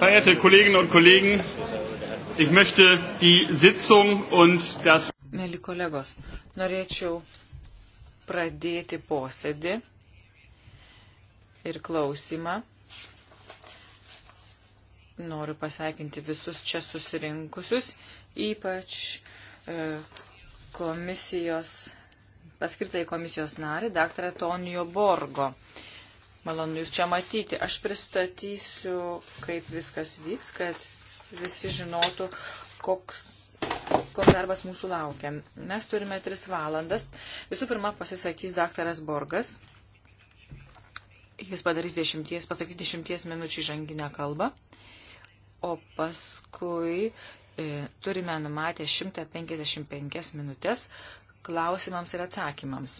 Verehrte Kolleginnen und Kollegen, ich möchte die Sitzung und das. Mėly kolegos, norėčiau pradėti posėdį ir klausimą. Noriu pasveikinti visus čia susirinkusius, ypač e, komisijos, paskirtai komisijos narį, daktarą Tonijo Borgo. E, Malonu Jūs čia matyti. Aš pristatysiu, kaip viskas vyks, kad visi žinotų, koks, koks darbas mūsų laukia. Mes turime tris valandas. Visų pirma, pasisakys daktaras Borgas. Jis padarys dešimties, pasakys dešimties minučių žanginę kalbą. O paskui e, turime numatę 155 minutės klausimams ir atsakymams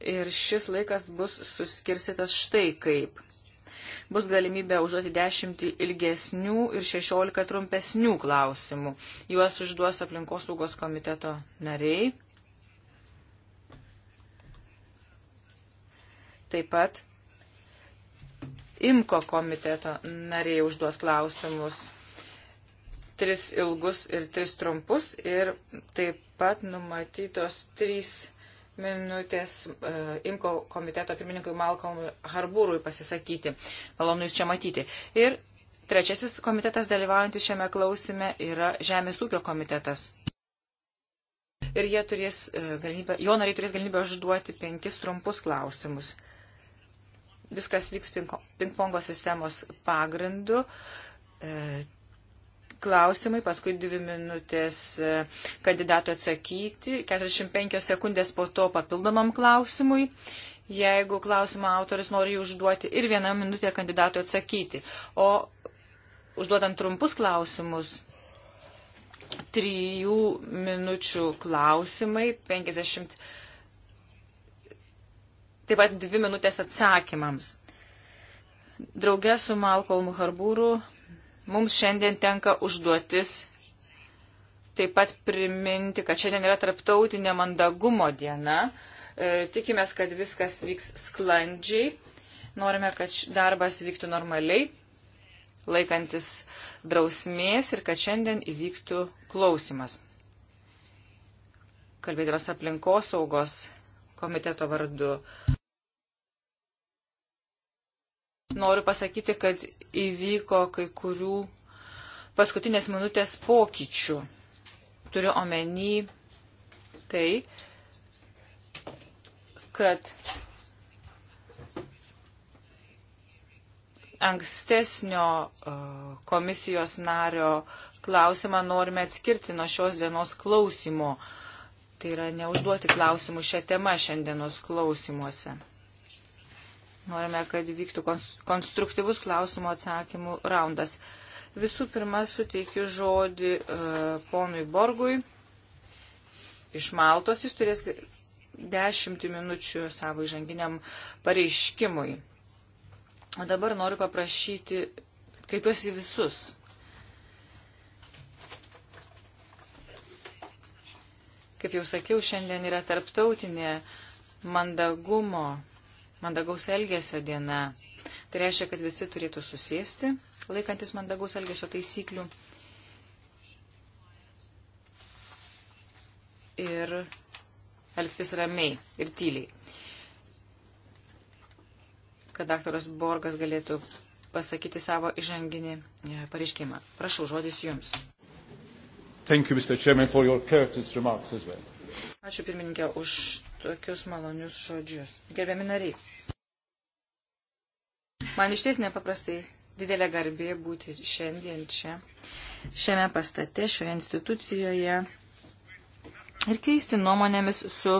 ir šis laikas bus suskirstytas štai kaip. Bus galimybė užduoti dešimtį ilgesnių ir šešiolika trumpesnių klausimų. Juos užduos aplinkosaugos komiteto nariai. Taip pat IMKO komiteto nariai užduos klausimus. Tris ilgus ir tris trumpus ir taip pat numatytos trys minutės uh, Imko komiteto pirmininkui Malcolmui Harbūrui pasisakyti. Malonu Jūs čia matyti. Ir trečiasis komitetas dalyvaujantis šiame klausime yra Žemės ūkio komitetas. Ir jie turės uh, galimybę, jo nariai turės galimybę užduoti penkis trumpus klausimus. Viskas vyks pingpongo sistemos pagrindu. Uh, klausimai, paskui dvi minutės e, kandidato atsakyti, 45 sekundės po to papildomam klausimui. Jeigu klausimą autoris nori jį užduoti ir vieną minutę kandidato atsakyti. O užduodant trumpus klausimus, trijų minučių klausimai, 50, taip pat dvi minutės atsakymams. Drauge su Malcolm Harbūru Mums šiandien tenka užduotis taip pat priminti, kad šiandien yra tarptautinė mandagumo diena. E, tikimės, kad viskas vyks sklandžiai. Norime, kad darbas vyktų normaliai, laikantis drausmės ir kad šiandien įvyktų klausimas. Kalbėdamas aplinkosaugos komiteto vardu. Noriu pasakyti, kad įvyko kai kurių paskutinės minutės pokyčių. Turiu omeny tai, kad ankstesnio e, komisijos nario klausimą norime atskirti nuo šios dienos klausimo. Tai yra neužduoti klausimų šią temą šiandienos klausimuose. Norime, kad vyktų konstruktyvus klausimų atsakymų raundas. Visų pirma, suteikiu žodį uh, ponui Borgui. Iš Maltos jis turės dešimtį minučių savo įžanginiam pareiškimui. O dabar noriu paprašyti, kreipiuosi visus. Kaip jau sakiau, šiandien yra tarptautinė mandagumo mandagaus elgesio diena. Tai reiškia, kad visi turėtų susėsti, laikantis mandagaus elgesio taisyklių. Ir elgtis ramiai ir tyliai. Kad daktaras Borgas galėtų pasakyti savo įžanginį e, pareiškimą. Prašau, žodis jums. Thank you, Mr. Chairman, for your courteous remarks as well. Ačiū pirmininkė už tokius malonius žodžius. Gerbiami nariai, man iš ties nepaprastai didelė garbė būti šiandien čia, šiame pastate, šioje institucijoje ir keisti nuomonėmis su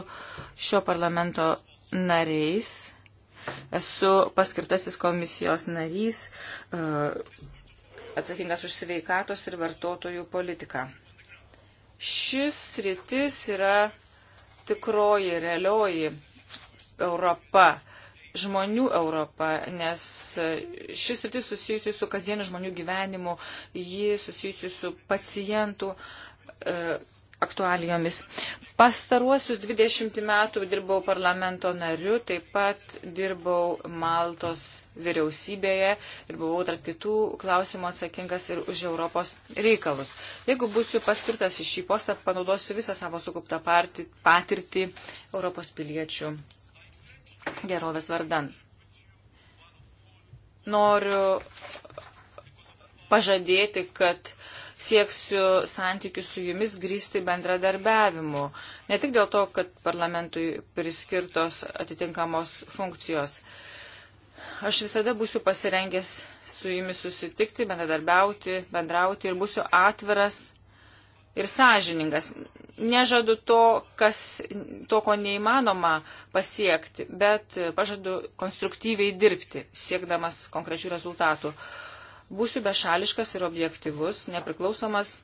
šio parlamento nariais. Esu paskirtasis komisijos narys, e, atsakingas už sveikatos ir vartotojų politiką. Šis rytis yra tikroji, realioji Europa, žmonių Europa, nes šis sritis susijusi su kasdieniu žmonių gyvenimu, ji susijusi su pacientų. E, aktualijomis. Pastaruosius 20 metų dirbau parlamento nariu, taip pat dirbau Maltos vyriausybėje ir buvau tarp kitų klausimų atsakingas ir už Europos reikalus. Jeigu būsiu paskirtas į šį postą, panaudosiu visą savo sukauptą patirtį Europos piliečių gerovės vardan. Noriu pažadėti, kad uh, sieksiu santykių su jumis grįsti bendradarbiavimu. Ne tik dėl to, kad parlamentui priskirtos atitinkamos funkcijos. Aš visada būsiu pasirengęs su jumis susitikti, bendradarbiauti, bendrauti ir būsiu atviras ir sąžiningas. Nežadu to, kas, to, ko neįmanoma pasiekti, bet pažadu konstruktyviai dirbti, siekdamas konkrečių rezultatų. Uh, Būsiu bešališkas ir objektivus, nepriklausomas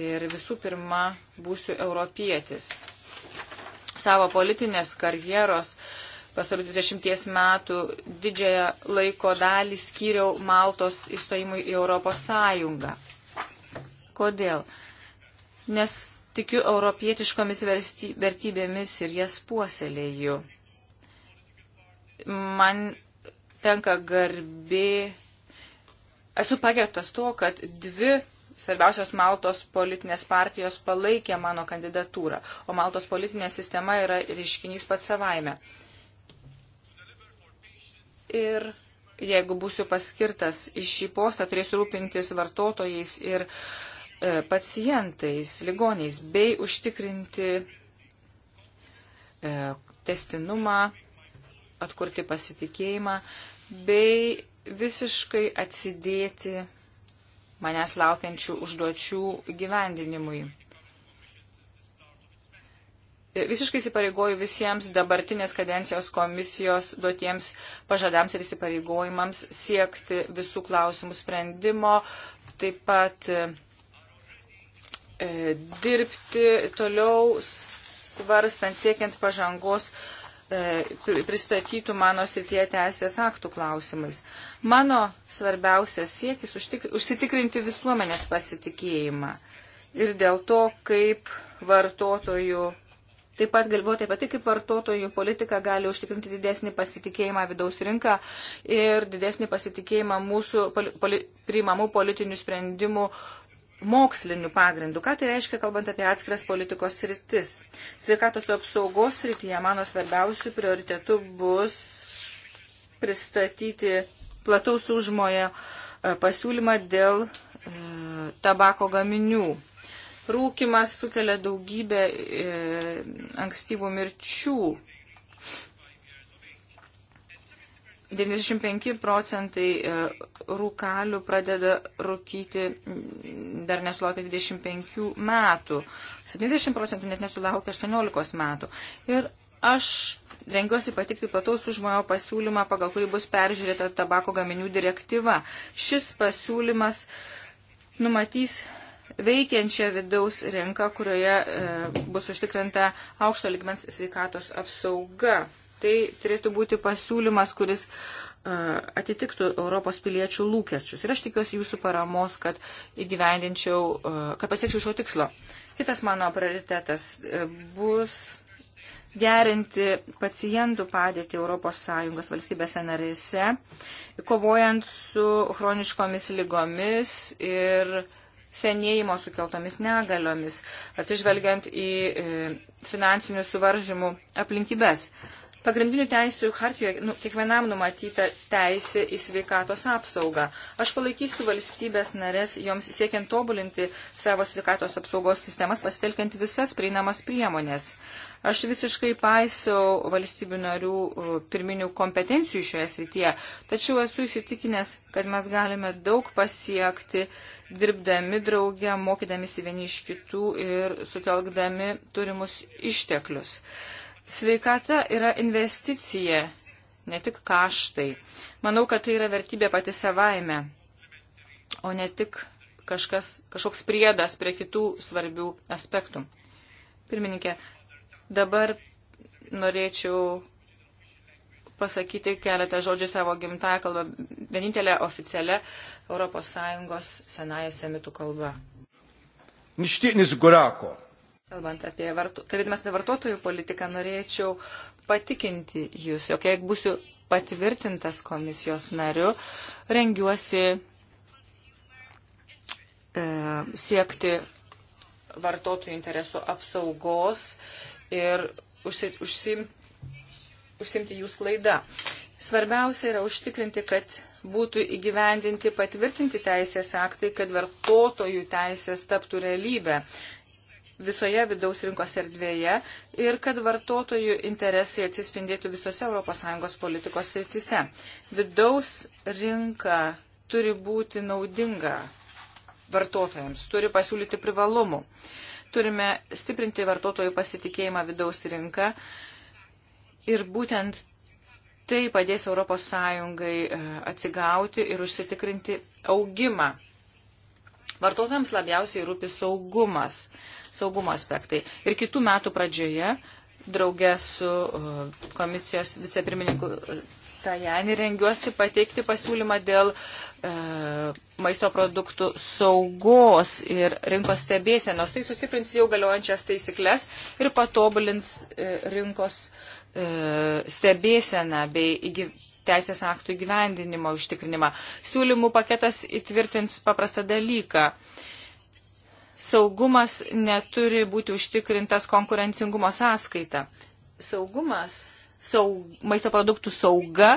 ir visų pirma būsiu europietis. Savo politinės karjeros pasarų 20 metų didžiąją laiko dalį skyriau Maltos įstojimui į Europos Sąjungą. Kodėl? Nes tikiu europietiškomis vertybėmis ir jas puoselėju. Man tenka garbė Esu pagerbtas to, kad dvi svarbiausios Maltos politinės partijos palaikė mano kandidatūrą, o Maltos politinė sistema yra ryškinys pats savaime. Ir jeigu būsiu paskirtas iš šį postą, turėsiu rūpintis vartotojais ir e, pacientais, ligoniais, bei užtikrinti e, testinumą, atkurti pasitikėjimą, bei visiškai atsidėti manęs laukiančių užduočių gyvendinimui. Visiškai įsipareigoju visiems dabartinės kadencijos komisijos duotiems pažadams ir įsipareigojimams siekti visų klausimų sprendimo, taip pat e, dirbti toliau svarstant, siekiant pažangos e, E, pristatytų mano srityje teisės aktų klausimais. Mano svarbiausias siekis užsitikrinti visuomenės pasitikėjimą ir dėl to, kaip vartotojų, taip pat galvoti apie tai, kaip vartotojų politika gali užtikrinti didesnį pasitikėjimą vidaus rinką ir didesnį pasitikėjimą mūsų poli, poli, priimamų politinių sprendimų moksliniu pagrindu. Ką tai reiškia, kalbant apie atskiras politikos sritis? Sveikatos apsaugos srityje mano svarbiausių prioritetų bus pristatyti plataus užmoje e, pasiūlymą dėl e, tabako gaminių. Rūkimas sukelia daugybę e, ankstyvų mirčių 95 procentai e, rūkalių pradeda rūkyti dar nesulaukia 25 metų, 70 procentų net nesulaukia 18 metų. Ir aš rengiuosi patikti plataus užmojo pasiūlymą, pagal kurį bus peržiūrėta tabako gaminių direktyva. Šis pasiūlymas numatys veikiančią vidaus rinką, kurioje e, bus užtikrinta aukšto ligmens sveikatos apsauga tai turėtų būti pasiūlymas, kuris e, atitiktų Europos piliečių lūkesčius. Ir aš tikiuosi jūsų paramos, kad įgyvendinčiau, e, kad pasiekčiau šio tikslo. Kitas mano prioritetas e, bus gerinti pacientų padėtį ES valstybėse narėse, kovojant su chroniškomis lygomis ir senėjimo sukeltomis negaliomis, atsižvelgiant į finansinių suvaržymų aplinkybės. Pagrindinių teisų hartijoje nu, kiekvienam numatyta teisė į sveikatos apsaugą. Aš palaikysiu valstybės narės joms siekiant tobulinti savo sveikatos apsaugos sistemas, pasitelkiant visas prieinamas priemonės. Aš visiškai paisiau valstybių narių uh, pirminių kompetencijų šioje srityje, tačiau esu įsitikinęs, kad mes galime daug pasiekti, dirbdami drauge, mokydamėsi vieni iš kitų ir sutelkdami turimus išteklius. Uh, Sveikata yra investicija, ne tik kaštai. Manau, kad tai yra vertybė pati savaime, o ne tik kažkas, kažkoks priedas prie kitų svarbių aspektų. Pirmininkė, dabar norėčiau pasakyti keletą žodžių savo gimtąją kalbą, vienintelę oficialią ES senąją semitų kalbą. Ništinis Gurako. Kalbant apie, vartu, kalbėdamas apie vartotojų politiką, norėčiau patikinti jūs, jog jeigu būsiu patvirtintas komisijos nariu, rengiuosi e, siekti vartotojų interesų apsaugos ir užsi, užsim, užsimti jų sklaidą. Svarbiausia yra užtikrinti, kad būtų įgyvendinti patvirtinti teisės aktai, kad vartotojų teisės taptų realybę visoje vidaus rinkos erdvėje ir kad vartotojų interesai atsispindėtų visose ES politikos srityse. Vidaus rinka turi būti naudinga vartotojams, turi pasiūlyti privalumų. Turime stiprinti vartotojų pasitikėjimą vidaus rinką ir būtent tai padės ES e, atsigauti ir užsitikrinti augimą. Vartotojams labiausiai rūpi saugumas saugumo aspektai. Ir kitų metų pradžioje, draugė su uh, komisijos vicepirmininku uh, Tajani, rengiuosi pateikti pasiūlymą dėl e, maisto produktų saugos ir rinkos stebėsenos. Tai sustiprins jau galiojančias taisyklės ir patobulins e, rinkos e, stebėseną bei įgyvendinimą teisės aktų įgyvendinimo užtikrinimą. Siūlymų paketas įtvirtins paprastą dalyką saugumas neturi būti užtikrintas konkurencingumo sąskaita. Saugumas, saug, maisto produktų sauga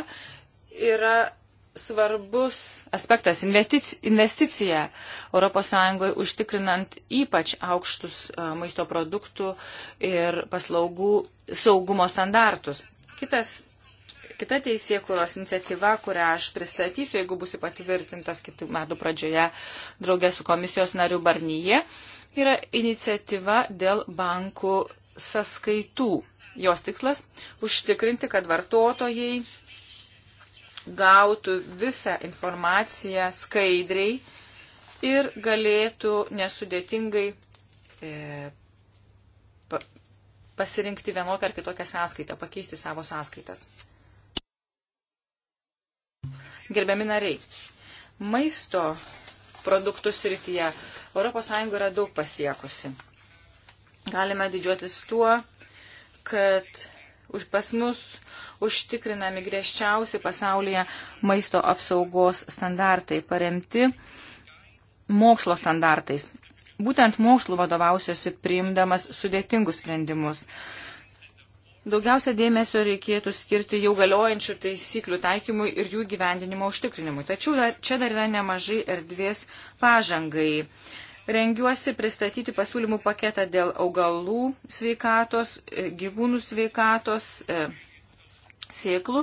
yra svarbus aspektas investic, investicija ES užtikrinant ypač aukštus e, maisto produktų ir paslaugų saugumo standartus. Kitas kita teisėkuros iniciatyva, kurią aš pristatysiu, jeigu būsiu patvirtintas kitų metų pradžioje draugė su komisijos nariu Barnyje, yra iniciatyva dėl bankų sąskaitų. Jos tikslas - užtikrinti, kad vartotojai gautų visą informaciją skaidriai ir galėtų nesudėtingai e, pasirinkti vienokią ar kitokią sąskaitą, pakeisti savo sąskaitas. Gerbiami nariai, maisto produktų srityje ES yra daug pasiekusi. Galime didžiuotis tuo, kad už pas mus užtikrinami griežčiausi pasaulyje maisto apsaugos standartai paremti mokslo standartais. Būtent mokslu vadovausiuosi priimdamas sudėtingus sprendimus. Daugiausia dėmesio reikėtų skirti jau galiojančių taisyklių taikymui ir jų gyvendinimo užtikrinimui. Tačiau dar, čia dar yra nemažai erdvės pažangai. Rengiuosi pristatyti pasiūlymų paketą dėl augalų sveikatos, e, gyvūnų sveikatos, e, sėklų,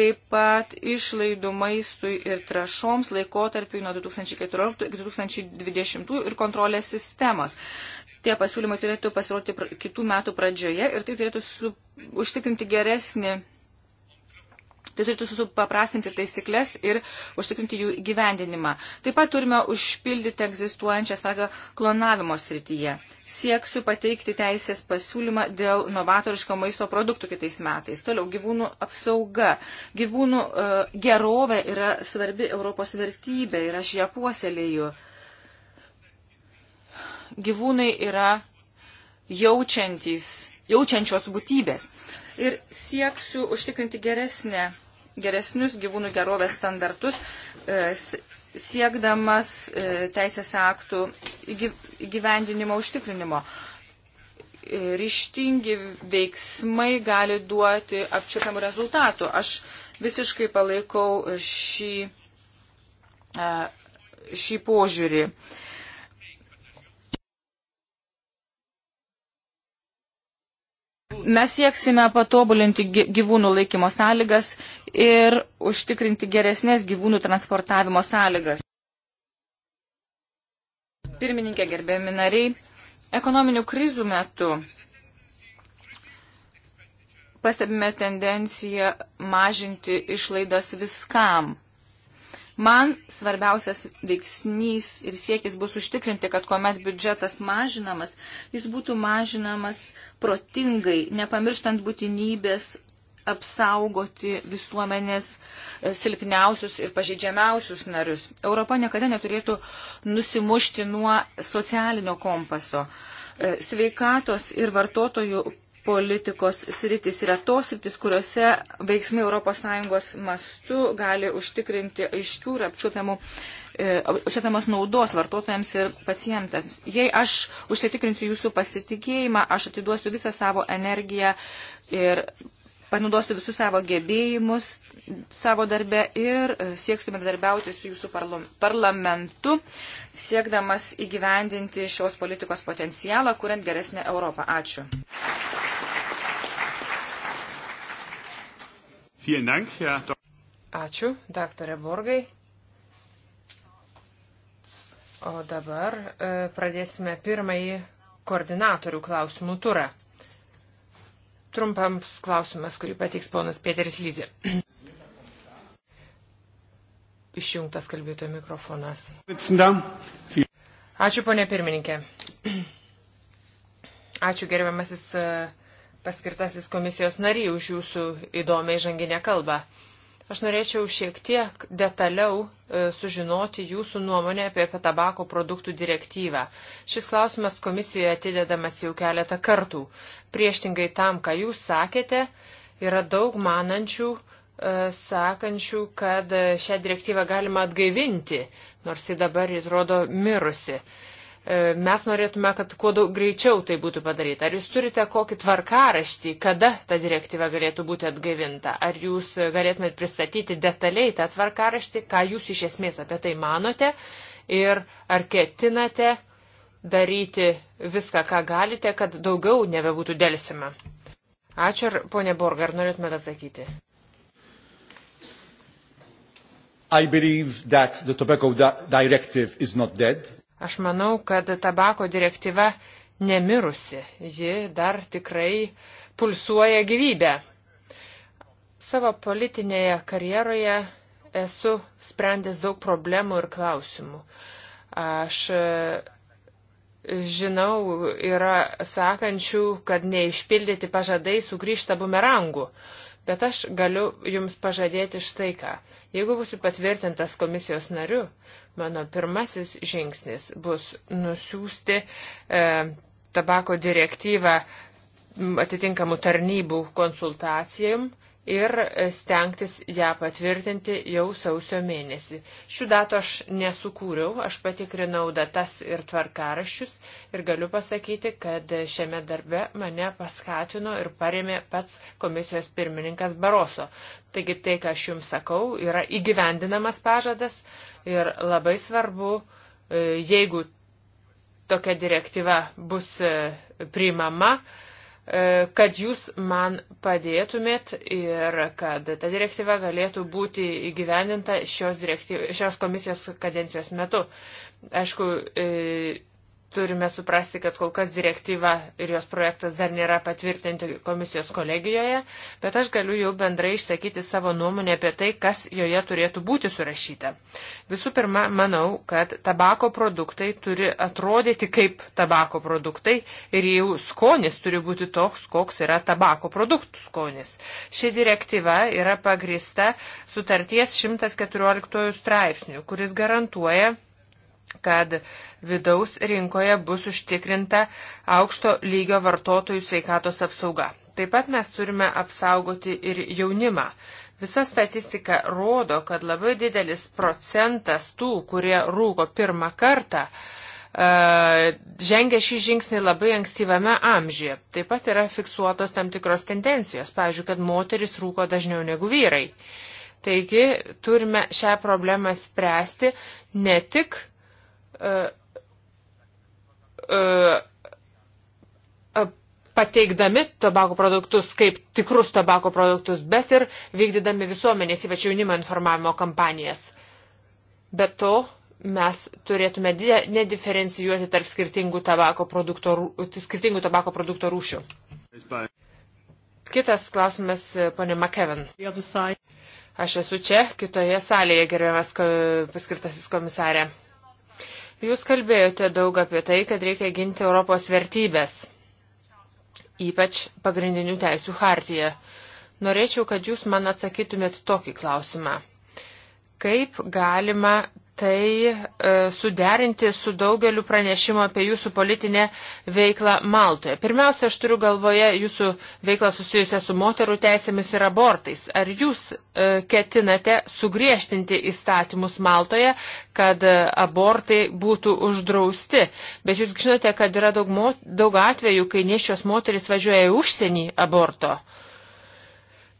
taip pat išlaidų maistui ir trašoms laikotarpiu nuo 2014-2020 ir kontrolės sistemos tie pasiūlymai turėtų pasirodyti kitų metų pradžioje ir tai turėtų su, užtikrinti geresnį, tai turėtų supaprastinti taisyklės ir užtikrinti jų gyvendinimą. Taip pat turime užpildyti egzistuojančią spragą klonavimo srityje. Sieksiu pateikti teisės pasiūlymą dėl novatoriško maisto produktų kitais metais. Toliau gyvūnų apsauga. Gyvūnų uh, gerovė yra svarbi Europos vertybė ir aš ją puoselėju. Uh, gyvūnai yra jaučiantys, jaučiančios būtybės. Ir sieksiu užtikrinti geresnę, geresnius gyvūnų gerovės standartus, e, siekdamas e, teisės aktų įgyvendinimo užtikrinimo. E, ryštingi veiksmai gali duoti apčiuopiamų rezultatų. Aš visiškai palaikau šį, šį požiūrį. Uh, Mes sieksime patobulinti gyvūnų laikymo sąlygas ir užtikrinti geresnės gyvūnų transportavimo sąlygas. Pirmininkė gerbėmi nariai, ekonominių krizų metu pastebime tendenciją mažinti išlaidas viskam Man svarbiausias veiksnys ir siekis bus užtikrinti, kad kuomet biudžetas mažinamas, jis būtų mažinamas protingai, nepamirštant būtinybės apsaugoti visuomenės e, silpniausius ir pažeidžiamiausius narius. Europa niekada neturėtų nusimušti nuo socialinio kompaso. E, sveikatos ir vartotojų politikos sritis yra tos sritis, kuriuose veiksmai ES mastu gali užtikrinti aiškių ir apčiuopiamų e, apčiuopiamos naudos vartotojams ir pacientams. Jei aš užsitikrinsiu jūsų pasitikėjimą, aš atiduosiu visą savo energiją ir panaudosiu visus savo gebėjimus savo darbe ir e, sieksiu bendradarbiauti su jūsų parlamentu, siekdamas įgyvendinti šios politikos potencialą, kuriant geresnę Europą. Ačiū. Ačiū, daktarė Borgai. O dabar e, pradėsime pirmąjį koordinatorių klausimų turą trumpams klausimas, kurį pateiks ponas Pėteris Lyzė. Išjungtas kalbėtojo mikrofonas. Ačiū, ponė pirmininkė. Ačiū gerbiamasis e, paskirtasis komisijos nariai už jūsų įdomią įžanginę kalbą. Aš norėčiau šiek tiek detaliau e, sužinoti jūsų nuomonę apie, apie tabako produktų direktyvą. Šis klausimas komisijoje atidedamas jau keletą kartų. Prieštingai tam, ką jūs sakėte, yra daug manančių, e, sakančių, kad e, šią direktyvą galima atgaivinti, nors ji dabar atrodo mirusi. E, E, mes norėtume, kad kuo daug greičiau tai būtų padaryta. Ar jūs turite kokį tvarkaraštį, kada ta direktyva galėtų būti atgaivinta? Ar jūs galėtumėt pristatyti detaliai tą tvarkaraštį, ką jūs iš esmės apie tai manote ir ar ketinate daryti viską, ką galite, kad daugiau nebebūtų dėlsima? Ačiū ir ponė Borga, ar norėtumėt atsakyti? I believe that the tobacco di directive is not dead. Aš manau, kad tabako direktyva nemirusi, ji dar tikrai pulsuoja gyvybę. Savo politinėje karjeroje esu sprendęs daug problemų ir klausimų. Aš e, žinau, yra sakančių, kad neišpildyti pažadai sugrįžta bumerangų. Bet aš galiu Jums pažadėti štai ką. Jeigu būsiu patvirtintas komisijos nariu, Mano pirmasis žingsnis bus nusiųsti e, tabako direktyvą atitinkamų tarnybų konsultacijom. E, ir stengtis ją patvirtinti jau sausio mėnesį. Šių datų aš nesukūriau, aš patikrinau datas ir tvarkaraščius ir galiu pasakyti, kad šiame darbe mane paskatino ir paremė pats komisijos pirmininkas Baroso. Taigi tai, ką aš jums sakau, yra įgyvendinamas pažadas ir labai svarbu, e, jeigu tokia direktyva bus e, priimama, E, kad jūs man padėtumėt ir kad ta direktyva galėtų būti įgyvendinta šios, šios komisijos kadencijos metu. Aišku, e, turime suprasti, kad kol kas direktyva ir jos projektas dar nėra patvirtinti komisijos kolegijoje, bet aš galiu jau bendrai išsakyti savo nuomonę apie tai, kas joje turėtų būti surašyta. Visų pirma, manau, kad tabako produktai turi atrodyti kaip tabako produktai ir jų skonis turi būti toks, koks yra tabako produktų skonis. Ši direktyva yra pagrista sutarties 114 straipsnių, kuris garantuoja, kad vidaus rinkoje bus užtikrinta aukšto lygio vartotojų sveikatos apsauga. Taip pat mes turime apsaugoti ir jaunimą. Visa statistika rodo, kad labai didelis procentas tų, kurie rūko pirmą kartą, e, žengia šį žingsnį labai ankstyvame amžiuje. Taip pat yra fiksuotos tam tikros tendencijos, pavyzdžiui, kad moteris rūko dažniau negu vyrai. Taigi turime šią problemą spręsti ne tik E, e, pateikdami tabako produktus kaip tikrus tabako produktus, bet ir vykdydami visuomenės, ypač jaunimo informavimo kampanijas. Be to, mes turėtume nediferencijuoti tarp skirtingų tabako produkto, skirtingų tabako produkto rūšių. Kitas klausimas, e, ponė McKevin. Aš esu čia, kitoje salėje, gerbiamas paskirtasis komisarė. Jūs kalbėjote daug apie tai, kad reikia ginti Europos vertybės, ypač pagrindinių teisų hartiją. Norėčiau, kad jūs man atsakytumėt tokį klausimą. Kaip galima tai e, suderinti su daugeliu pranešimu apie jūsų politinę veiklą Maltoje. Pirmiausia, aš turiu galvoje jūsų veiklą susijusią su moterų teisėmis ir abortais. Ar jūs e, ketinate sugriežtinti įstatymus Maltoje, kad e, abortai būtų uždrausti? Bet jūs žinote, kad yra daug, mo, daug atvejų, kai nešios moteris važiuoja į užsienį aborto.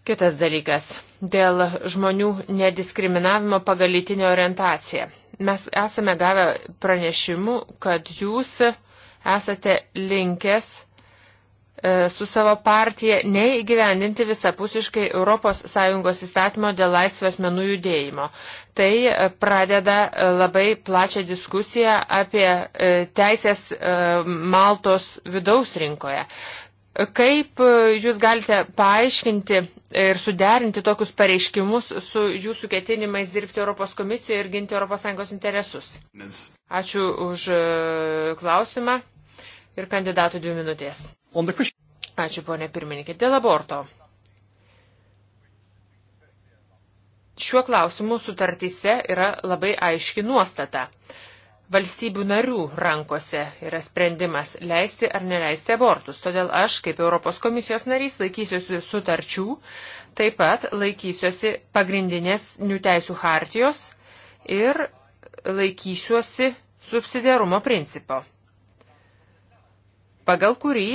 Kitas dalykas dėl žmonių nediskriminavimo pagal lytinę orientaciją. Mes esame gavę pranešimų, kad jūs esate linkęs e, su savo partija neįgyvendinti visapusiškai ES įstatymo dėl laisvės menų judėjimo. Tai e, pradeda e, labai plačią diskusiją apie teisės Maltos vidaus rinkoje. Kaip e, jūs galite paaiškinti ir suderinti tokius pareiškimus su jūsų ketinimais dirbti Europos komisijoje ir ginti ES interesus? Ačiū už e, klausimą ir kandidatų dvi minutės. Ačiū, ponė pirmininkė. Dėl aborto. Šiuo klausimu sutartyse yra labai aiški nuostata valstybių narių rankose yra sprendimas leisti ar neleisti abortus. Todėl aš, kaip Europos komisijos narys, laikysiuosi sutarčių, taip pat laikysiuosi pagrindinės nių teisų hartijos ir laikysiuosi subsidiarumo principo, pagal kurį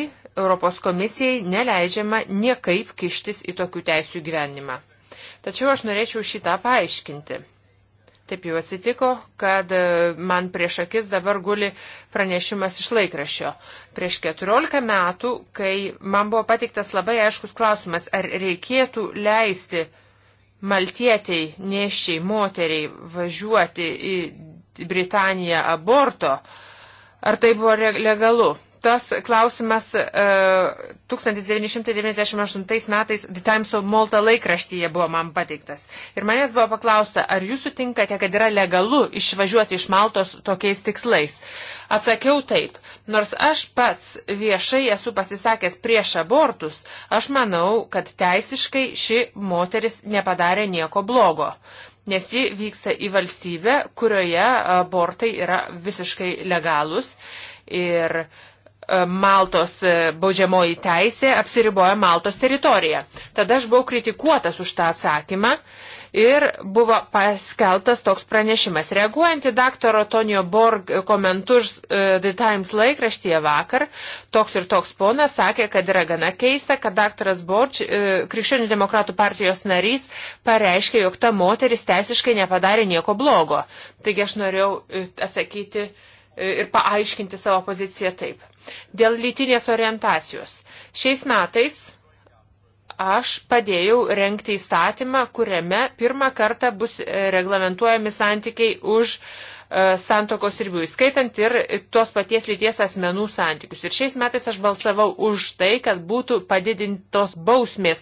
Europos komisijai neleidžiama niekaip kištis į tokių teisų gyvenimą. Tačiau aš norėčiau šitą paaiškinti. Taip jau atsitiko, kad e, man prieš akis dabar guli pranešimas iš laikraščio. Prieš 14 metų, kai man buvo patiktas labai aiškus klausimas, ar reikėtų leisti maltietiai, neščiai, moteriai važiuoti į Britaniją aborto, ar tai buvo legalu tas klausimas e, uh, 1998 metais The Times of Malta laikraštyje buvo man pateiktas. Ir manęs buvo paklausta, ar jūs sutinkate, kad yra legalu išvažiuoti iš Maltos tokiais tikslais. Atsakiau taip. Nors aš pats viešai esu pasisakęs prieš abortus, aš manau, kad teisiškai ši moteris nepadarė nieko blogo. Nes ji vyksta į valstybę, kurioje abortai yra visiškai legalus. Ir uh, Maltos e, baudžiamoji teisė apsiriboja Maltos teritoriją. Tada aš buvau kritikuotas už tą atsakymą ir buvo paskeltas toks pranešimas. Reaguojant į daktaro Tonio Borg komentus e, The Times laikraštyje vakar, toks ir toks ponas sakė, kad yra gana keista, kad daktaras Borg, e, Krikščionių demokratų partijos narys, pareiškė, jog ta moteris teisiškai nepadarė nieko blogo. Taigi aš norėjau atsakyti ir paaiškinti savo poziciją taip. Dėl lytinės orientacijos. Šiais metais aš padėjau renkti įstatymą, kuriame pirmą kartą bus reglamentuojami santykiai už uh, santokos ribų, įskaitant ir tos paties lyties asmenų santykius. Ir šiais metais aš balsavau už tai, kad būtų padidintos bausmės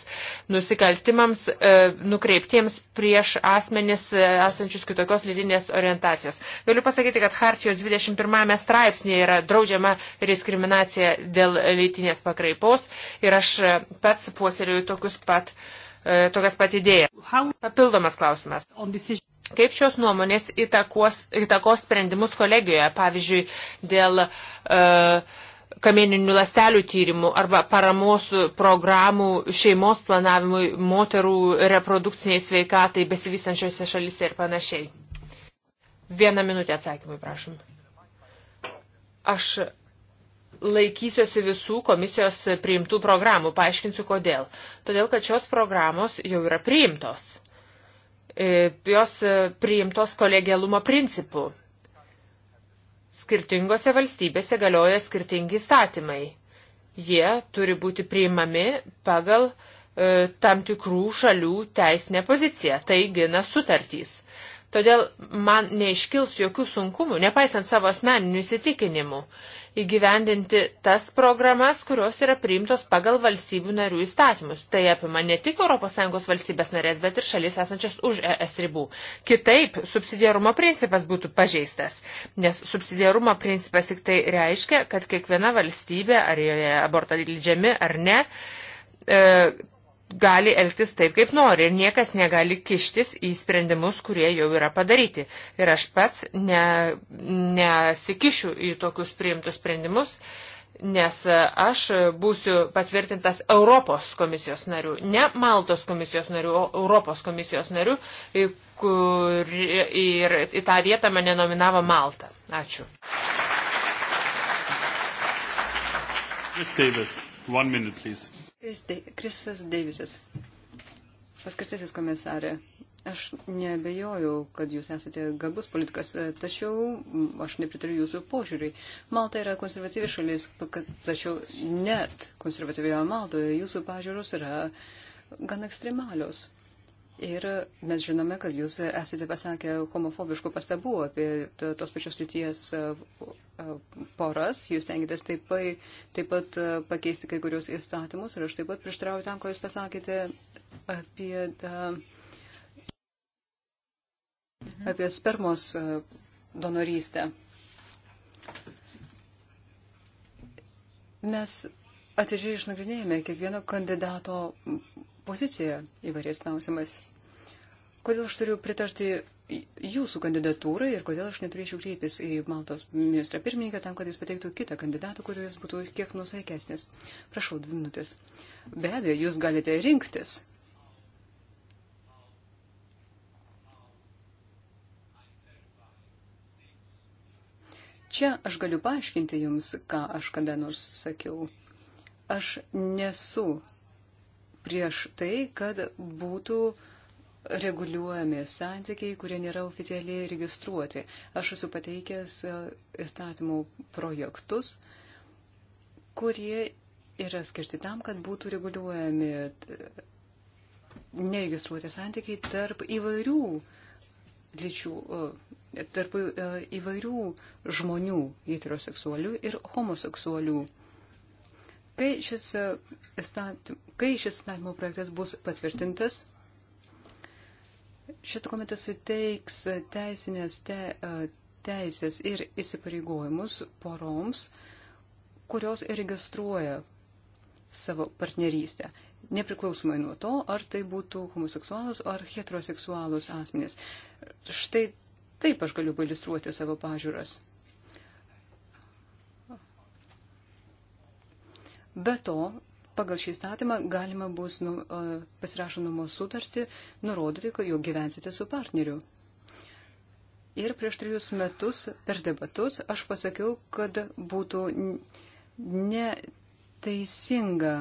nusikaltimams e, nukreiptiems prieš asmenis e, esančius kitokios lytinės orientacijos. Galiu pasakyti, kad Hartijos 21 straipsnėje yra draudžiama diskriminacija dėl lytinės pakraipos ir aš e, pats puoselėjau tokius pat tokias pat idėjas. Papildomas klausimas. Kaip šios nuomonės įtakos, įtakos sprendimus kolegijoje, pavyzdžiui, dėl uh, kamieninių lastelių tyrimų arba paramos programų šeimos planavimui, moterų reprodukciniai sveikatai besivystančiose šalise ir panašiai. Vieną minutę atsakymui, prašom. Aš laikysiuosi visų komisijos priimtų programų. Paaiškinsiu kodėl. Todėl, kad šios programos jau yra priimtos E, jos e, priimtos kolegialumo principų. Skirtingose valstybėse galioja skirtingi įstatymai. Jie turi būti priimami pagal e, tam tikrų šalių teisinę poziciją. Tai gina sutartys. Todėl man neiškils jokių sunkumų, nepaisant savo asmeninių įsitikinimų, įgyvendinti tas programas, kurios yra priimtos pagal valstybių narių įstatymus. Tai apima ne tik ES valstybės narės, bet ir šalis esančias už ES ribų. Kitaip, subsidiarumo principas būtų pažeistas, nes subsidiarumo principas tik tai reiškia, kad kiekviena valstybė, ar joje abortai leidžiami ar ne, e, gali elgtis taip, kaip nori ir niekas negali kištis į sprendimus, kurie jau yra padaryti. Ir aš pats ne, nesikišiu į tokius priimtus sprendimus, nes aš būsiu patvirtintas Europos komisijos nariu, ne Maltos komisijos nariu, o Europos komisijos nariu, kur ir į tą vietą mane nominavo Malta. Ačiū. Ms. Davis. One minute, please. Krisas Deivisas, paskirtasis komisarė. Aš nebejoju, kad jūs esate gabus politikas, tačiau aš nepritariu jūsų požiūriui. Malta yra konservatyvi šalis, tačiau net konservatyvioje Maltoje jūsų pažiūros yra gan ekstremalios. Ir mes žinome, kad jūs esate pasakę homofobiškų pastabų apie tos pačios lyties poras. Jūs tenkitės taip, pai, taip pat pakeisti kai kurios įstatymus. Ir aš taip pat prieštarauju tam, ko jūs pasakėte apie, apie spermos donorystę. Mes atidžiai išnagrinėjame kiekvieno kandidato poziciją įvairiais klausimais. Kodėl aš turiu pritarti jūsų kandidatūrai ir kodėl aš neturėčiau kreiptis į Maltos ministrą pirmininką tam, kad jis pateiktų kitą kandidatą, kuris būtų kiek nusaikesnis. Prašau, dvi minutės. Be abejo, jūs galite rinktis. Čia aš galiu paaiškinti jums, ką aš kada nors sakiau. Aš nesu prieš tai, kad būtų uh, reguliuojami santykiai, kurie nėra oficialiai registruoti. Aš esu pateikęs e, įstatymų projektus, kurie yra skirti tam, kad būtų reguliuojami e, neregistruoti santykiai tarp įvairių lyčių, e, tarp įvairių žmonių, heteroseksualių ir homoseksualių. Kai šis, kai šis įstatymo projektas bus patvirtintas, Šis dokumentas suteiks teisinės te, teisės ir įsipareigojimus poroms, kurios registruoja savo partnerystę. Nepriklausomai nuo to, ar tai būtų homoseksualus ar heteroseksualus asmenys. Štai taip aš galiu pailustruoti savo pažiūras. Be to, pagal šį statymą galima bus nu, pasirašo nuomos sutartį, nurodyti, kad jau gyvensite su partneriu. Ir prieš trijus metus per debatus aš pasakiau, kad būtų neteisinga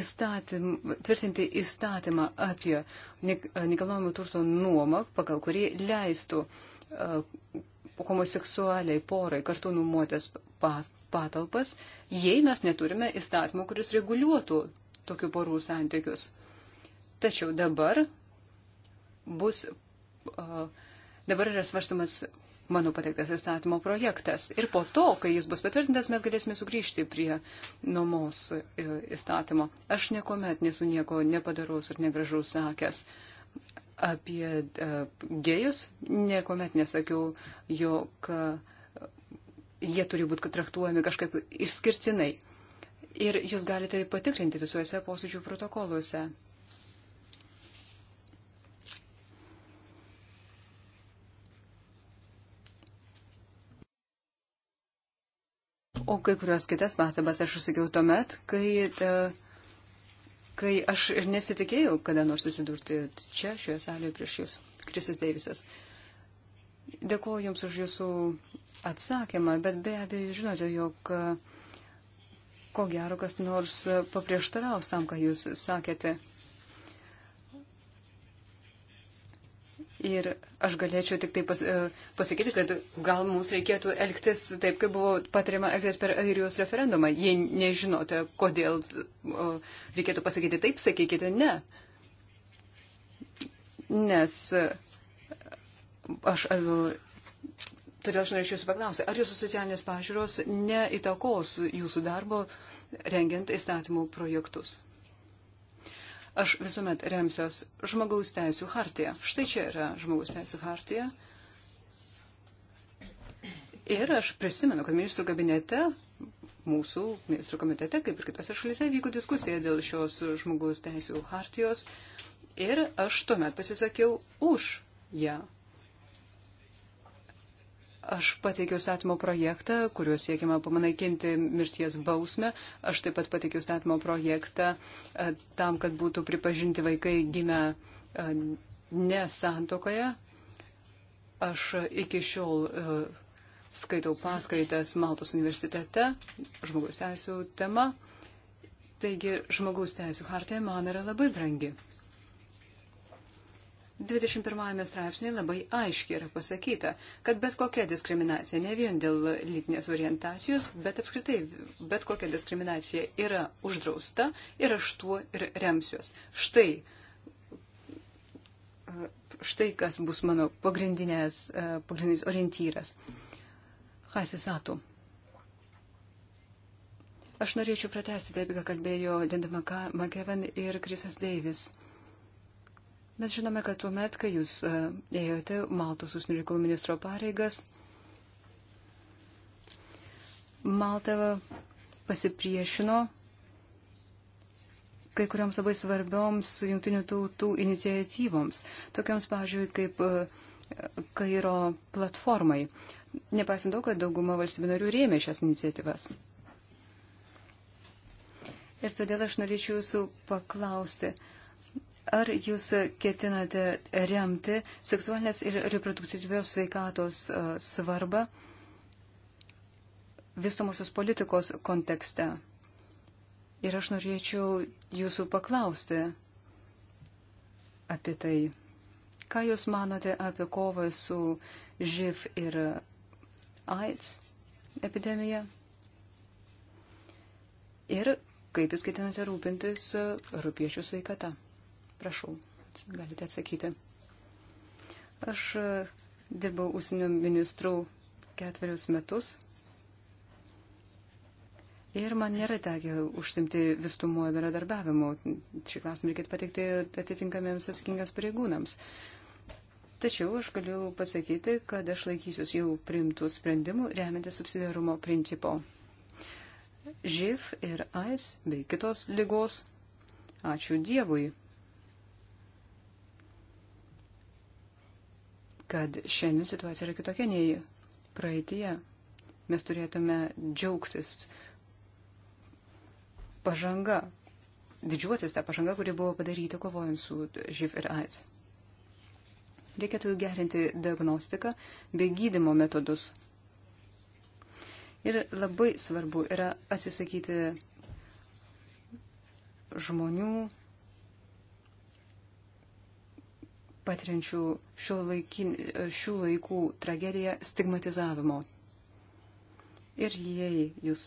įstatym, tvirtinti įstatymą apie nekilnojamų turto nuomą, pagal kurį leistų homoseksualiai porai kartu nuomotis patalpas, jei mes neturime įstatymų, kuris reguliuotų tokių porų santykius. Tačiau dabar bus, dabar yra svarstamas mano pateiktas įstatymo projektas. Ir po to, kai jis bus patvirtintas, mes galėsime sugrįžti prie nuomos e, įstatymo. Aš niekuomet nesu nieko nepadarus ir negražus sakęs apie uh, gėjus, niekuomet nesakiau, jog uh, jie turi būti traktuojami kažkaip išskirtinai. Ir jūs galite patikrinti visuose posėdžių protokoluose. O kai kurios kitas pastabas aš išsakiau tuomet, kai, ta, kai aš ir nesitikėjau kada nors susidurti čia, šioje salėje prieš jūs. Krisas Deivisas. Dėkuoju Jums už Jūsų atsakymą, bet be abejo žinote, jog e, ko gero kas nors e, paprieštaraus tam, ką jūs sakėte. Ir aš galėčiau tik tai pas, e, pasakyti, kad gal mums reikėtų elgtis taip, kaip buvo patariama elgtis per airijos referendumą. Jei nežinote, kodėl reikėtų pasakyti taip, sakykite ne. Nes aš Todėl aš norėčiau jūsų paklausti, ar jūsų socialinės pažiūros neįtakos jūsų darbo rengiant įstatymų projektus? Aš visuomet remsiuos žmogaus teisų hartiją. Štai čia yra žmogaus teisų hartija. Ir aš prisimenu, kad ministrų kabinete, mūsų ministrų komitete, kaip ir kitose šalyse, vyko diskusija dėl šios žmogaus teisų hartijos. Ir aš tuomet pasisakiau už ją. Ja. Aš pateikiau statymo projektą, kuriuo siekiama pamanaikinti mirties bausmę. Aš taip pat pateikiau statymo projektą e, tam, kad būtų pripažinti vaikai gimę e, ne santokoje. Aš iki šiol e, skaitau paskaitas Maltos universitete, žmogaus teisų tema. Taigi žmogaus teisų hartija man yra labai brangi. 21 straipsnė labai aiškiai yra pasakyta, kad bet kokia diskriminacija, ne vien dėl lytinės orientacijos, bet apskritai bet kokia diskriminacija yra uždrausta ir aš tuo ir remsiuos. Štai, e, štai kas bus mano pagrindinės, e, pagrindinis orientyras. Hasisatu. Aš norėčiau pratesti taip, ką kalbėjo Dendama Makeven ir Krisas Deivis. Uh, Mes žinome, kad tuo met, kai jūs e, ėjote Maltos užsienio reikalų ministro pareigas, Malta pasipriešino kai kuriams labai svarbioms jungtinių tautų iniciatyvoms, tokiams, pavyzdžiui, kaip e, Kairo platformai, nepaisant to, kad dauguma valstybių narių rėmė šias iniciatyvas. Ir todėl aš norėčiau jūsų paklausti, Ar jūs ketinate remti seksualinės ir reproduktyvios sveikatos e, svarbą vystomosios politikos kontekste? Ir aš norėčiau jūsų paklausti apie tai. Ką jūs manote apie kovą su živ ir AIDS epidemija? Ir kaip jūs ketinate rūpintis rūpiečių sveikata? Prašau, galite atsakyti. Aš e, dirbau ūsinių ministrų ketverius metus ir man nėra tekę užsimti visumoje bendradarbiavimu. Šį klausimą reikėtų pateikti atitinkamiems atsakingas pareigūnams. Tačiau aš galiu pasakyti, kad aš laikysiuosi jau primtų sprendimų remiantis subsidiarumo principo. živ ir AIDS bei kitos lygos, ačiū Dievui, kad šiandien situacija yra kitokia nei praeitie. Mes turėtume džiaugtis pažanga, didžiuotis tą pažangą, kuri buvo padaryta kovojant su živ ir AIDS. Reikėtų gerinti diagnostiką bei gydimo metodus. Ir labai svarbu yra atsisakyti žmonių patiriančių laikin, šių laikų tragediją stigmatizavimo. Ir jei jūs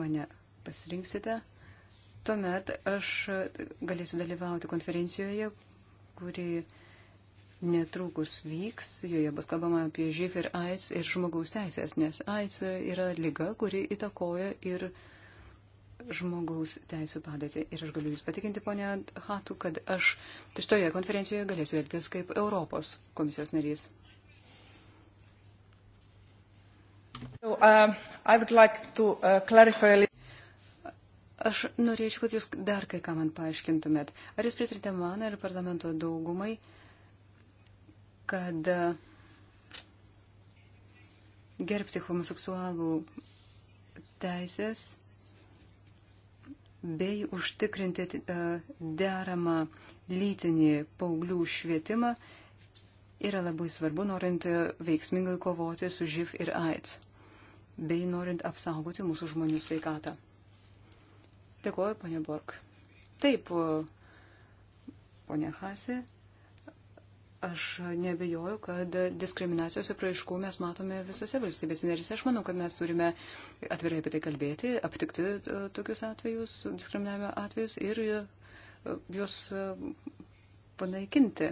mane pasirinksite, tuomet aš galėsiu dalyvauti konferencijoje, kuri netrukus vyks, joje bus kalbama apie živ ir AIDS ir žmogaus teisės, nes AIDS yra lyga, kuri įtakoja ir uh, žmogaus teisų padėtį. Ir aš galiu Jūs patikinti, ponia Hatu, kad aš šitoje konferencijoje galėsiu elgtis kaip Europos komisijos narys. So, um, like to, uh, clarify... Aš norėčiau, kad Jūs dar kai ką man paaiškintumėt. Ar Jūs pritarite man ir parlamento daugumai, kad uh, gerbti homoseksualų teisės bei užtikrinti e, deramą lytinį paauglių švietimą yra labai svarbu, norint veiksmingai kovoti su živ ir AIDS, bei norint apsaugoti mūsų žmonių sveikatą. Dėkuoju, ponė Borg. Taip, e, ponė Hasi, Aš nebejoju, kad diskriminacijos apraiškų mes matome visose valstybės narėse. Aš manau, kad mes turime atvirai apie tai kalbėti, aptikti e, tokius atvejus, diskriminavimo atvejus ir e, juos e, panaikinti.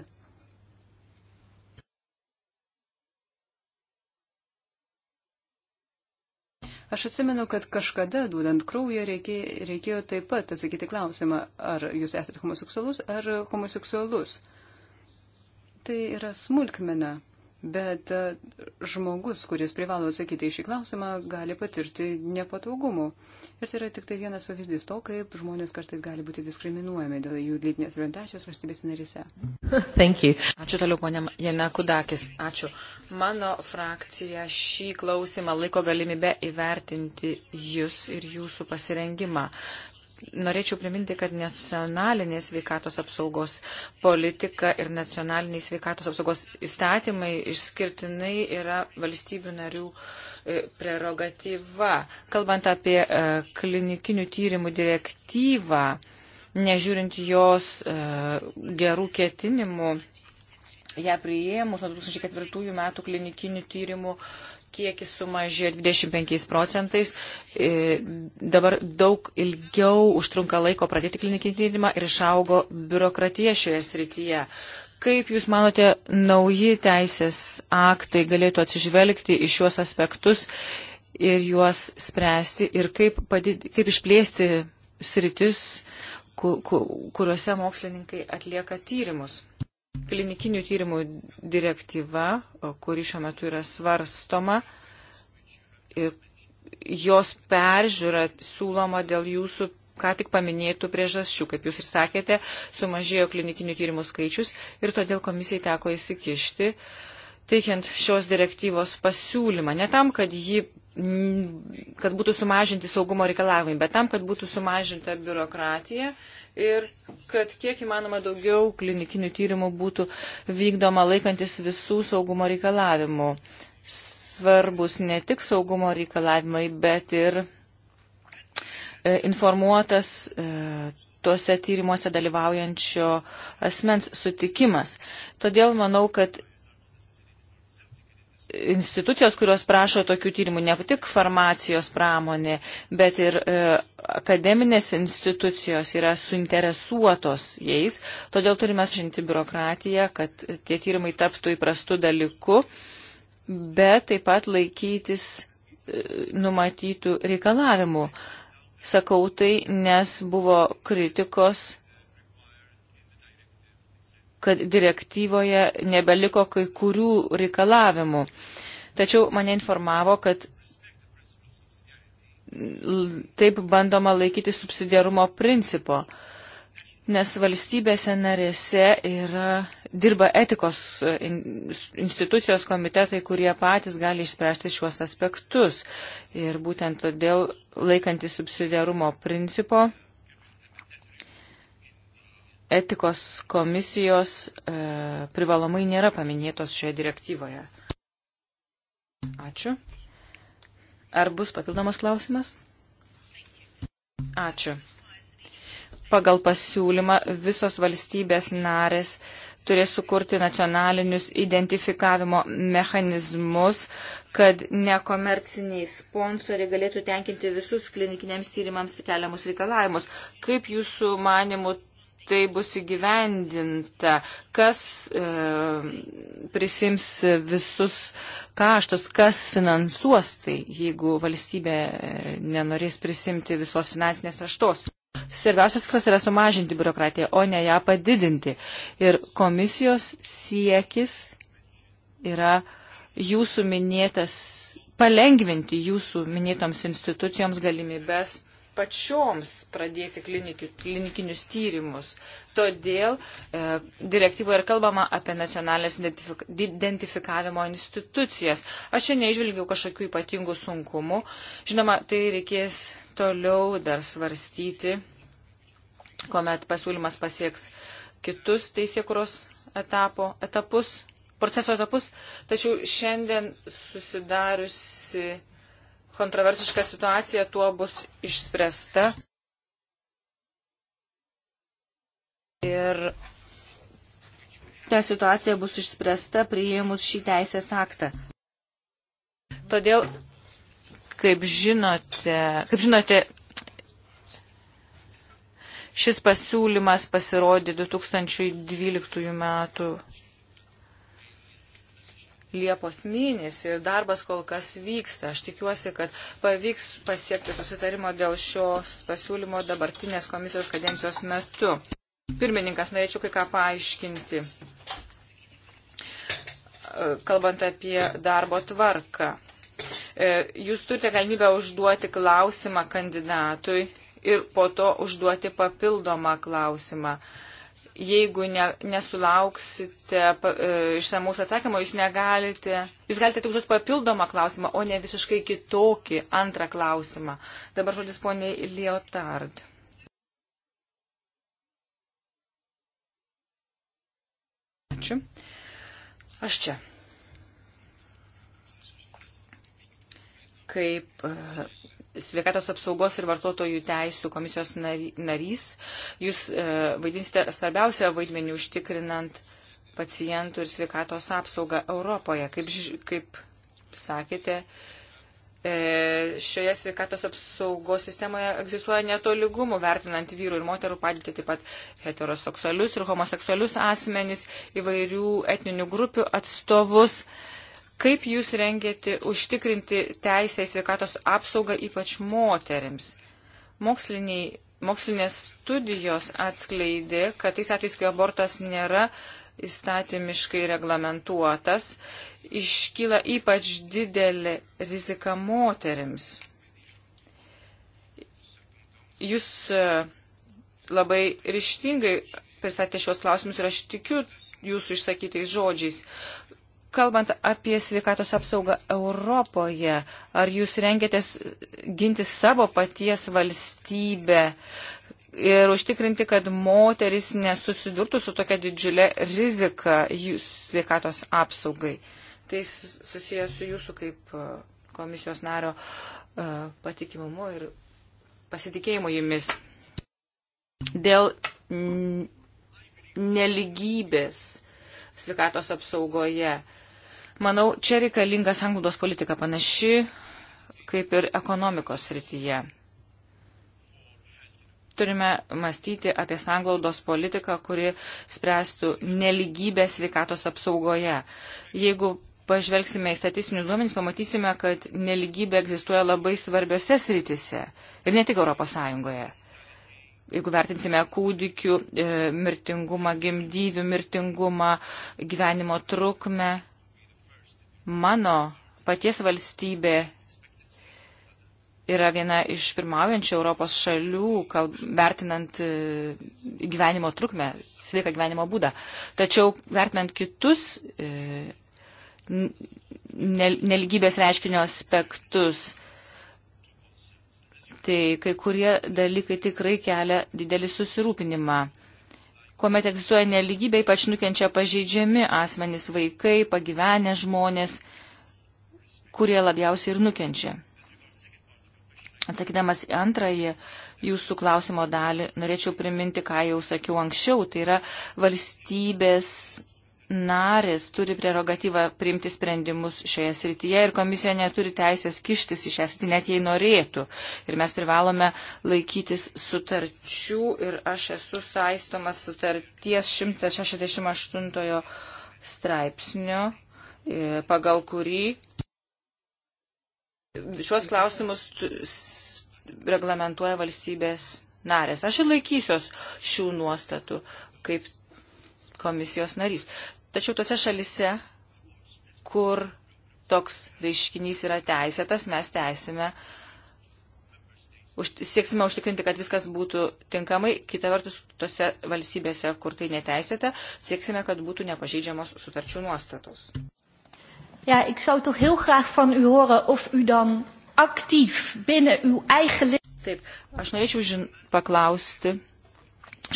Aš atsimenu, kad kažkada, duodant kraują, reikėjo, reikėjo taip pat atsakyti klausimą, ar jūs esate homoseksualus ar homoseksualus. Uh, tai yra smulkmena, bet e, žmogus, kuris privalo atsakyti į šį klausimą, gali patirti nepatogumų. Ir tai yra tik tai vienas pavyzdys to, kaip žmonės kartais gali būti diskriminuojami dėl jų lytinės orientacijos valstybės narise. Ačiū toliau, ponė Jena Kudakis. Ačiū. Mano frakcija šį klausimą laiko galimybę įvertinti jūs ir jūsų pasirengimą norėčiau priminti, kad nacionalinė sveikatos apsaugos politika ir nacionaliniai sveikatos apsaugos įstatymai išskirtinai yra valstybių narių e, prerogatyva. Kalbant apie e, klinikinių tyrimų direktyvą, nežiūrint jos e, gerų ketinimų, ją priėmus nuo 2004 metų klinikinių tyrimų kiekis sumažėjo 25 procentais. E, dabar daug ilgiau užtrunka laiko pradėti klinikinį tyrimą ir išaugo biurokratija šioje srityje. Kaip Jūs manote, nauji teisės aktai galėtų atsižvelgti į šiuos aspektus ir juos spręsti ir kaip, padid, kaip išplėsti sritis, ku, ku, kuriuose mokslininkai atlieka tyrimus? Klinikinių tyrimų direktyva, kuri šiuo metu yra svarstoma, jos peržiūra siūloma dėl jūsų ką tik paminėtų priežasčių. Kaip jūs ir sakėte, sumažėjo klinikinių tyrimų skaičius ir todėl komisijai teko įsikišti, teikiant šios direktyvos pasiūlymą. Ne tam, kad ji kad būtų sumažinti saugumo reikalavimai, bet tam, kad būtų sumažinta biurokratija ir kad kiek įmanoma daugiau klinikinių tyrimų būtų vykdoma laikantis visų saugumo reikalavimų. Svarbus ne tik saugumo reikalavimai, bet ir e, informuotas e, tuose tyrimuose dalyvaujančio asmens sutikimas. Todėl manau, kad institucijos, kurios prašo tokių tyrimų, ne tik farmacijos pramonė, bet ir e, akademinės institucijos yra suinteresuotos jais. Todėl turime sužinti biurokratiją, kad tie tyrimai taptų įprastu dalyku, bet taip pat laikytis e, numatytų reikalavimų. Sakau tai, nes buvo kritikos kad direktyvoje nebeliko kai kurių reikalavimų. Tačiau mane informavo, kad taip bandoma laikyti subsidiarumo principo, nes valstybėse narėse yra, dirba etikos e, institucijos komitetai, kurie patys gali išspręsti šiuos aspektus. Ir būtent todėl laikantį subsidiarumo principo etikos komisijos e, privalomai nėra paminėtos šioje direktyvoje. Ačiū. Ar bus papildomas klausimas? Ačiū. Pagal pasiūlymą visos valstybės narės turės sukurti nacionalinius identifikavimo mechanizmus, kad nekomerciniai sponsoriai galėtų tenkinti visus klinikiniams tyrimams keliamus reikalavimus. Kaip jūsų manimų tai bus įgyvendinta, kas e, prisims visus kaštus, kas finansuos tai, jeigu valstybė e, nenorės prisimti visos finansinės raštos. Svarbiausias tikslas yra sumažinti biurokratiją, o ne ją padidinti. Ir komisijos siekis yra jūsų minėtas, palengvinti jūsų minėtoms institucijoms galimybės pačioms pradėti klinikinius tyrimus. Todėl e, direktyvoje ir kalbama apie nacionalinės identifik identifikavimo institucijas. Aš čia neižvelgiau kažkokių ypatingų sunkumų. Žinoma, tai reikės toliau dar svarstyti, kuomet pasiūlymas pasieks kitus teisėkuros etapo, etapus, proceso etapus. Tačiau šiandien susidariusi kontroversiška situacija tuo bus išspręsta. Ir ta situacija bus išspręsta priėmus šį teisės aktą. Todėl, kaip žinote, kaip žinote, šis pasiūlymas pasirodė 2012 metų Liepos mėnesį ir darbas kol kas vyksta. Aš tikiuosi, kad pavyks pasiekti susitarimo dėl šios pasiūlymo dabartinės komisijos kadencijos metu. Pirmininkas, norėčiau kai ką paaiškinti, e, kalbant apie darbo tvarką. E, jūs turite galimybę užduoti klausimą kandidatui ir po to užduoti papildomą klausimą. Uh, jeigu ne, nesulauksite e, išsamaus atsakymo, jūs negalite, jūs galite tik užduoti papildomą klausimą, o ne visiškai kitokį antrą klausimą. Dabar žodis poniai Liotard. Ačiū. Aš čia. Kaip e, sveikatos apsaugos ir vartotojų teisų komisijos narys. Jūs e, vaidinsite svarbiausią vaidmenį užtikrinant pacientų ir sveikatos apsaugą Europoje. Kaip, kaip sakėte, e, šioje sveikatos apsaugos sistemoje egzistuoja netoligumų vertinant vyrų ir moterų padėtį, taip pat heteroseksualius ir homoseksualius asmenys, įvairių etninių grupių atstovus. E, Kaip jūs rengėte užtikrinti teisę į sveikatos apsaugą ypač moterims? Moksliniai, mokslinės studijos atskleidė, kad tais atvejais, kai abortas nėra įstatymiškai reglamentuotas, iškyla ypač didelė rizika moterims. Jūs e, labai ryštingai pristatė šios klausimus ir aš tikiu jūsų išsakytais žodžiais. Kalbant apie sveikatos apsaugą Europoje, ar jūs rengėtės ginti savo paties valstybę ir užtikrinti, kad moteris nesusidurtų su tokia didžiulė rizika jūs sveikatos apsaugai? Tai susijęs su jūsų kaip e, komisijos nario e, patikimumu ir pasitikėjimu jumis. Dėl neligybės sveikatos apsaugoje. Manau, čia reikalinga sanglaudos politika panaši kaip ir ekonomikos srityje. Turime mąstyti apie sanglaudos politiką, kuri spręstų neligybę sveikatos apsaugoje. Jeigu pažvelgsime į statistinius duomenys, pamatysime, kad neligybė egzistuoja labai svarbiose sritise ir ne tik Europos Sąjungoje. Jeigu vertinsime kūdikių e, mirtingumą, gimdyvių mirtingumą, gyvenimo trukmę, Mano paties valstybė yra viena iš pirmaujančių Europos šalių, kalb, vertinant e, gyvenimo trukmę, sveiką gyvenimo būdą. Tačiau vertinant kitus e, nelgybės reiškinio aspektus, tai kai kurie dalykai tikrai kelia didelį susirūpinimą kuomet egzistuoja neligybė, ypač nukenčia pažeidžiami asmenys, vaikai, pagyvenę žmonės, kurie labiausiai ir nukenčia. Atsakydamas į antrąjį jūsų klausimo dalį, norėčiau priminti, ką jau sakiau anksčiau, tai yra valstybės narės turi prerogatyvą priimti sprendimus šioje srityje ir komisija neturi teisės kištis į šią sritį, net jei norėtų. Ir mes privalome laikytis sutarčių ir aš esu saistomas sutarties 168 straipsnio, e, pagal kurį šiuos klausimus reglamentuoja valstybės narės. Aš ir laikysiuos šių nuostatų kaip komisijos narys. Tačiau tose šalise, kur toks reiškinys yra teisėtas, mes teisime, už, sieksime užtikrinti, kad viskas būtų tinkamai, kita vertus, tose valstybėse, kur tai neteisėta, sieksime, kad būtų nepažeidžiamos sutarčių nuostatos. Ja, ik zou toch heel graag van u horen of u dan actief binnen uw eigen Taip, aš norėčiau žin, paklausti,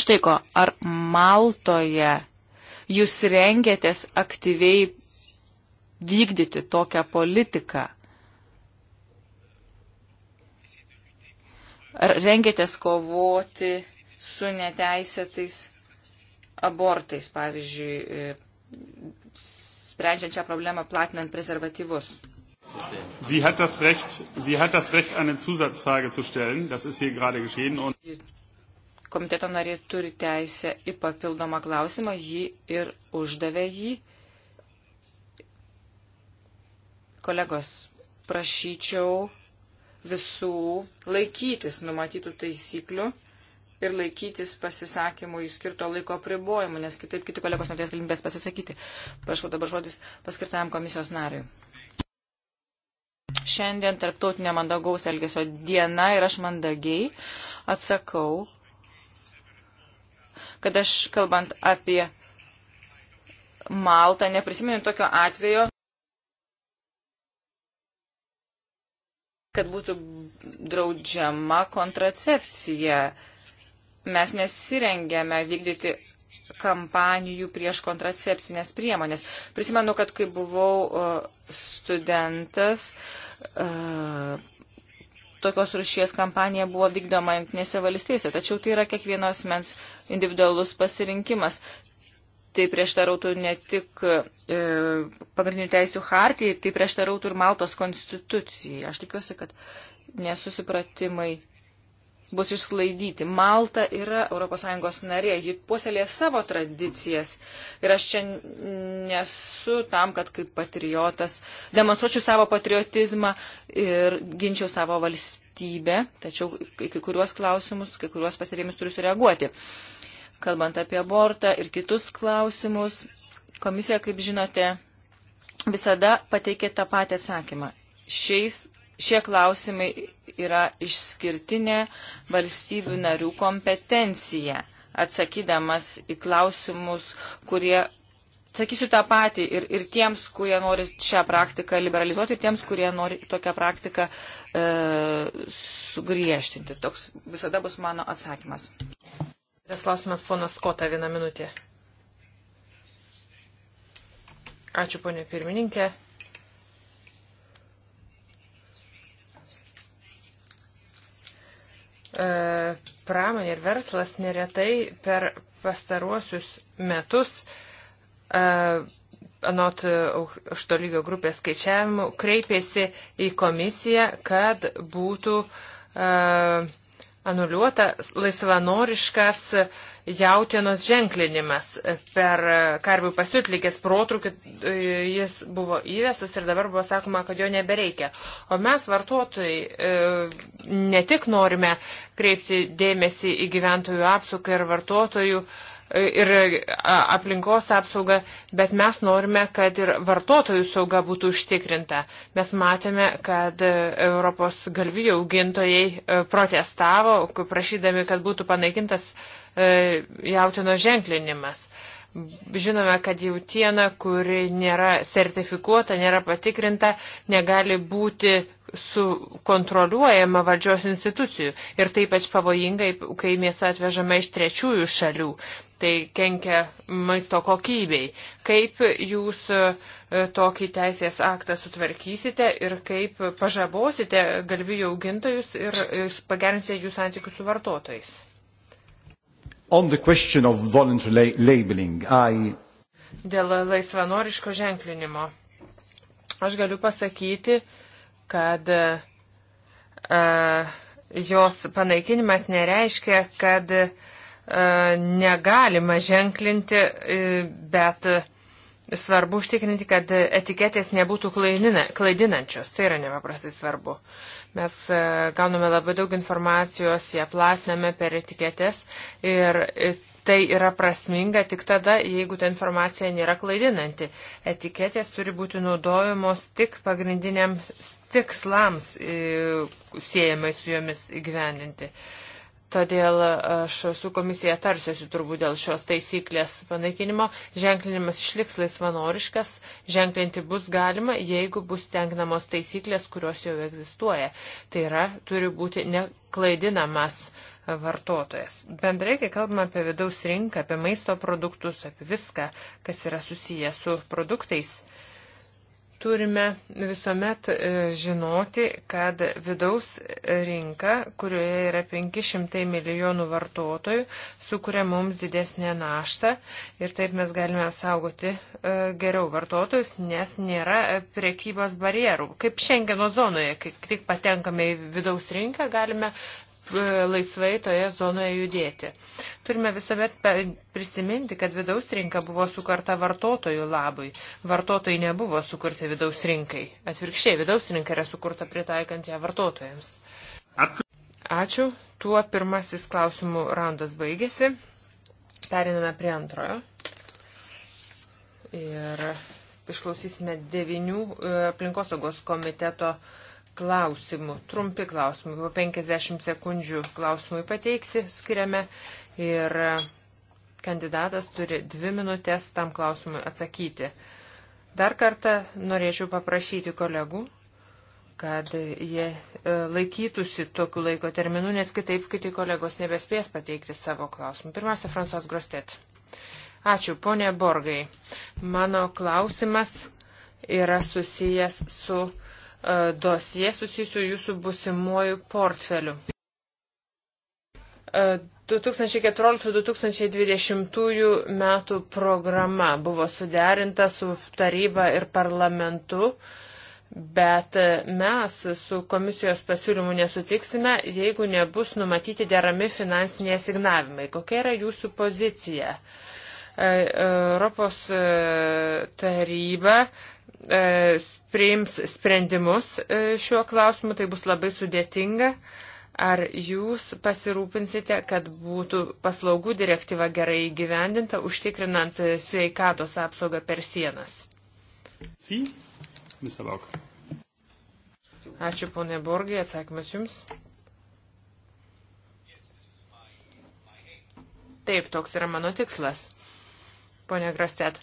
štai ko, ar Maltoje jūs rengėtės aktyviai vykdyti tokią politiką? Ar rengėtės kovoti su neteisėtais abortais, pavyzdžiui, sprendžiant šią problemą platinant prezervatyvus? Sie hat das Recht, sie hat das Recht eine Zusatzfrage zu stellen. Das ist hier gerade geschehen. Und komiteto nariai turi teisę į papildomą klausimą, jį ir uždavė jį. Kolegos, prašyčiau visų laikytis numatytų taisyklių ir laikytis pasisakymų į skirto laiko pribojimų, nes kitaip kiti kolegos neturės galimybės pasisakyti. Prašau dabar žodis paskirtajam komisijos nariui. Šiandien tarptautinė mandagaus elgesio diena ir aš mandagiai atsakau kad aš, kalbant apie Maltą, neprisimenu tokio atvejo, kad būtų draudžiama kontracepcija. Mes nesirengėme vykdyti kampanijų prieš kontracepcinės priemonės. Prisimenu, kad kai buvau uh, studentas, uh, tokios rušies kampanija buvo vykdoma jungtinėse valstijose, tačiau tai yra kiekvienos mens individualus pasirinkimas. Tai prieštarautų ne tik e, pagrindinių teisų hartijai, tai prieštarautų ir Maltos konstitucijai. Aš tikiuosi, kad nesusipratimai bus išsklaidyti. Malta yra ES narė, ji puoselė savo tradicijas. Ir aš čia nesu tam, kad kaip patriotas demonstruočiau savo patriotizmą ir ginčiau savo valstybę, tačiau kai kuriuos klausimus, kai kuriuos pastebėjimus turiu sureaguoti. Kalbant apie abortą ir kitus klausimus, komisija, kaip žinote, visada pateikė tą patį atsakymą. Šiais šie klausimai yra išskirtinė valstybių narių kompetencija, atsakydamas į klausimus, kurie. Sakysiu tą patį ir, ir tiems, kurie nori šią praktiką liberalizuoti, ir tiems, kurie nori tokią praktiką e, sugriežtinti. Toks visada bus mano atsakymas. Tas klausimas ponas Kota, vieną minutę. Ačiū, ponė pirmininkė. E, pramonė ir verslas neretai per pastaruosius metus, e, anot aukšto lygio grupės skaičiavimų, kreipėsi į komisiją, kad būtų e, anuliuota laisvanoriškas jautienos ženklinimas per karvių pasiutlikės protrukį jis buvo įvestas ir dabar buvo sakoma, kad jo nebereikia. O mes vartotojai ne tik norime kreipti dėmesį į gyventojų apsaugą ir vartotojų e, ir e, aplinkos apsaugą, bet mes norime, kad ir vartotojų sauga būtų užtikrinta. Mes matėme, kad e, Europos galvijų augintojai protestavo, prašydami, kad būtų panaikintas jautino ženklinimas. Žinome, kad jautiena, kuri nėra sertifikuota, nėra patikrinta, negali būti sukontroliuojama valdžios institucijų ir taip pat pavojingai, kai mėsą atvežama iš trečiųjų šalių. Tai kenkia maisto kokybei. Kaip jūs e, tokį teisės aktą sutvarkysite ir kaip pažabosite galvijų augintojus ir e, pagerinsite jų santykius su vartotojais? Labeling, I... Dėl laisvanoriško ženklinimo. Aš galiu pasakyti, uh, kad uh, jos panaikinimas nereiškia, kad uh, negalima ženklinti, uh, bet uh, svarbu užtikrinti, kad etiketės nebūtų klaidina, klaidinančios. Tai yra nepaprastai svarbu. Mes gauname labai daug informacijos, ją platiname per etiketės ir tai yra prasminga tik tada, jeigu ta informacija nėra klaidinanti. Etiketės turi būti naudojamos tik pagrindiniams tikslams e, siejamai su jomis įgyvendinti. Todėl aš su komisija tarsiuosi turbūt dėl šios taisyklės panaikinimo. Ženklinimas išliks laisvanoriškas, ženklinti bus galima, jeigu bus tenkinamos taisyklės, kurios jau egzistuoja. Tai yra, turi būti neklaidinamas uh, vartotojas. Bendrai, kai kalbame apie vidaus rinką, apie maisto produktus, apie viską, kas yra susiję su produktais, turime visuomet e, žinoti, kad vidaus rinka, kurioje yra 500 milijonų vartotojų, sukuria mums didesnę naštą ir taip mes galime saugoti e, geriau vartotojus, nes nėra priekybos barjerų. Kaip Šengeno zonoje, kai tik patenkame į vidaus rinką, galime E, laisvai toje zonoje judėti. Turime visuomet prisiminti, kad vidaus rinka buvo sukurta vartotojų labui. Vartotojai nebuvo sukurti vidaus rinkai. Atvirkščiai, vidaus rinka yra sukurta pritaikant ją vartotojams. Ačiū. Tuo pirmasis klausimų raundas baigėsi. Periname prie antrojo. Ir išklausysime devinių e, aplinkosaugos komiteto uh, klausimų, trumpi klausimai, po 50 sekundžių klausimui pateikti skiriame ir kandidatas turi dvi minutės tam klausimui atsakyti. Dar kartą norėčiau paprašyti kolegų, kad jie e, laikytųsi tokių laiko terminų, nes kitaip kiti kolegos nebespės pateikti savo klausimų. Pirmiausia, Fransos Grostet. Ačiū, ponė Borgai. Mano klausimas yra susijęs su E, dosie susijusiu jūsų busimuoju portfeliu. 2014-2020 e, metų programa buvo suderinta su taryba ir parlamentu, bet mes su komisijos pasiūlymu nesutiksime, jeigu nebus numatyti derami finansiniai asignavimai. Kokia yra jūsų pozicija? E, Europos taryba E, priims sprendimus e, šiuo klausimu, tai bus labai sudėtinga. Ar jūs pasirūpinsite, kad būtų paslaugų direktyva gerai įgyvendinta, užtikrinant sveikatos apsaugą per sienas? Si, Ačiū, ponė Borgai, atsakymas jums. Taip, toks yra mano tikslas, ponė Grastet.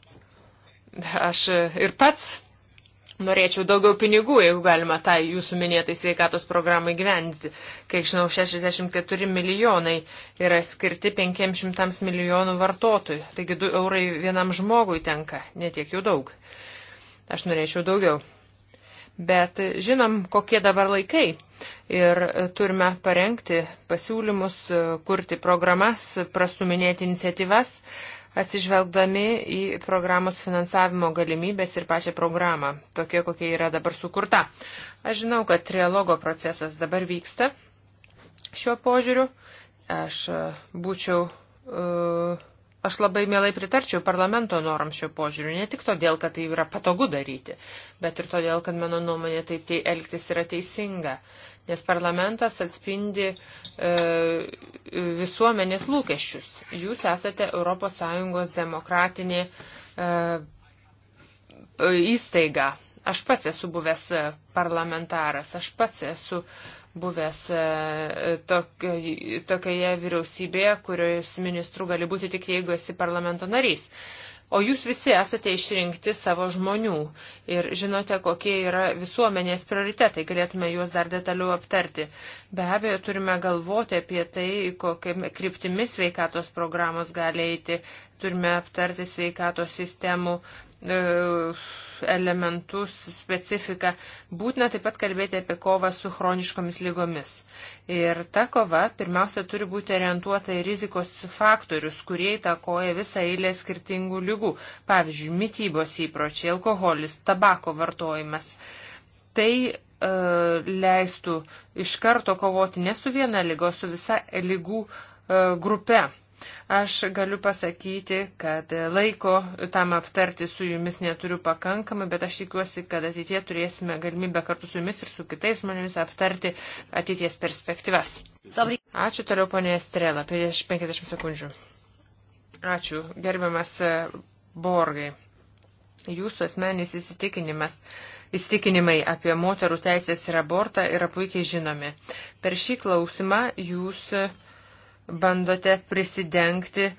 Aš ir pats norėčiau daugiau pinigų, jeigu galima tą jūsų minėtai sveikatos programai gyventi. Kiek žinau, 64 milijonai yra skirti 500 milijonų vartotojų. Taigi 2 eurai vienam žmogui tenka, netiek jau daug. Aš norėčiau daugiau. Bet žinom, kokie dabar laikai ir turime parengti pasiūlymus, kurti programas, prasuminėti iniciatyvas, atsižvelgdami į programos finansavimo galimybės ir pačią programą, tokia kokia yra dabar sukurta. Aš žinau, kad trialogo procesas dabar vyksta šiuo požiūriu. Aš e, būčiau. E, aš labai mielai pritarčiau parlamento noram šiuo požiūriu, ne tik todėl, kad tai yra patogu daryti, bet ir todėl, kad mano nuomonė taip tai elgtis yra teisinga nes parlamentas atspindi e, visuomenės lūkesčius. Jūs esate ES demokratinė e, įstaiga. Aš pats esu buvęs parlamentaras, aš pats esu buvęs e, tokioje vyriausybėje, kurios ministrų gali būti tik jeigu esi parlamento narys. O jūs visi esate išrinkti savo žmonių ir žinote, kokie yra visuomenės prioritetai, galėtume juos dar detaliau aptarti. Be abejo, turime galvoti apie tai, kokiam kryptimis sveikatos programos gali eiti, turime aptarti sveikatos sistemų E, elementus, specifiką, būtina taip pat kalbėti apie kovą su chroniškomis lygomis. Ir ta kova pirmiausia turi būti orientuota į rizikos faktorius, kurie įtakoja visą eilę skirtingų lygų, pavyzdžiui, mytybos įpročiai, alkoholis, tabako vartojimas. Tai e, leistų iš karto kovoti ne su viena lygo, su visa lygų e, grupe Aš galiu pasakyti, kad laiko tam aptarti su jumis neturiu pakankamai, bet aš tikiuosi, kad ateitie turėsime galimybę kartu su jumis ir su kitais žmonėmis aptarti ateities perspektyvas. Ačiū toliau, ponė Estrela, prieš 50 sekundžių. Ačiū, gerbiamas e, Borgai. Jūsų asmenys įsitikinimas įstikinimai apie moterų teisės ir abortą yra puikiai žinomi. Per šį klausimą jūs bandote prisidengti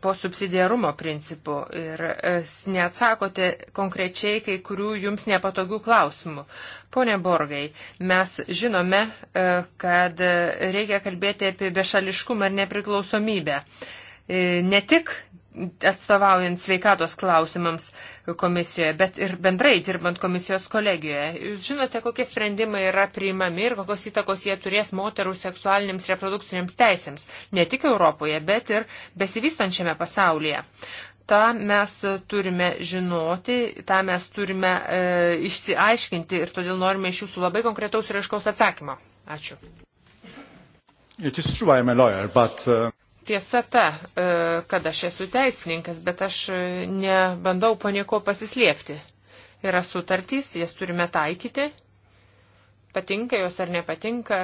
po subsidiarumo principu ir e, neatsakote konkrečiai kai kurių jums nepatogių klausimų. Pone Borgai, mes žinome, e, kad reikia kalbėti apie bešališkumą ir nepriklausomybę. E, ne tik atstovaujant sveikatos klausimams komisijoje, bet ir bendrai dirbant komisijos kolegijoje. Jūs žinote, kokie sprendimai yra priimami ir kokios įtakos jie turės moterų seksualinėms reprodukcinėms teisėms, ne tik Europoje, bet ir besivystančiame pasaulyje. Ta mes turime žinoti, tą mes turime e, išsiaiškinti ir todėl norime iš jūsų labai konkretaus ir aiškaus atsakymo. Ačiū. It is true I am a lawyer, but, uh tiesa ta, e, kad aš esu teisininkas, bet aš nebandau po nieko pasislėpti. Yra sutartys, jas turime taikyti. Patinka jos ar nepatinka,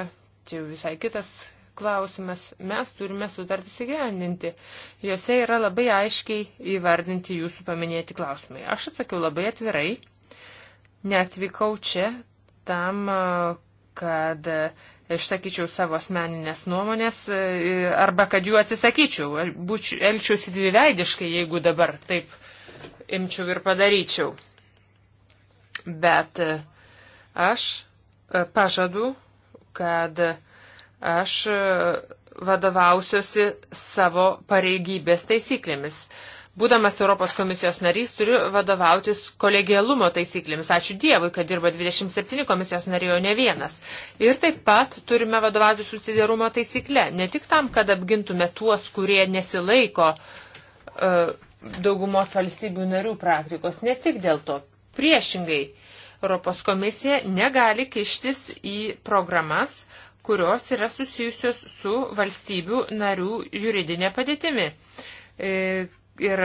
čia visai kitas klausimas. Mes turime sutartis įgyvendinti. Jose yra labai aiškiai įvardinti jūsų paminėti klausimai. Aš atsakiau labai atvirai. Netvykau čia tam, kad uh, išsakyčiau savo asmeninės nuomonės e, arba kad jų atsisakyčiau. Būčiau, elgčiausi dviveidiškai, jeigu dabar taip imčiau ir padaryčiau. Bet e, aš e, pažadu, kad aš vadovausiuosi savo pareigybės taisyklėmis būdamas Europos komisijos narys, turiu vadovautis kolegialumo taisyklėmis. Ačiū Dievui, kad dirba 27 komisijos nariai, o ne vienas. Ir taip pat turime vadovautis susidėrumo taisyklę. Ne tik tam, kad apgintume tuos, kurie nesilaiko uh, daugumos valstybių narių praktikos, ne tik dėl to. Priešingai, Europos komisija negali kištis į programas, kurios yra susijusios su valstybių narių juridinė padėtimi. E, ir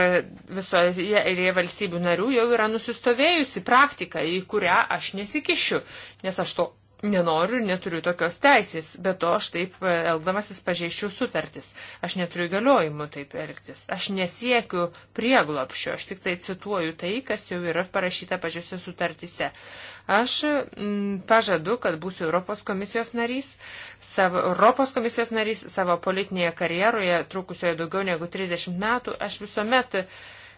visoje eilėje valstybių narių jau yra nusistovėjusi praktika, į kurią aš nesikišiu, nes aš to nenoriu ir neturiu tokios teisės, bet to aš taip e, elgdamasis pažeiščiau sutartis. Aš neturiu įgaliojimų taip elgtis. Aš nesiekiu prieglopšio, aš tik tai cituoju tai, kas jau yra parašyta pačiose sutartise. Aš m, pažadu, kad būsiu Europos komisijos narys. Savo, Europos komisijos narys savo politinėje karjeroje, trukusioje daugiau negu 30 metų, aš visuomet uh,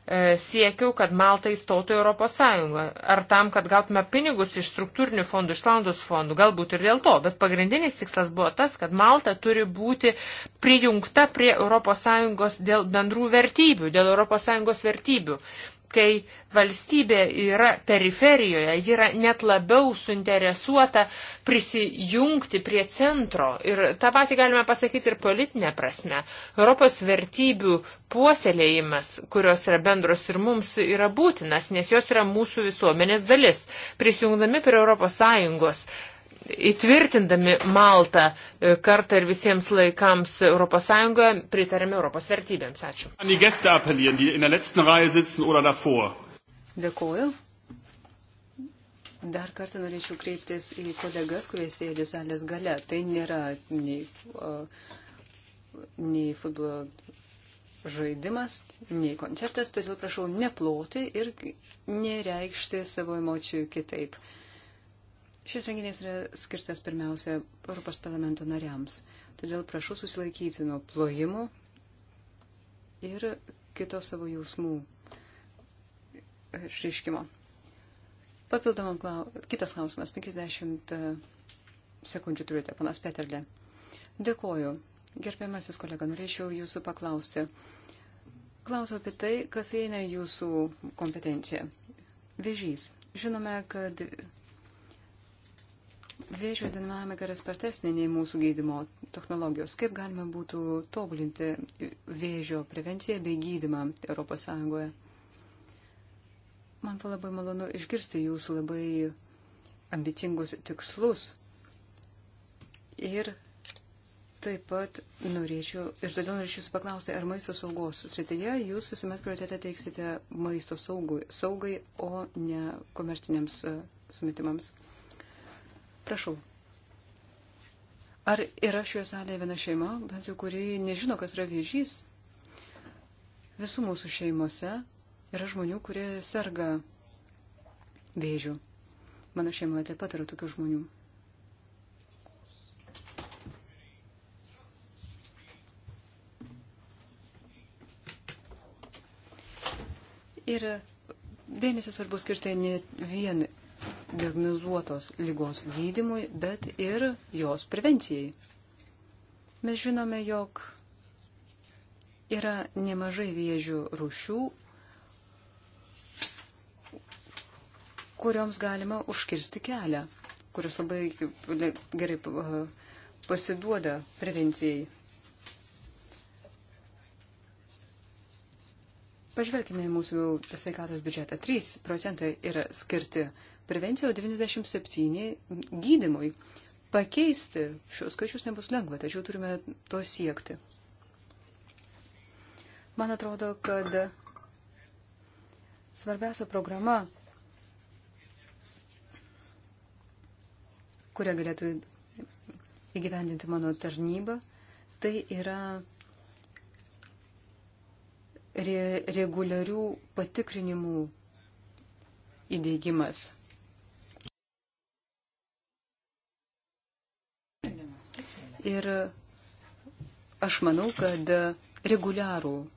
E, siekiau, kad Malta įstotų į Europos Sąjungą. Ar tam, kad gautume pinigus iš struktūrinių fondų, iš Landos fondų, galbūt ir dėl to. Bet pagrindinis tikslas buvo tas, kad Malta turi būti prijungta prie Europos Sąjungos dėl bendrų vertybių, dėl Europos Sąjungos vertybių kai valstybė yra periferijoje, ji yra net labiau suinteresuota prisijungti prie centro. Ir tą patį galime pasakyti ir politinė prasme. Europos vertybių puoselėjimas, kurios yra bendros ir mums, yra būtinas, nes jos yra mūsų visuomenės dalis. Prisijungdami prie Europos Sąjungos įtvirtindami Maltą e, kartą ir visiems laikams ES, pritarėme Europos vertybėms. Ačiū. Dėkuoju. Dar kartą norėčiau kreiptis į kolegas, kurie sėdi salės gale. Tai nėra nei, nei futbolo žaidimas, nei koncertas, todėl prašau neploti ir nereikšti savo emocijų kitaip. Šis renginys yra skirtas pirmiausia Europos parlamento nariams, todėl prašau susilaikyti nuo plojimų ir kito savo jausmų e, išreiškimo. Papildomam klausimui, kitas klausimas, 50 e, sekundžių turite, panas Peterlė. Dėkoju. Gerbiamasis kolega, norėčiau jūsų paklausti. Klausiu apie tai, kas įeina jūsų kompetencija. Vėžys. Žinome, kad vėžio dinamika yra spartesnė nei mūsų gydimo technologijos. Kaip galima būtų tobulinti vėžio prevenciją bei gydimą ES? Man buvo labai malonu išgirsti jūsų labai ambicingus tikslus. Ir taip pat norėčiau, ir todėl norėčiau jūsų paklausti, ar maisto saugos srityje jūs visuomet prioritetą teiksite maisto saugui, saugai, o ne komerciniams e, sumetimams. Uh, Prašau. Ar yra šioje salėje viena šeima, bent jau kuri nežino, kas yra viežys? Visų mūsų šeimose yra žmonių, kurie serga vėžių. Mano šeimoje taip pat yra tokių žmonių. Ir dėmesį svarbu skirti ne vien diagnozuotos lygos gydimui, bet ir jos prevencijai. Mes žinome, jog yra nemažai vėžių rušių, kurioms galima užkirsti kelią, kurios labai gerai uh, pasiduoda prevencijai. Pažvelkime į mūsų sveikatos biudžetą. 3 procentai yra skirti prevencijai, o 97 gydimui. Pakeisti šios skaičius nebus lengva, tačiau turime to siekti. Man atrodo, kad svarbiausia programa, kurią galėtų įgyvendinti mano tarnybą, tai yra re reguliarių patikrinimų įdėgymas. Ir aš manau, kad reguliarų e,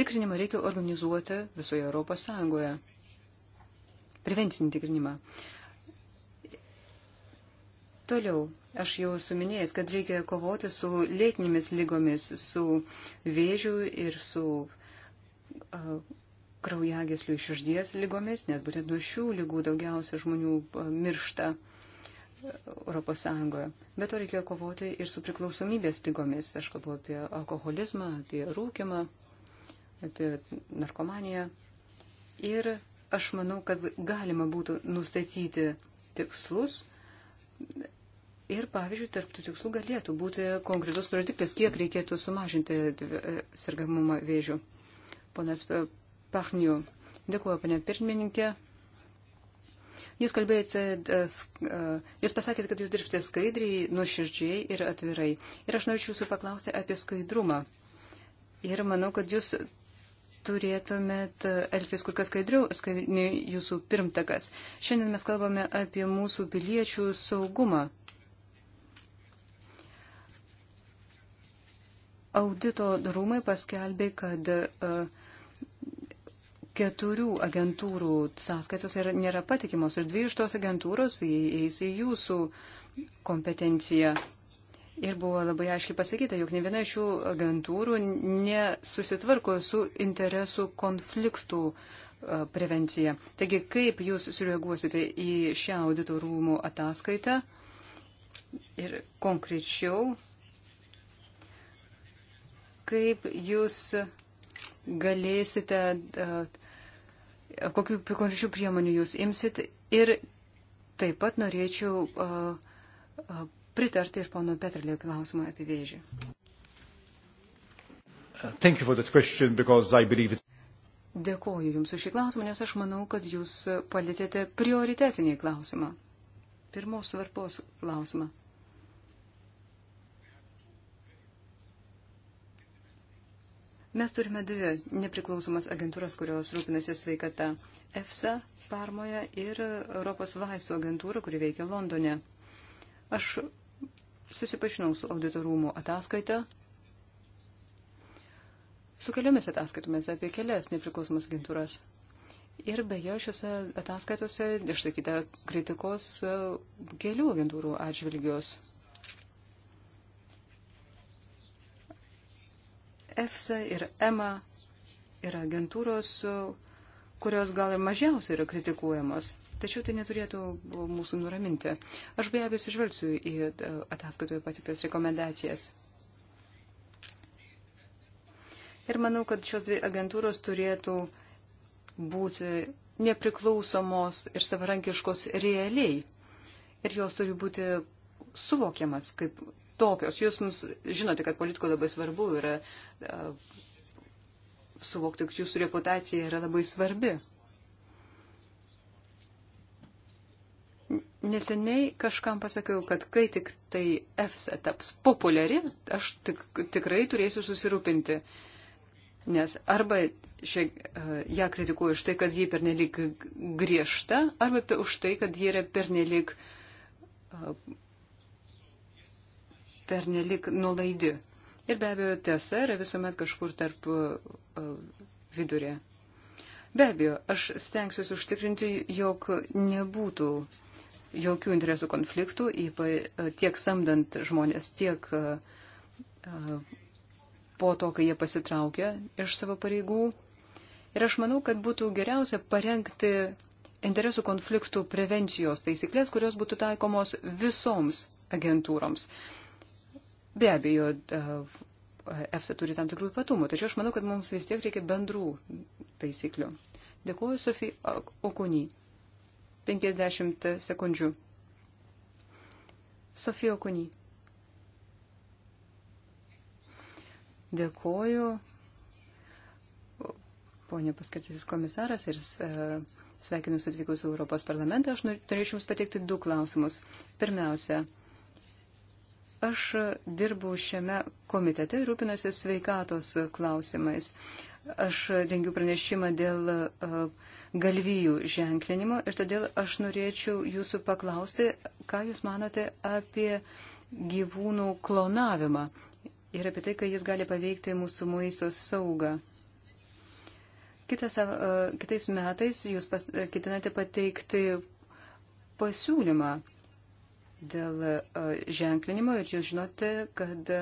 tikrinimą reikia organizuoti visoje Europos Sąjungoje. Prevencinį tikrinimą. Toliau, aš jau suminėjęs, kad reikia kovoti su lėtinėmis lygomis, su vėžiu ir su uh, e, kraujagėslių iširdies lygomis, nes būtent nuo šių lygų daugiausia žmonių uh, miršta. Uh, Europos Sąjungoje. Bet to reikėjo kovoti ir su priklausomybės lygomis. Aš kalbu apie alkoholizmą, apie rūkimą, apie narkomaniją. Ir aš manau, kad galima būtų nustatyti tikslus. Ir, pavyzdžiui, tarptų tikslų galėtų būti konkretus rodiklis, kiek reikėtų sumažinti sergamumą vėžių. Ponas Pachniu, dėkuoju, panė pirmininkė. Jūs kalbėjote, e, e, jūs pasakėte, kad jūs dirbate skaidriai, nuoširdžiai ir atvirai. Ir aš norėčiau jūsų paklausti apie skaidrumą. Ir manau, kad jūs turėtumėt e, elgtis kur kas skaidriau, skaidriau jūsų pirmtakas. Šiandien mes kalbame apie mūsų piliečių saugumą. Audito rūmai paskelbė, kad uh, keturių agentūrų sąskaitos yra, nėra patikimos ir dvi iš tos agentūros įeis į jūsų kompetenciją. Ir buvo labai aiškiai pasakyta, jog ne viena iš šių agentūrų nesusitvarko su interesų konfliktų e, prevencija. Taigi, kaip jūs sureaguosite į šią audito rūmų ataskaitą ir konkrečiau, kaip jūs galėsite uh, kokiu konkrečiu priemonių jūs imsit. Ir taip pat norėčiau uh, pritarti ir pono Petrelio klausimą apie vėžį. Dėkoju Jums už šį klausimą, nes aš manau, kad Jūs palėtėte prioritetinį klausimą. Pirmos svarbos klausimą. Mes turime dvi nepriklausomas agentūras, kurios rūpinasi sveikata - EFSA Parmoje ir Europos vaistų agentūra, kuri veikia Londone. Aš susipažinau su auditorumų ataskaita, su keliomis ataskaitomis apie kelias nepriklausomas agentūras. Ir beje, šiuose ataskaitose išsakyta kritikos kelių agentūrų atžvilgios. EFSA ir EMA yra agentūros, kurios gal ir mažiausiai yra kritikuojamos. Tačiau tai neturėtų mūsų nuraminti. Aš be abejo sižvelgsiu į e, ataskaitoje patiktas rekomendacijas. Ir manau, kad šios dvi agentūros turėtų būti nepriklausomos ir savarankiškos realiai. Ir jos turi būti suvokiamas kaip tokios. Jūs mums žinote, kad politiko labai svarbu yra e, suvokti, kad jūsų reputacija yra labai svarbi. Neseniai kažkam pasakiau, kad kai tik tai EFSA taps populiari, aš tik, tikrai turėsiu susirūpinti. Nes arba šia, e, ją kritikuoju už tai, kad ji pernelik griežta, arba už tai, kad ji yra pernelik e, pernelik nulaidi. Ir be abejo, tiesa yra visuomet kažkur tarp e, vidurė. Be abejo, aš stengsiuosi užtikrinti, jog nebūtų jokių interesų konfliktų, ypač e, tiek samdant žmonės, tiek e, po to, kai jie pasitraukia iš savo pareigų. Ir aš manau, kad būtų geriausia parengti interesų konfliktų prevencijos taisyklės, kurios būtų taikomos visoms agentūroms. Be abejo, e, EFSA turi tam tikrų ypatumų, tačiau aš manau, kad mums vis tiek reikia bendrų taisyklių. Dėkuoju, Sofija Okony. 50 sekundžių. Sofija Okony. Dėkuoju, ponė paskirtasis komisaras ir e, sveikinimus atvykus į Europos parlamentą. Aš norėčiau Jums pateikti du klausimus. Pirmiausia, Aš dirbu šiame komitete ir rūpinasi sveikatos klausimais. Aš rengiu pranešimą dėl e, galvijų ženklinimo ir todėl aš norėčiau jūsų paklausti, ką jūs manote apie gyvūnų klonavimą ir apie tai, kai jis gali paveikti mūsų maisto saugą. Kitas, e, kitais metais jūs pas, e, ketinate pateikti pasiūlymą dėl e, ženklinimo ir jūs žinote, kad e,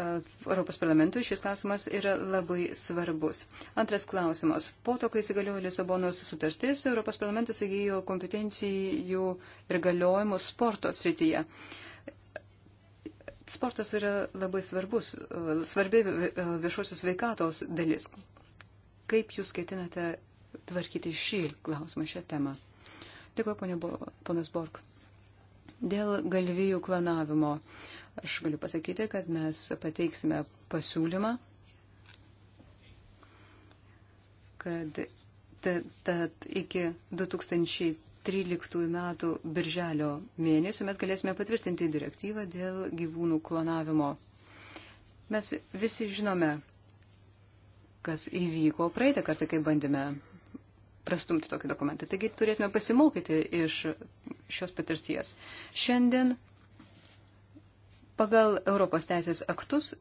Europos parlamentui šis klausimas yra labai svarbus. Antras klausimas. Po to, kai įsigaliojo Lisabonos sutartis, Europos parlamentas įgyjo kompetencijų ir galiojimų sporto srityje. Sportas yra labai svarbus, svarbi e, viešosios veikatos dalis. Kaip jūs ketinate tvarkyti šį klausimą, šią temą? Dėkuoju, ponas Borg. Dėl galvijų klonavimo aš galiu pasakyti, kad mes pateiksime pasiūlymą, kad tad iki 2013 metų birželio mėnesio mes galėsime patvirtinti direktyvą dėl gyvūnų klonavimo. Mes visi žinome, kas įvyko praeitą kartą, kai bandėme prastumti tokį dokumentą. Taigi turėtume pasimokyti iš šios patirties. Šiandien pagal Europos teisės aktus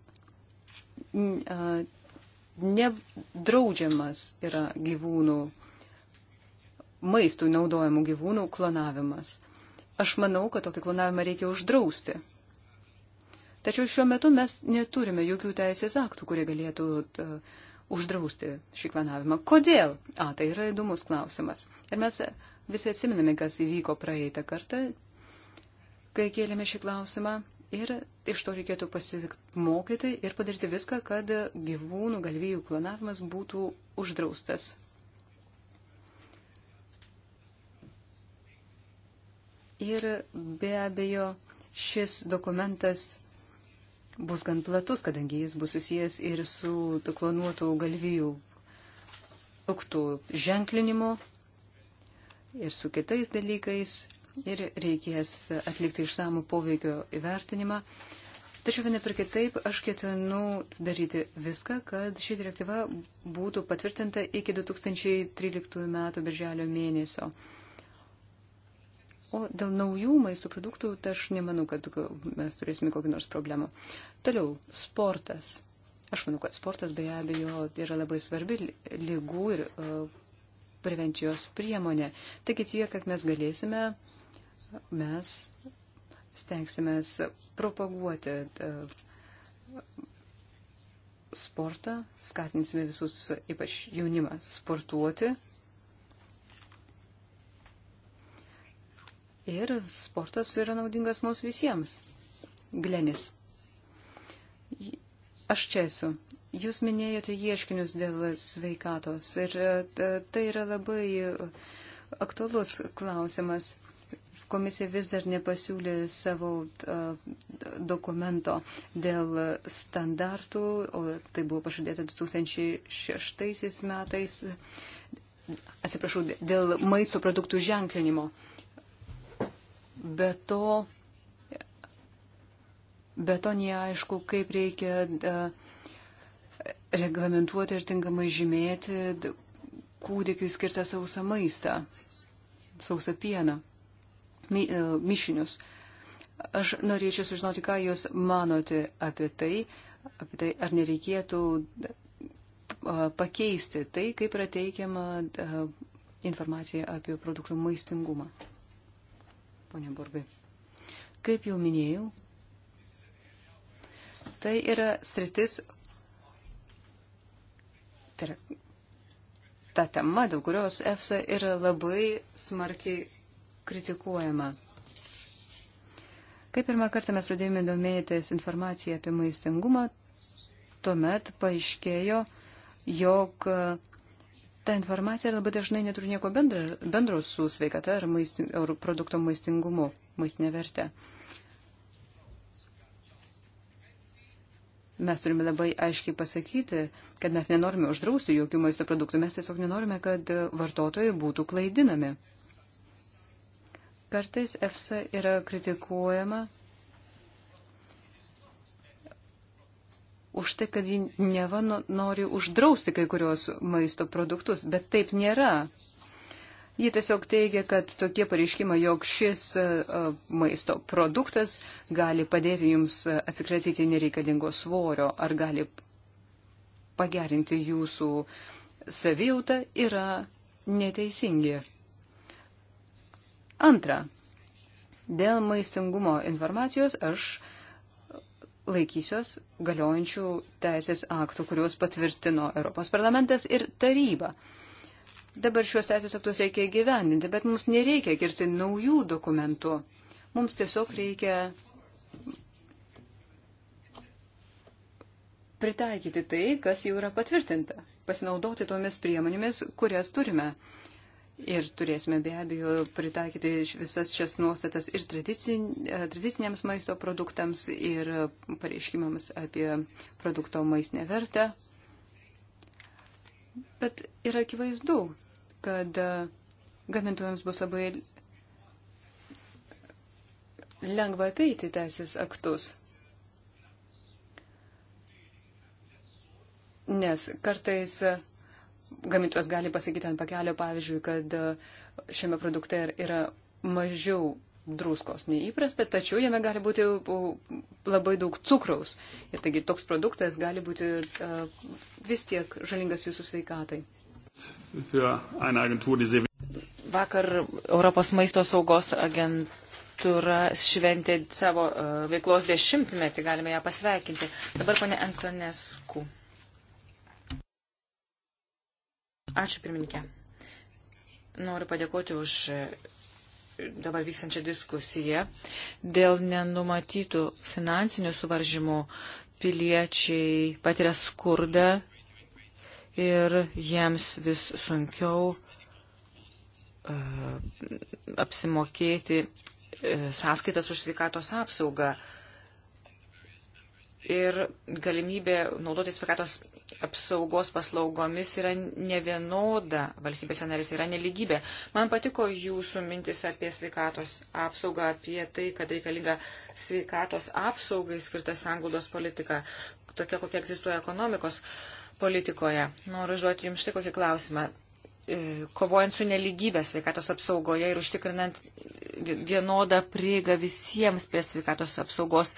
nedraudžiamas yra gyvūnų, maistų naudojamų gyvūnų klonavimas. Aš manau, kad tokį klonavimą reikia uždrausti. Tačiau šiuo metu mes neturime jokių teisės aktų, kurie galėtų uh, uždrausti šį klonavimą. Kodėl? A, tai yra įdomus klausimas. Ir mes visi atsiminame, kas įvyko praeitą kartą, kai kėlėme šį klausimą. Ir iš to reikėtų pasimokyti ir padaryti viską, kad gyvūnų galvijų klonavimas būtų uždraustas. Ir be abejo, šis dokumentas bus gan platus, kadangi jis bus susijęs ir su klonuotų galvijų auktų ženklinimu ir su kitais dalykais. Ir reikės atlikti išsamų poveikio įvertinimą. Tačiau vienai per kitaip aš ketinu daryti viską, kad ši direktyva būtų patvirtinta iki 2013 m. birželio mėnesio. O dėl naujų maisto produktų, tai aš nemanau, kad mes turėsime kokį nors problemų. Toliau, sportas. Aš manau, kad sportas be abejo yra labai svarbi lygų ir uh, prevencijos priemonė. Taigi tiek, kad mes galėsime, mes stengsime propaguoti uh, sportą, skatinsime visus, ypač jaunimą, sportuoti Ir sportas yra naudingas mums visiems. Glenis. Aš čia esu. Jūs minėjote ieškinius dėl sveikatos ir e, tai yra labai aktualus klausimas. Komisija vis dar nepasiūlė savo e, dokumento dėl standartų, o tai buvo pažadėta 2006 metais, atsiprašau, dėl maisto produktų ženklinimo. Be to, be to neaišku, kaip reikia e, reglamentuoti ir tinkamai žymėti kūdikiu skirtą sausą maistą, sausą pieną, my, e, mišinius. Aš norėčiau sužinoti, ką Jūs manote apie tai, apie tai ar nereikėtų e, pakeisti tai, kaip yra teikiama informacija apie produktų maistingumą ponia Burgai. Kaip jau minėjau, tai yra sritis, tai yra ta tema, dėl kurios EFSA yra labai smarkiai kritikuojama. Kai pirmą kartą mes pradėjome domėtis informaciją apie maistingumą, tuomet paaiškėjo, jog uh, ta informacija labai dažnai neturi nieko bendra, bendro su sveikata ar, maistin, ar produkto maistingumu, maistinė vertė. Mes turime labai aiškiai pasakyti, kad mes nenorime uždrausti jokių maisto produktų, mes tiesiog nenorime, kad vartotojai būtų klaidinami. Kartais EFSA yra kritikuojama už tai, kad ji neva nori uždrausti kai kurios maisto produktus, bet taip nėra. Ji tiesiog teigia, kad tokie pareiškimai, jog šis e, e, maisto produktas gali padėti jums e, atsikratyti nereikalingo svorio ar gali pagerinti jūsų savijautą, yra neteisingi. Antra, dėl maistingumo informacijos aš uh, laikysios galiojančių teisės aktų, kuriuos patvirtino Europos parlamentas ir taryba. Dabar šios teisės aktus reikia gyveninti, bet mums nereikia kirsti naujų dokumentų. Mums tiesiog reikia pritaikyti tai, kas jau yra patvirtinta, pasinaudoti tomis priemonėmis, kurias turime. Ir turėsime be abejo pritaikyti visas šias nuostatas ir e, tradiciniams maisto produktams, ir pareiškimams apie produkto maistinę vertę. Bet yra akivaizdu, kad e, gamintojams bus labai lengva apeiti teisės aktus. Nes kartais e, gamintojas gali pasakyti ant pakelio, pavyzdžiui, kad e, šiame produkte yra mažiau druskos neįprasta, tačiau jame gali būti labai daug cukraus. Ir taigi toks produktas gali būti e, vis tiek žalingas jūsų sveikatai. Vakar Europos maisto saugos agentūra šventė savo e, veiklos dešimtmetį, galime ją pasveikinti. Dabar ponė Antonesku. Ačiū pirmininkė. Noriu padėkoti už dabar vykstančią diskusiją. Dėl nenumatytų finansinių suvaržymų piliečiai patiria skurdą ir jiems vis sunkiau uh, apsimokėti uh, sąskaitas už sveikatos apsaugą. Uh, ir galimybė naudotis sveikatos apsaugos paslaugomis yra nevienoda valstybėse narėse, yra neligybė. Man patiko jūsų mintis apie sveikatos apsaugą, apie tai, kad reikalinga sveikatos apsaugai skirta sanglaudos politika, tokia kokia egzistuoja ekonomikos politikoje. Noriu užduoti jums štai kokį klausimą. E, kovojant su neligybė sveikatos apsaugoje ir užtikrinant vienodą prieigą visiems prie sveikatos apsaugos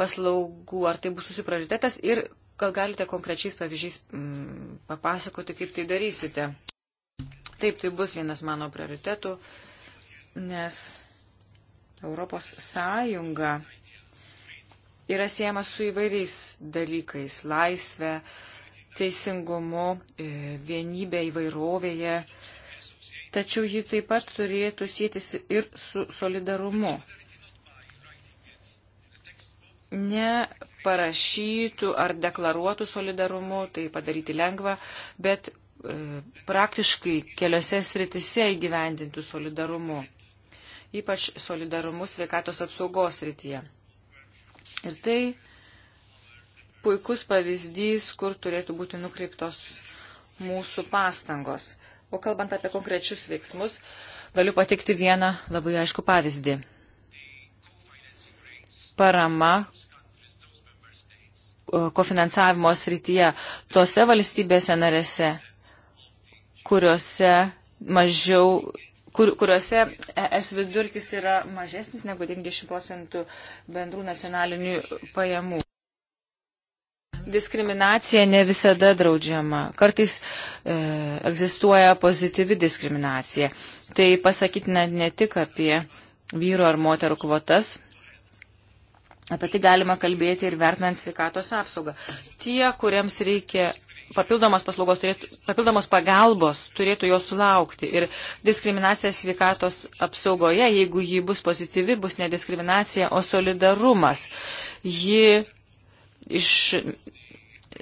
paslaugų, ar tai bus jūsų prioritetas ir gal galite konkrečiais pavyzdžiais m, mm, papasakoti, kaip tai darysite. Taip, tai bus vienas mano prioritetų, nes Europos Sąjunga yra siejama su įvairiais dalykais - laisvė, uh, teisingumu, e, vienybė įvairovėje, tačiau ji taip pat turėtų sėtis ir su solidarumu. Ne parašytų ar deklaruotų solidarumu, tai padaryti lengva, bet e, praktiškai keliose sritise įgyvendintų solidarumu, ypač solidarumu sveikatos apsaugos srityje. Ir tai puikus pavyzdys, kur turėtų būti nukreiptos mūsų pastangos. O kalbant apie konkrečius veiksmus, galiu patikti vieną labai aišku pavyzdį. Parama kofinansavimo srityje tose valstybėse narėse, kuriuose mažiau kur, kuriuose es vidurkis yra mažesnis negu 90 procentų bendrų nacionalinių pajamų diskriminacija ne visada draudžiama. Kartais e, egzistuoja pozityvi diskriminacija. Tai pasakyti ne, ne tik apie vyru ar moterų kvotas. Apie tai galima kalbėti ir vertinant sveikatos apsaugą. Tie, kuriems reikia papildomos paslaugos, turėtų, papildomos pagalbos, turėtų jos sulaukti. Ir diskriminacija sveikatos apsaugoje, jeigu ji bus pozityvi, bus ne diskriminacija, o solidarumas. Ji iš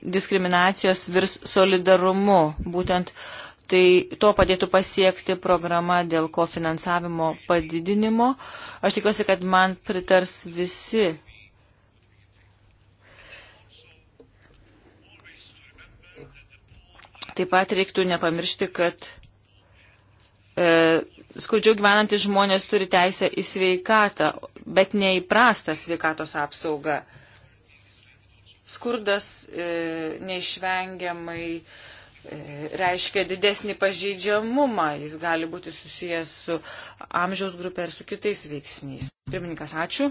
diskriminacijos virs solidarumu. Būtent tai to padėtų pasiekti programa dėl kofinansavimo padidinimo. Aš tikiuosi, kad man pritars visi. Taip pat reiktų nepamiršti, kad e, skurdžiau gyvenantys žmonės turi teisę į sveikatą, bet neįprastą sveikatos apsaugą. E, Skurdas e, neišvengiamai e, reiškia didesnį pažeidžiamumą. Jis gali būti susijęs su amžiaus grupė ir su kitais veiksniais. Pirmininkas, ačiū.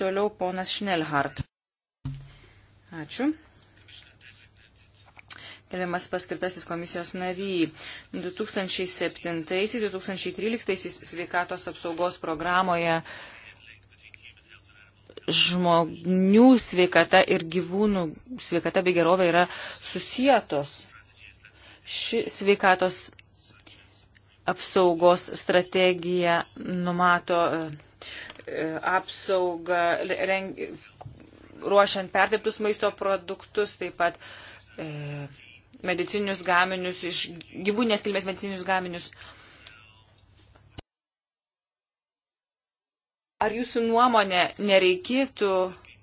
Toliau ponas Šnelhart. Ačiū. Gerbiamas paskirtasis komisijos nary, 2007-2013 sveikatos apsaugos programoje žmonių sveikata ir gyvūnų sveikata bei gerovė yra susijėtos. Ši sveikatos apsaugos strategija numato e, e, apsaugą, reng, ruošiant perdirbtus maisto produktus, taip pat e, medicinius gaminius, iš gyvūnės kilmės medicinius gaminius. E, Ar jūsų nuomonė nereikėtų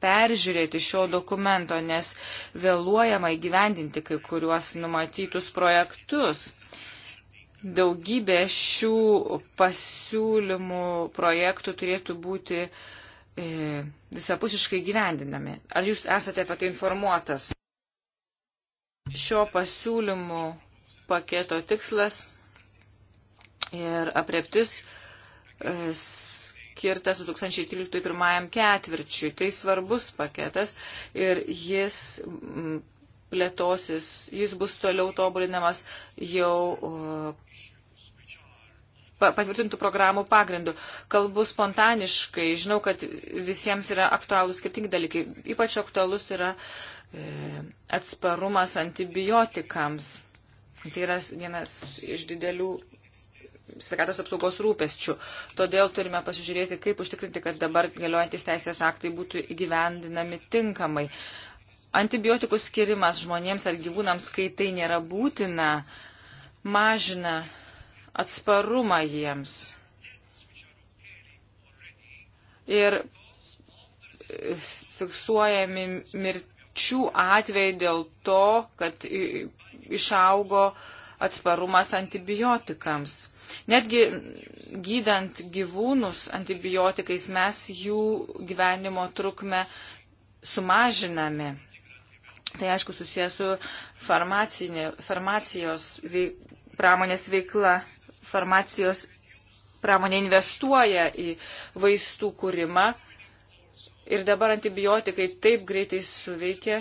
peržiūrėti šio dokumento, nes vėluojama įgyvendinti kai kuriuos numatytus projektus? Daugybė šių pasiūlymų projektų turėtų būti e, visapusiškai gyvendinami. Ar jūs esate apie tai informuotas? Šio pasiūlymų paketo tikslas ir apreptis e, skirtas 2013 ketvirčiui. Tai svarbus paketas ir jis mm, plėtosis, jis bus toliau tobulinamas jau uh, patvirtintų programų pagrindų. Kalbu spontaniškai, žinau, kad visiems yra aktualūs skirtingi dalykai. Ypač aktualus yra e, atsparumas antibiotikams. Tai yra vienas iš didelių sveikatos apsaugos rūpesčių. Todėl turime pasižiūrėti, kaip užtikrinti, kad dabar galiojantis teisės aktai būtų įgyvendinami tinkamai. Antibiotikų skirimas žmonėms ar gyvūnams, kai tai nėra būtina, mažina atsparumą jiems. Ir fiksuojami mirčių atvejai dėl to, kad išaugo atsparumas antibiotikams. Netgi gydant gyvūnus antibiotikais mes jų gyvenimo trukmę sumažiname. Tai aišku susijęs su farmacijos veik, pramonės veikla. Farmacijos pramonė investuoja į vaistų kūrimą ir dabar antibiotikai taip greitai suveikia,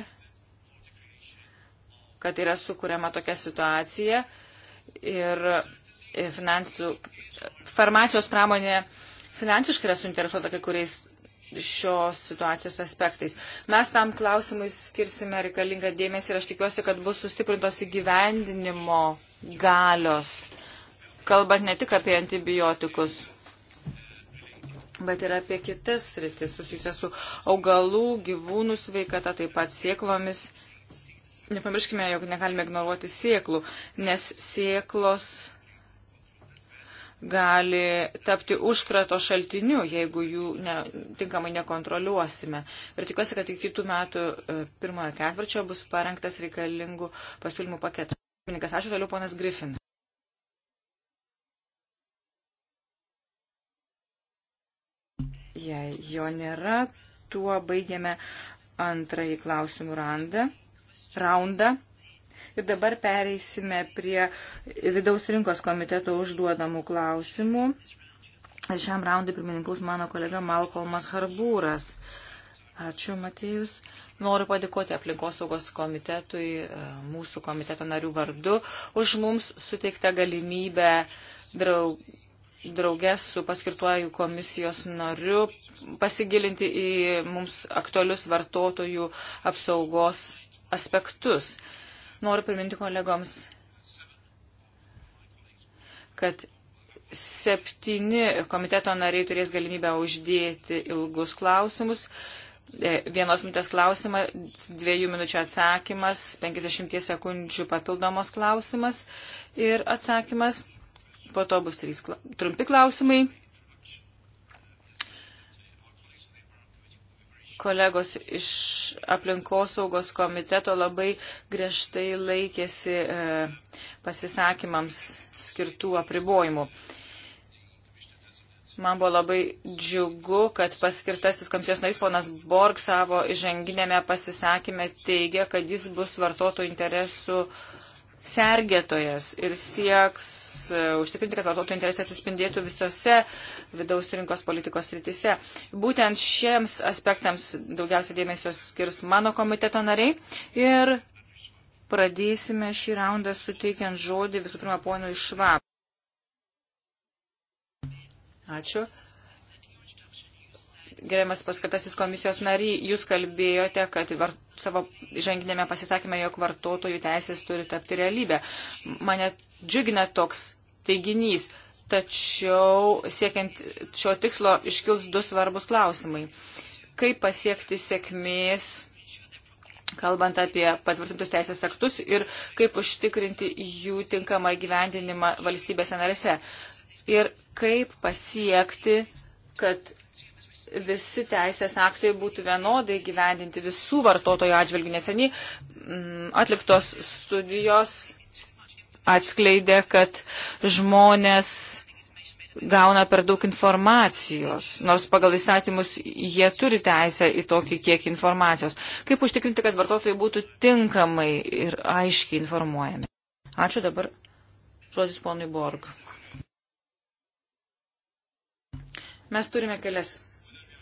kad yra sukūriama tokia situacija ir E, finansų, farmacijos pramonė finansiškai yra suinteresuota kai kuriais šios situacijos aspektais. Mes tam klausimui skirsime reikalingą dėmesį ir aš tikiuosi, kad bus sustiprintos įgyvendinimo galios, kalbant ne tik apie antibiotikus, bet ir apie kitas rytis susijusias su augalų, gyvūnų sveikata, taip pat sieklomis. Nepamirškime, jog negalime ignoruoti sieklų, nes sieklos gali tapti užkrato šaltiniu, jeigu jų ne, tinkamai nekontroliuosime. Ir tikiuosi, kad iki kitų metų e, pirmojo ketvirčio bus parengtas reikalingų pasiūlymų paketas. Pirmininkas, ačiū toliau, ponas Griffin. Jei jo nėra, tuo baigiame antrąjį klausimų randą. Raundą. Ir dabar pereisime prie vidaus rinkos komiteto užduodamų klausimų. Šiam raundui pirmininkaus mano kolega Malkolmas Harbūras. Ačiū, Matėjus. Noriu padėkoti aplinkosaugos komitetui, e, mūsų komiteto narių vardu, už mums suteiktą galimybę draug, draugės su paskirtuoju komisijos nariu pasigilinti į mums aktualius vartotojų apsaugos aspektus. Noriu priminti kolegoms, kad septyni komiteto nariai turės galimybę uždėti ilgus klausimus. E, vienos minutės klausimas, dviejų minučių atsakymas, 50 sekundžių papildomos klausimas ir atsakymas. Po to bus trys trumpi klausimai kolegos iš aplinkosaugos komiteto labai griežtai laikėsi e, pasisakymams skirtų apribojimų. Man buvo labai džiugu, kad paskirtasis komisijos narys ponas Borg savo įženginėme pasisakymę teigia, kad jis bus vartotojų interesų uh, sergėtojas ir sieks e, užtikrinti, kad vartotojų interesai atsispindėtų visose vidaus rinkos politikos rytise. Būtent šiems aspektams daugiausia dėmesio skirs mano komiteto nariai ir pradėsime šį raundą suteikiant žodį visų pirma ponui Švab. Ačiū geriamas paskatasis komisijos nariai, jūs kalbėjote, kad var, savo ženginėme pasisakymę, jog vartotojų teisės turi tapti realybę. Mane džiugina toks teiginys, tačiau siekiant šio tikslo iškils du svarbus klausimai. Kaip pasiekti sėkmės, kalbant apie patvirtintus teisės aktus ir kaip užtikrinti jų tinkamą gyvendinimą valstybėse narėse. Ir kaip pasiekti, kad visi teisės aktai būtų vienodai gyvendinti visų vartotojų atžvilgių. Neseniai mm, atliktos studijos atskleidė, kad žmonės gauna per daug informacijos, nors pagal įstatymus jie turi teisę į tokį kiekį informacijos. Kaip užtikrinti, kad vartotojai būtų tinkamai ir aiškiai informuojami? Ačiū dabar. Žodis ponui Borg. Mes turime kelias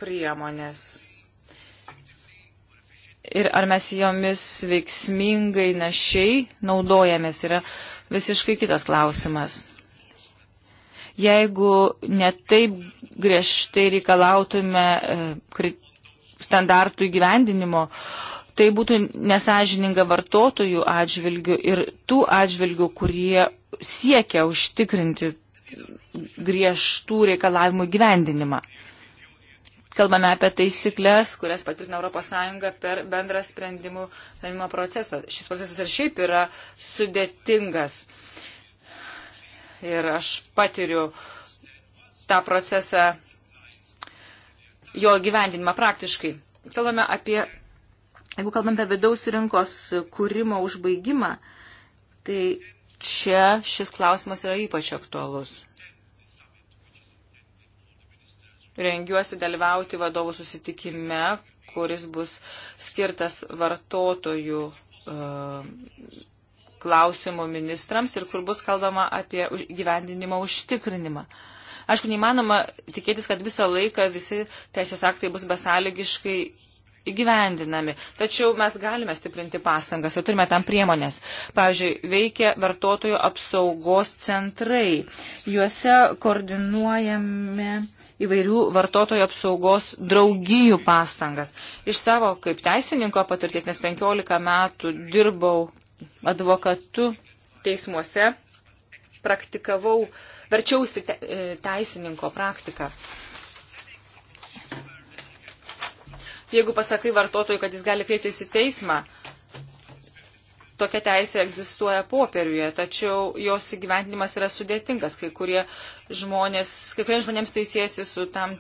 priemonės. Ir ar mes jomis veiksmingai, našiai naudojamės, yra visiškai kitas klausimas. Jeigu netaip griežtai reikalautume e, standartų įgyvendinimo, tai būtų nesažininga vartotojų atžvilgių ir tų atžvilgių, kurie siekia užtikrinti griežtų reikalavimų gyvendinimą kalbame apie taisyklės, kurias patvirtina ES per bendrą sprendimų sprendimo procesą. Šis procesas ir šiaip yra sudėtingas. Ir aš patiriu tą procesą, jo gyvendinimą praktiškai. Kalbame apie, jeigu kalbame apie vidaus rinkos kūrimo užbaigimą, tai čia šis klausimas yra ypač aktualus. rengiuosi dalyvauti vadovų susitikime, kuris bus skirtas vartotojų e, klausimų ministrams ir kur bus kalbama apie gyvendinimo užtikrinimą. Aišku, neįmanoma tikėtis, kad visą laiką visi teisės aktai bus besąlygiškai įgyvendinami. Tačiau mes galime stiprinti pastangas ir turime tam priemonės. Pavyzdžiui, veikia vartotojų apsaugos centrai. Juose koordinuojame įvairių vartotojų apsaugos draugijų pastangas. Iš savo kaip teisininko patirties, nes 15 metų dirbau advokatu teismuose, praktikavau, verčiausi te, e, teisininko praktiką. Jeigu pasakai vartotojui, kad jis gali kreiptis į teismą, tokia teisė egzistuoja popieriuje, tačiau jos įgyventinimas yra sudėtingas. Kai, kurie žmonės, kai kuriems žmonėms teisėsi tai su tam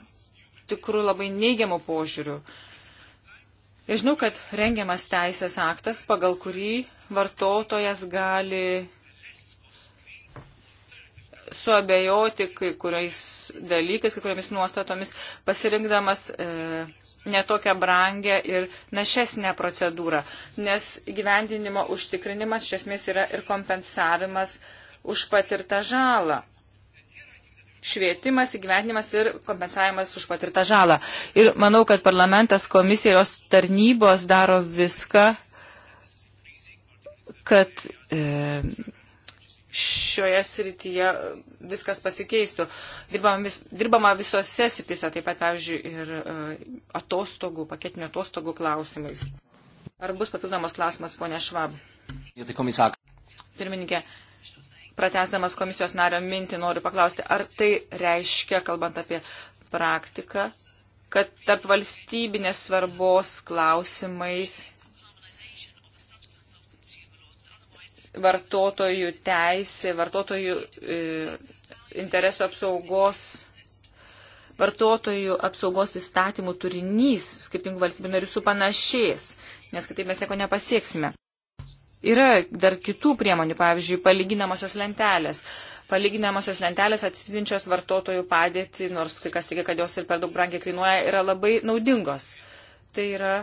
tikrų labai neigiamų požiūrių. Ir žinau, kad rengiamas teisės aktas, pagal kurį vartotojas gali suabejoti kai kuriais dalykais, kai kuriamis nuostatomis, pasirinkdamas e, netokią brangę ir našesnę procedūrą, nes gyvendinimo užtikrinimas iš esmės yra ir kompensavimas už patirtą žalą. Švietimas, įgyvendinimas ir kompensavimas už patirtą žalą. Ir manau, kad parlamentas, komisija, jos tarnybos daro viską, kad e, šioje srityje viskas pasikeistų. Dirbama, vis, dirbama visose srityse, taip pat, pavyzdžiui, ir e, atostogų, paketinių atostogų klausimais. Ar bus papildomas klausimas, ponė Švab? Tai Pirmininkė, pratesdamas komisijos nario mintį, noriu paklausti, ar tai reiškia, kalbant apie praktiką, kad tarp valstybinės svarbos klausimais vartotojų teisė, vartotojų e, interesų apsaugos, vartotojų apsaugos įstatymų turinys skirtingų valstybių narių su panašiais, nes kitaip mes nieko nepasieksime. Yra dar kitų priemonių, pavyzdžiui, palyginamosios lentelės. Palyginamosios lentelės atspindinčios vartotojų padėtį, nors kai kas tiki, kad jos ir per daug brangiai kainuoja, yra labai naudingos. Tai yra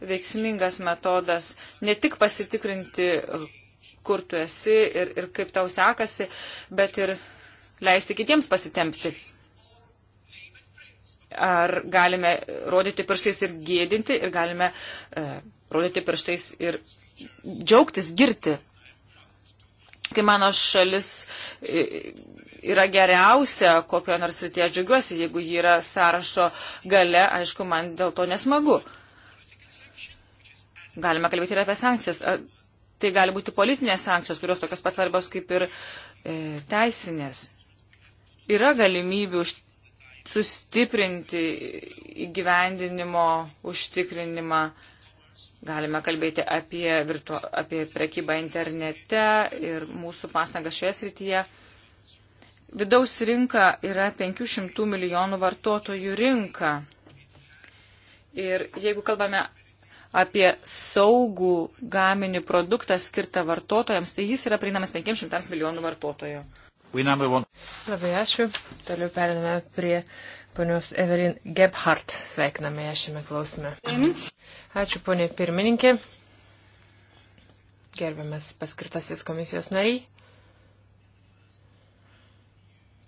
veiksmingas metodas ne tik pasitikrinti, kur tu esi ir, ir kaip tau sekasi, bet ir leisti kitiems pasitempti. Ar galime rodyti pirštais ir gėdinti, ir galime e, rodyti pirštais ir džiaugtis, girti. Kai mano šalis e, yra geriausia kokio nors rytie, aš džiaugiuosi, jeigu ji yra sąrašo gale, aišku, man dėl to nesmagu. Galime kalbėti ir apie sankcijas tai gali būti politinės sankcijos, kurios tokios pat svarbios kaip ir e, teisinės. Yra galimybių sustiprinti įgyvendinimo užtikrinimą. Galime kalbėti apie, virtu, apie prekybą internete ir mūsų pastangas šioje srityje. Vidaus rinka yra 500 milijonų vartotojų rinka. Ir jeigu kalbame apie saugų gaminį produktą skirtą vartotojams, tai jis yra prieinamas 500 milijonų vartotojų. Labai ačiū. Toliau periname prie ponios Evelin Gebhardt. Sveikiname ją šiame klausime. Ačiū ponė pirmininkė. Gerbiamas paskirtasis komisijos nariai.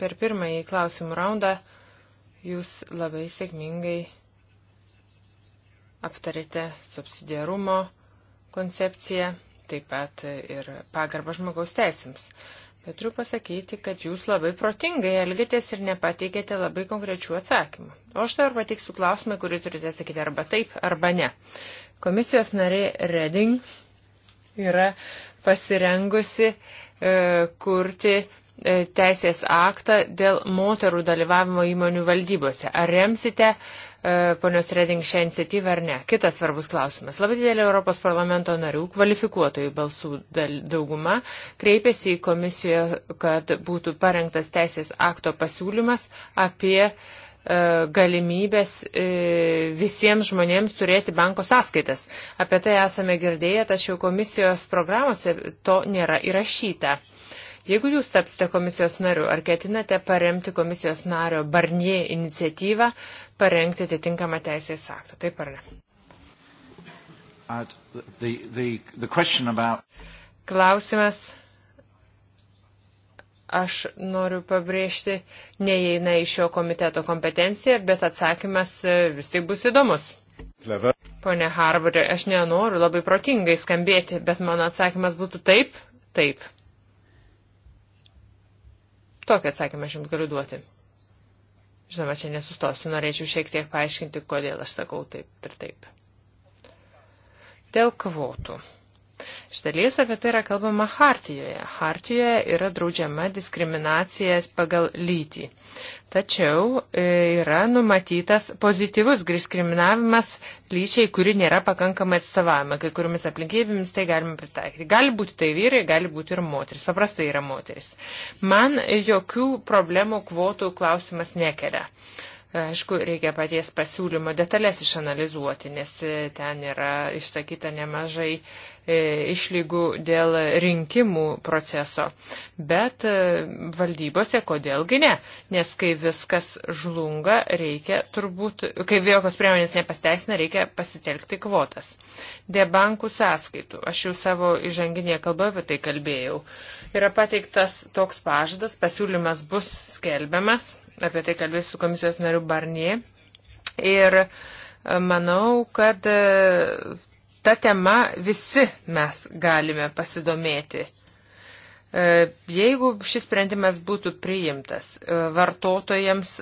Per pirmąjį klausimų raundą jūs labai sėkmingai aptarėte subsidiarumo koncepciją, taip pat ir pagarbą žmogaus teisėms. Bet turiu pasakyti, kad jūs labai protingai elgėtės ir nepateikėte labai konkrečių atsakymų. O aš dabar pateiksiu klausimą, kurį turite sakyti arba taip, arba ne. Komisijos narė Reding yra pasirengusi e, kurti e, teisės aktą dėl moterų dalyvavimo įmonių valdybose. Ar remsite E, ponios Reding šią iniciatyvą ar ne. Kitas svarbus klausimas. Labai didelė Europos parlamento narių kvalifikuotojų balsų dauguma kreipėsi į komisiją, kad būtų parengtas teisės akto pasiūlymas apie e, galimybės e, visiems žmonėms turėti banko sąskaitas. Apie tai esame girdėję, tačiau komisijos programuose to nėra įrašyta. Jeigu jūs tapsite komisijos nariu, ar ketinate paremti komisijos nario Barnie iniciatyvą parengti atitinkamą teisės aktą, taip ar ne? Uh, the, the, the about... Klausimas, aš noriu pabrėžti, neįeina į šio komiteto kompetenciją, bet atsakymas e, vis tik bus įdomus. Clever. Pone Harvarė, aš nenoriu labai protingai skambėti, bet mano atsakymas būtų taip, taip tokį atsakymą aš jums galiu duoti. Žinoma, čia nesustosiu, norėčiau šiek tiek paaiškinti, kodėl aš sakau taip ir taip. Dėl kvotų. Štalies apie tai yra kalbama Hartijoje. Hartijoje yra draudžiama diskriminacija pagal lytį. Tačiau e, yra numatytas pozityvus diskriminavimas lyčiai, kuri nėra pakankamai atstovavama. Kai kuriomis aplinkybėmis tai galima pritaikyti. Gali būti tai vyrai, gali būti ir moteris. Paprastai yra moteris. Man jokių problemų kvotų klausimas nekelia. Uh, Aišku, reikia paties pasiūlymo detalės išanalizuoti, nes ten yra išsakyta nemažai e, išlygų dėl rinkimų proceso. Bet e, valdybose kodėlgi ne? Nes kai viskas žlunga, reikia turbūt, kai jokios priemonės nepasteisina, reikia pasitelkti kvotas. Dėl bankų sąskaitų, aš jau savo įžanginėje kalboje apie tai kalbėjau, yra pateiktas toks pažadas, pasiūlymas bus skelbiamas apie tai kalbės su komisijos nariu Barnie. Ir e, manau, kad e, ta tema visi mes galime pasidomėti. E, jeigu šis sprendimas būtų priimtas, vartotojams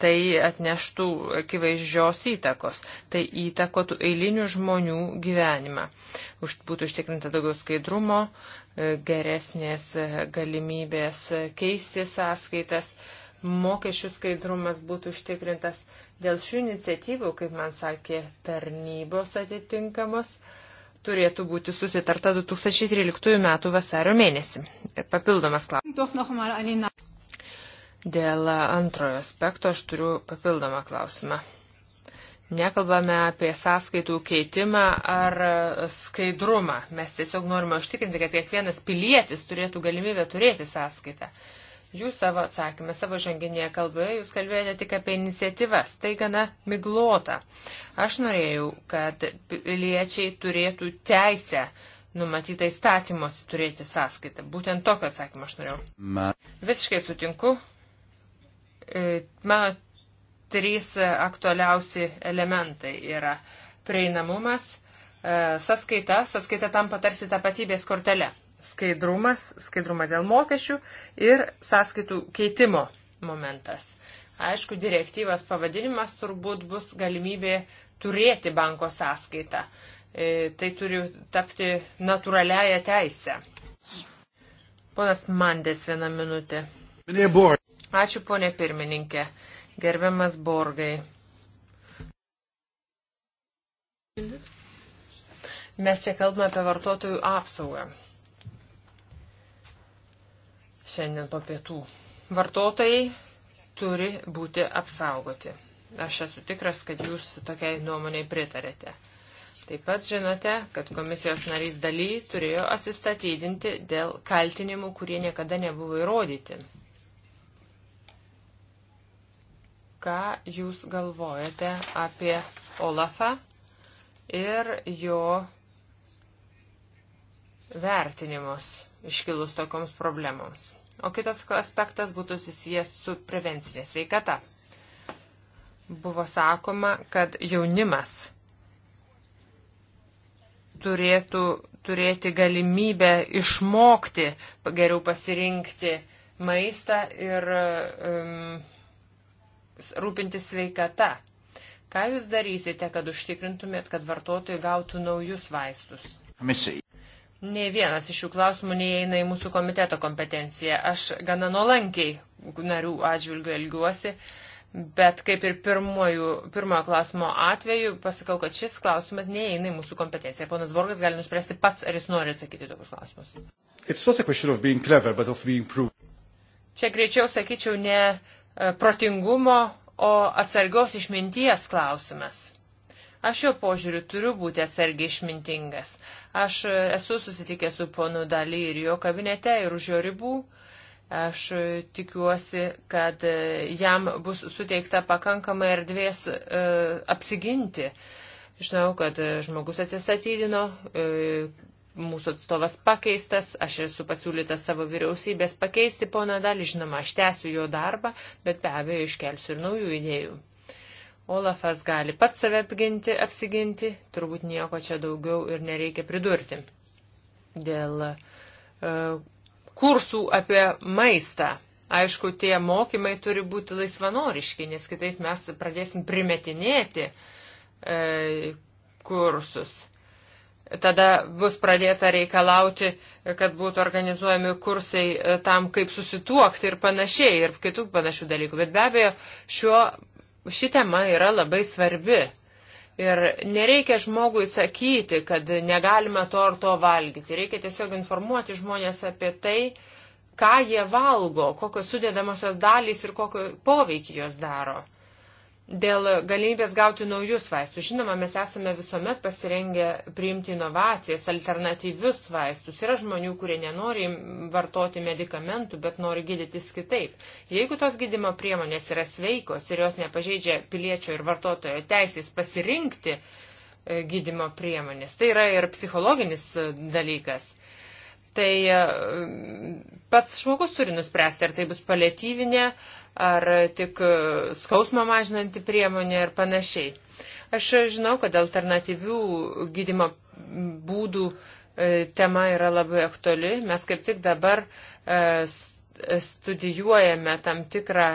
tai atneštų akivaizdžios įtakos, tai įtakotų eilinių žmonių gyvenimą. Už, būtų užtikrinta daugiau skaidrumo, geresnės galimybės keisti sąskaitas, mokesčių skaidrumas būtų užtikrintas. Dėl šių iniciatyvų, kaip man sakė, tarnybos atitinkamos turėtų būti susitarta 2013 m. vasario mėnesį. Papildomas klausimas. Dėl antrojo aspekto aš turiu papildomą klausimą. Nekalbame apie sąskaitų keitimą ar skaidrumą. Mes tiesiog norime užtikrinti, kad kiekvienas pilietis turėtų galimybę turėti sąskaitą. Uh, Jūs savo atsakymę, savo žanginėje kalboje, jūs kalbėjote tik apie iniciatyvas, tai gana miglota. Aš norėjau, kad piliečiai turėtų teisę numatytą įstatymuose turėti sąskaitą. Būtent tokio atsakymą aš norėjau. Ma. Visiškai sutinku. E, mano trys aktualiausi elementai yra prieinamumas, e, sąskaita, sąskaita tampa tarsi tapatybės kortelė skaidrumas, skaidrumas dėl mokesčių ir sąskaitų keitimo momentas. Aišku, direktyvos pavadinimas turbūt bus galimybė turėti banko sąskaitą. E, tai turi tapti natūraliaja teisė. Ponas Mandės vieną minutę. Ačiū, ponė pirmininkė. Gerbiamas Borgai. Mes čia kalbame apie vartotojų apsaugą šiandien po pietų. Vartotojai turi būti apsaugoti. Aš esu tikras, kad jūs tokiai nuomoniai pritarėte. Taip pat žinote, kad komisijos narys daly turėjo atsistatydinti dėl kaltinimų, kurie niekada nebuvo įrodyti. Ką jūs galvojate apie Olafą ir jo vertinimus iškilus tokioms problemams? O kitas aspektas būtų susijęs su prevencinė sveikata. Buvo sakoma, kad jaunimas turėtų turėti galimybę išmokti geriau pasirinkti maistą ir um, rūpintis sveikata. Ką jūs darysite, kad užtikrintumėt, kad vartotojai gautų naujus vaistus? Komisija. Ne vienas iš šių klausimų neįeina į mūsų komiteto kompetenciją. Aš gana nuolankiai narių atžvilgių elgiuosi, bet kaip ir pirmojų, pirmojo klausimo atveju pasakau, kad šis klausimas neįeina į mūsų kompetenciją. Ponas Borgas gali nuspręsti pats, ar jis nori atsakyti tokius klausimus. Clever, Čia greičiau sakyčiau ne e, protingumo, o atsargios išminties klausimas. Aš jo požiūriu turiu būti atsargiai išmintingas. Aš esu susitikęs su ponu Daly ir jo kabinete ir už jo ribų. Aš tikiuosi, kad jam bus suteikta pakankamai erdvės e, apsiginti. Žinau, kad žmogus atsistatydino, e, mūsų atstovas pakeistas, aš esu pasiūlytas savo vyriausybės pakeisti poną dalį, žinoma, aš tęsiu jo darbą, bet be abejo iškelsiu ir naujų idėjų. Olafas gali pats save apginti, apsiginti, turbūt nieko čia daugiau ir nereikia pridurti. Dėl uh, kursų apie maistą. Aišku, tie mokymai turi būti laisvanoriški, nes kitaip mes pradėsim primetinėti uh, kursus tada bus pradėta reikalauti, kad būtų organizuojami kursai e, tam, kaip susituokti ir panašiai, ir kitų panašių dalykų. Bet be abejo, šiuo ši tema yra labai svarbi. Ir nereikia žmogui sakyti, kad negalima to ar to valgyti. Reikia tiesiog informuoti žmonės apie tai, ką jie valgo, kokios sudėdamosios dalys ir kokio poveikį jos daro dėl galimybės gauti naujus vaistus. Žinoma, mes esame visuomet pasirengę priimti inovacijas, alternatyvius vaistus. Yra žmonių, kurie nenori vartoti medikamentų, bet nori gydytis kitaip. Jeigu tos gydimo priemonės yra sveikos ir jos nepažeidžia piliečio ir vartotojo teisės pasirinkti e, gydimo priemonės, tai yra ir psichologinis e, dalykas. Tai e, pats žmogus turi nuspręsti, ar tai bus palėtyvinė, uh, ar tik skausmą mažinanti priemonė ir panašiai. Aš žinau, kad alternatyvių gydimo būdų e, tema yra labai aktuali. Mes kaip tik dabar e, studijuojame tam tikrą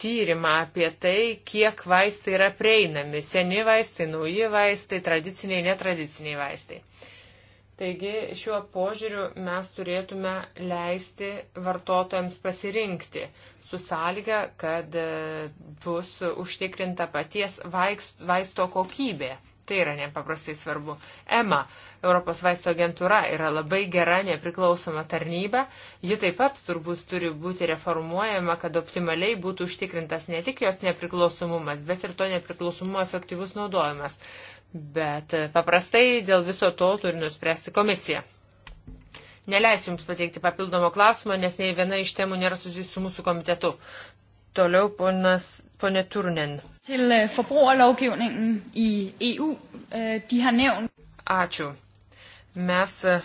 tyrimą apie tai, kiek vaistai yra prieinami. Seni vaistai, nauji vaistai, tradiciniai, netradiciniai vaistai. Taigi šiuo požiūriu mes turėtume leisti vartotojams pasirinkti su sąlyga, kad e, bus užtikrinta paties vaisto kokybė. Tai yra nepaprastai svarbu. EMA, Europos vaisto agentūra, yra labai gera nepriklausoma tarnyba. Ji taip pat turbūt turi būti reformuojama, kad optimaliai būtų užtikrintas ne tik jos nepriklausomumas, bet ir to nepriklausomumo efektyvus naudojimas. Bet e, paprastai dėl viso to turi nuspręsti komisija. Neleisiu Jums pateikti papildomo klausimo, nes nei viena iš temų nėra susijusi su mūsų komitetu. Toliau ponas, ponė Turnen. Øh, e øh, Ačiū. Mes e,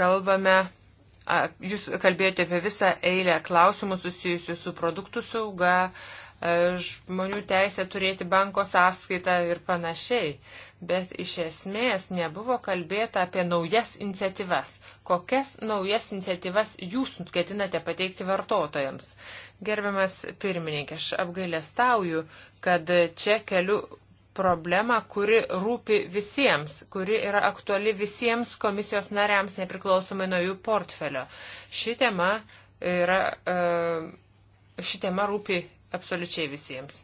kalbame Jūs kalbėjote apie visą eilę klausimų susijusių su produktų sauga, e, žmonių teisė turėti banko sąskaitą ir panašiai bet iš esmės nebuvo kalbėta apie naujas iniciatyvas. Kokias naujas iniciatyvas jūs ketinate pateikti vartotojams? Gerbiamas pirmininkė, aš apgailestauju, kad čia keliu problemą, kuri rūpi visiems, kuri yra aktuali visiems komisijos nariams, nepriklausomai nuo jų portfelio. Ši tema, yra, e, ši tema rūpi absoliučiai visiems.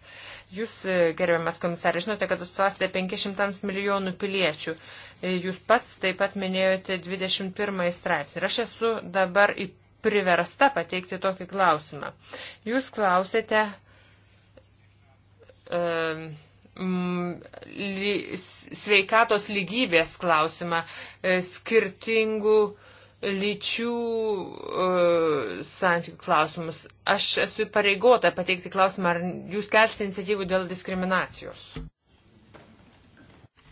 Jūs, e, gerbiamas komisarė, žinote, kad atstovasite 500 milijonų piliečių. E, Jūs pats taip pat minėjote 21 straipsnį. Ir aš esu dabar priversta pateikti tokį klausimą. Jūs klausėte um, sveikatos lygybės klausimą e, skirtingų uh, lyčių uh, santykių klausimus. Aš esu pareigota pateikti klausimą, ar jūs kelsite iniciatyvų dėl diskriminacijos.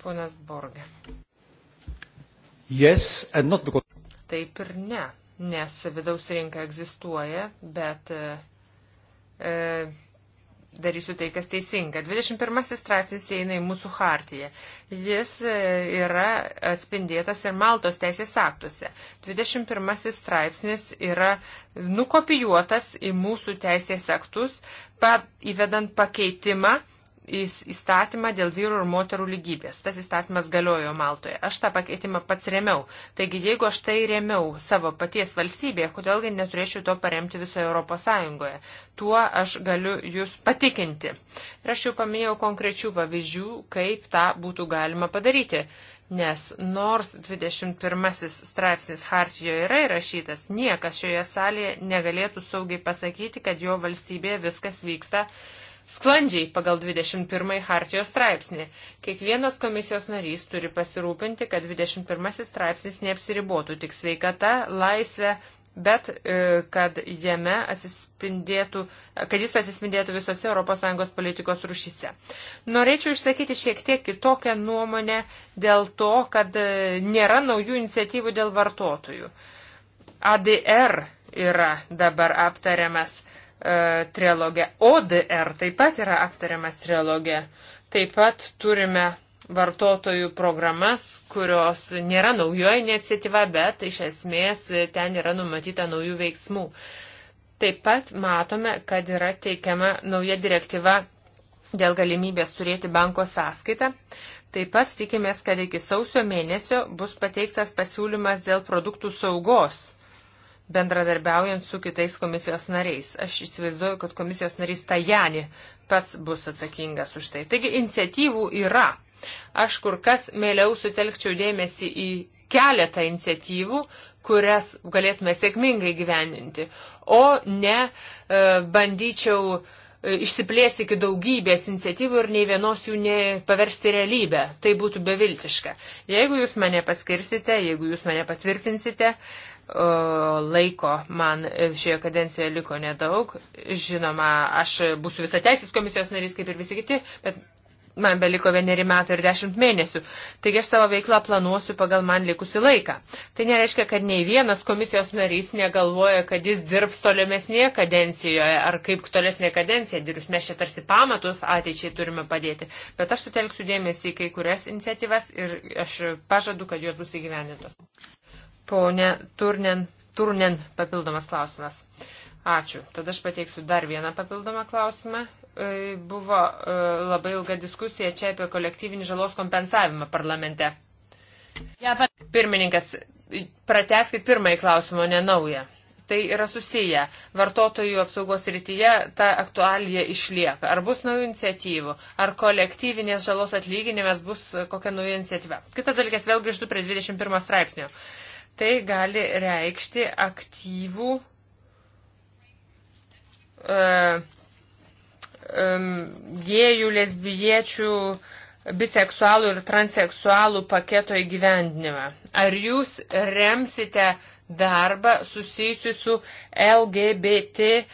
Ponas Borgė. Yes, because... Taip ir ne, nes vidaus rinka egzistuoja, bet. Uh, uh, darysiu tai, kas teisinga. 21 straipsnis įeina į mūsų hartiją. Jis e, yra atspindėtas ir Maltos teisės aktuose. 21 straipsnis yra nukopijuotas į mūsų teisės aktus, pa, įvedant pakeitimą įstatymą dėl vyrų ir moterų lygybės. Tas įstatymas galiojo Maltoje. Aš tą pakeitimą pats remiau. Taigi, jeigu aš tai remiau savo paties valstybėje, kodėlgi neturėčiau to paremti visoje Europos Sąjungoje? Tuo aš galiu jūs patikinti. Ir aš jau paminėjau konkrečių pavyzdžių, kaip tą būtų galima padaryti. Nes nors 21 straipsnis Hartijoje yra įrašytas, niekas šioje salėje negalėtų saugiai pasakyti, kad jo valstybėje viskas vyksta sklandžiai pagal 21 hartijos straipsnį. Kiekvienas komisijos narys turi pasirūpinti, kad 21 straipsnis neapsiribotų tik sveikata, laisvė, bet e, kad jame atsispindėtų, kad jis atsispindėtų visose ES politikos rušyse. Norėčiau išsakyti šiek tiek kitokią nuomonę dėl to, kad e, nėra naujų iniciatyvų dėl vartotojų. ADR yra dabar aptariamas E, trilogė. ODR taip pat yra aptariamas trilogė. Taip pat turime vartotojų programas, kurios nėra naujoji iniciatyva, bet iš esmės ten yra numatyta naujų veiksmų. Taip pat matome, kad yra teikiama nauja direktyva dėl galimybės turėti banko sąskaitą. Taip pat tikimės, kad iki sausio mėnesio bus pateiktas pasiūlymas dėl produktų saugos bendradarbiaujant su kitais komisijos nariais. Aš įsivaizduoju, kad komisijos narys Tajani pats bus atsakingas už tai. Taigi iniciatyvų yra. Aš kur kas mėliau sutelkčiau dėmesį į keletą iniciatyvų, kurias galėtume sėkmingai gyveninti, o ne e, bandyčiau e, išsiplės iki daugybės iniciatyvų ir nei vienos jų nepaversti realybę. Tai būtų beviltiška. Jeigu jūs mane paskirsite, jeigu jūs mane patvirtinsite, laiko man šioje kadencijoje liko nedaug. Žinoma, aš būsiu visą teisės komisijos narys, kaip ir visi kiti, bet man beliko vieneri metai ir dešimt mėnesių. Taigi aš savo veiklą planuosiu pagal man likusi laiką. Tai nereiškia, kad nei vienas komisijos narys negalvoja, kad jis dirbs tolimesnėje kadencijoje ar kaip tolesnė kadencija dirbs. Mes čia tarsi pamatus ateičiai turime padėti. Bet aš sutelksiu dėmesį į kai kurias iniciatyvas ir aš pažadu, kad jos bus įgyvendintos. Pone Turnen, Turnen papildomas klausimas. Ačiū. Tada aš pateiksiu dar vieną papildomą klausimą. E, buvo e, labai ilga diskusija čia apie kolektyvinį žalos kompensavimą parlamente. Pirmininkas, prateskit pirmąjį klausimą, ne naują. Tai yra susiję. Vartotojų apsaugos rytyje ta aktualija išlieka. Ar bus naujų iniciatyvų, ar kolektyvinės žalos atlyginimas bus kokia nauja iniciatyva. Kitas dalykas, vėl grįžtu prie 21 straipsnio. Tai gali reikšti aktyvų uh, um, gėjų, lesbiečių, biseksualų ir transeksualų paketo įgyvendinimą. Ar jūs remsite darbą susijusiu su LGBT uh, e,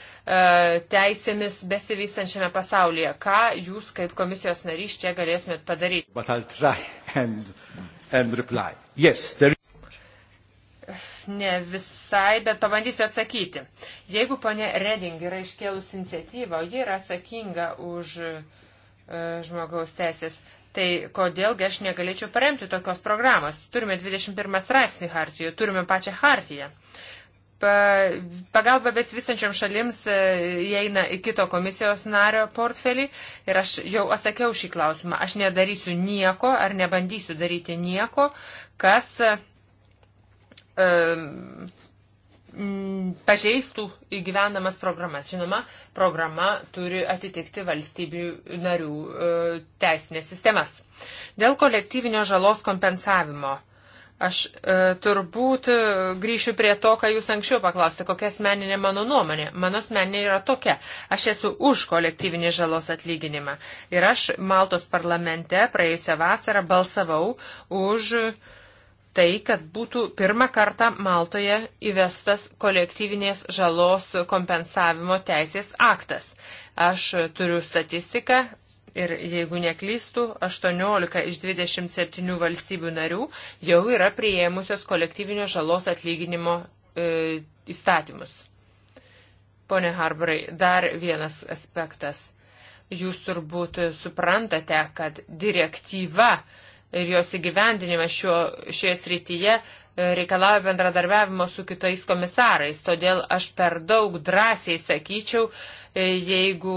teisėmis besivystančiame pasaulyje? Ką jūs kaip komisijos narys čia galėtumėt padaryti? And, and yes, there ne visai, bet pabandysiu atsakyti. Jeigu ponė Reding yra iškėlus iniciatyvą, ji yra atsakinga už e, žmogaus teisės, tai kodėlgi aš negalėčiau paremti tokios programos? Turime 21 straipsnį hartijoje, turime pačią hartiją. Pa, pagalba besivystančiom šalims e, įeina į kito komisijos nario portfelį ir aš jau atsakiau šį klausimą. Aš nedarysiu nieko ar nebandysiu daryti nieko, kas pažeistų įgyvendamas programas. Žinoma, programa turi atitikti valstybių narių e, teisinės sistemas. Dėl kolektyvinio žalos kompensavimo. Aš e, turbūt e, grįšiu prie to, ką jūs anksčiau paklausėte, kokia asmeninė mano nuomonė. Mano asmeninė yra tokia. Aš esu už kolektyvinį žalos atlyginimą. Ir aš Maltos parlamente praėjusią vasarą balsavau už. E, tai, kad būtų pirmą kartą Maltoje įvestas kolektyvinės žalos kompensavimo teisės aktas. Aš turiu statistiką ir jeigu neklystų, 18 iš 27 valstybių narių jau yra prieimusios kolektyvinio žalos atlyginimo e, įstatymus. Pone Harbrai, dar vienas aspektas. Jūs turbūt suprantate, kad direktyva ir jos įgyvendinimas šio, šioje srityje e, reikalauja bendradarbiavimo su kitais komisarais. Todėl aš per daug drąsiai sakyčiau, e, jeigu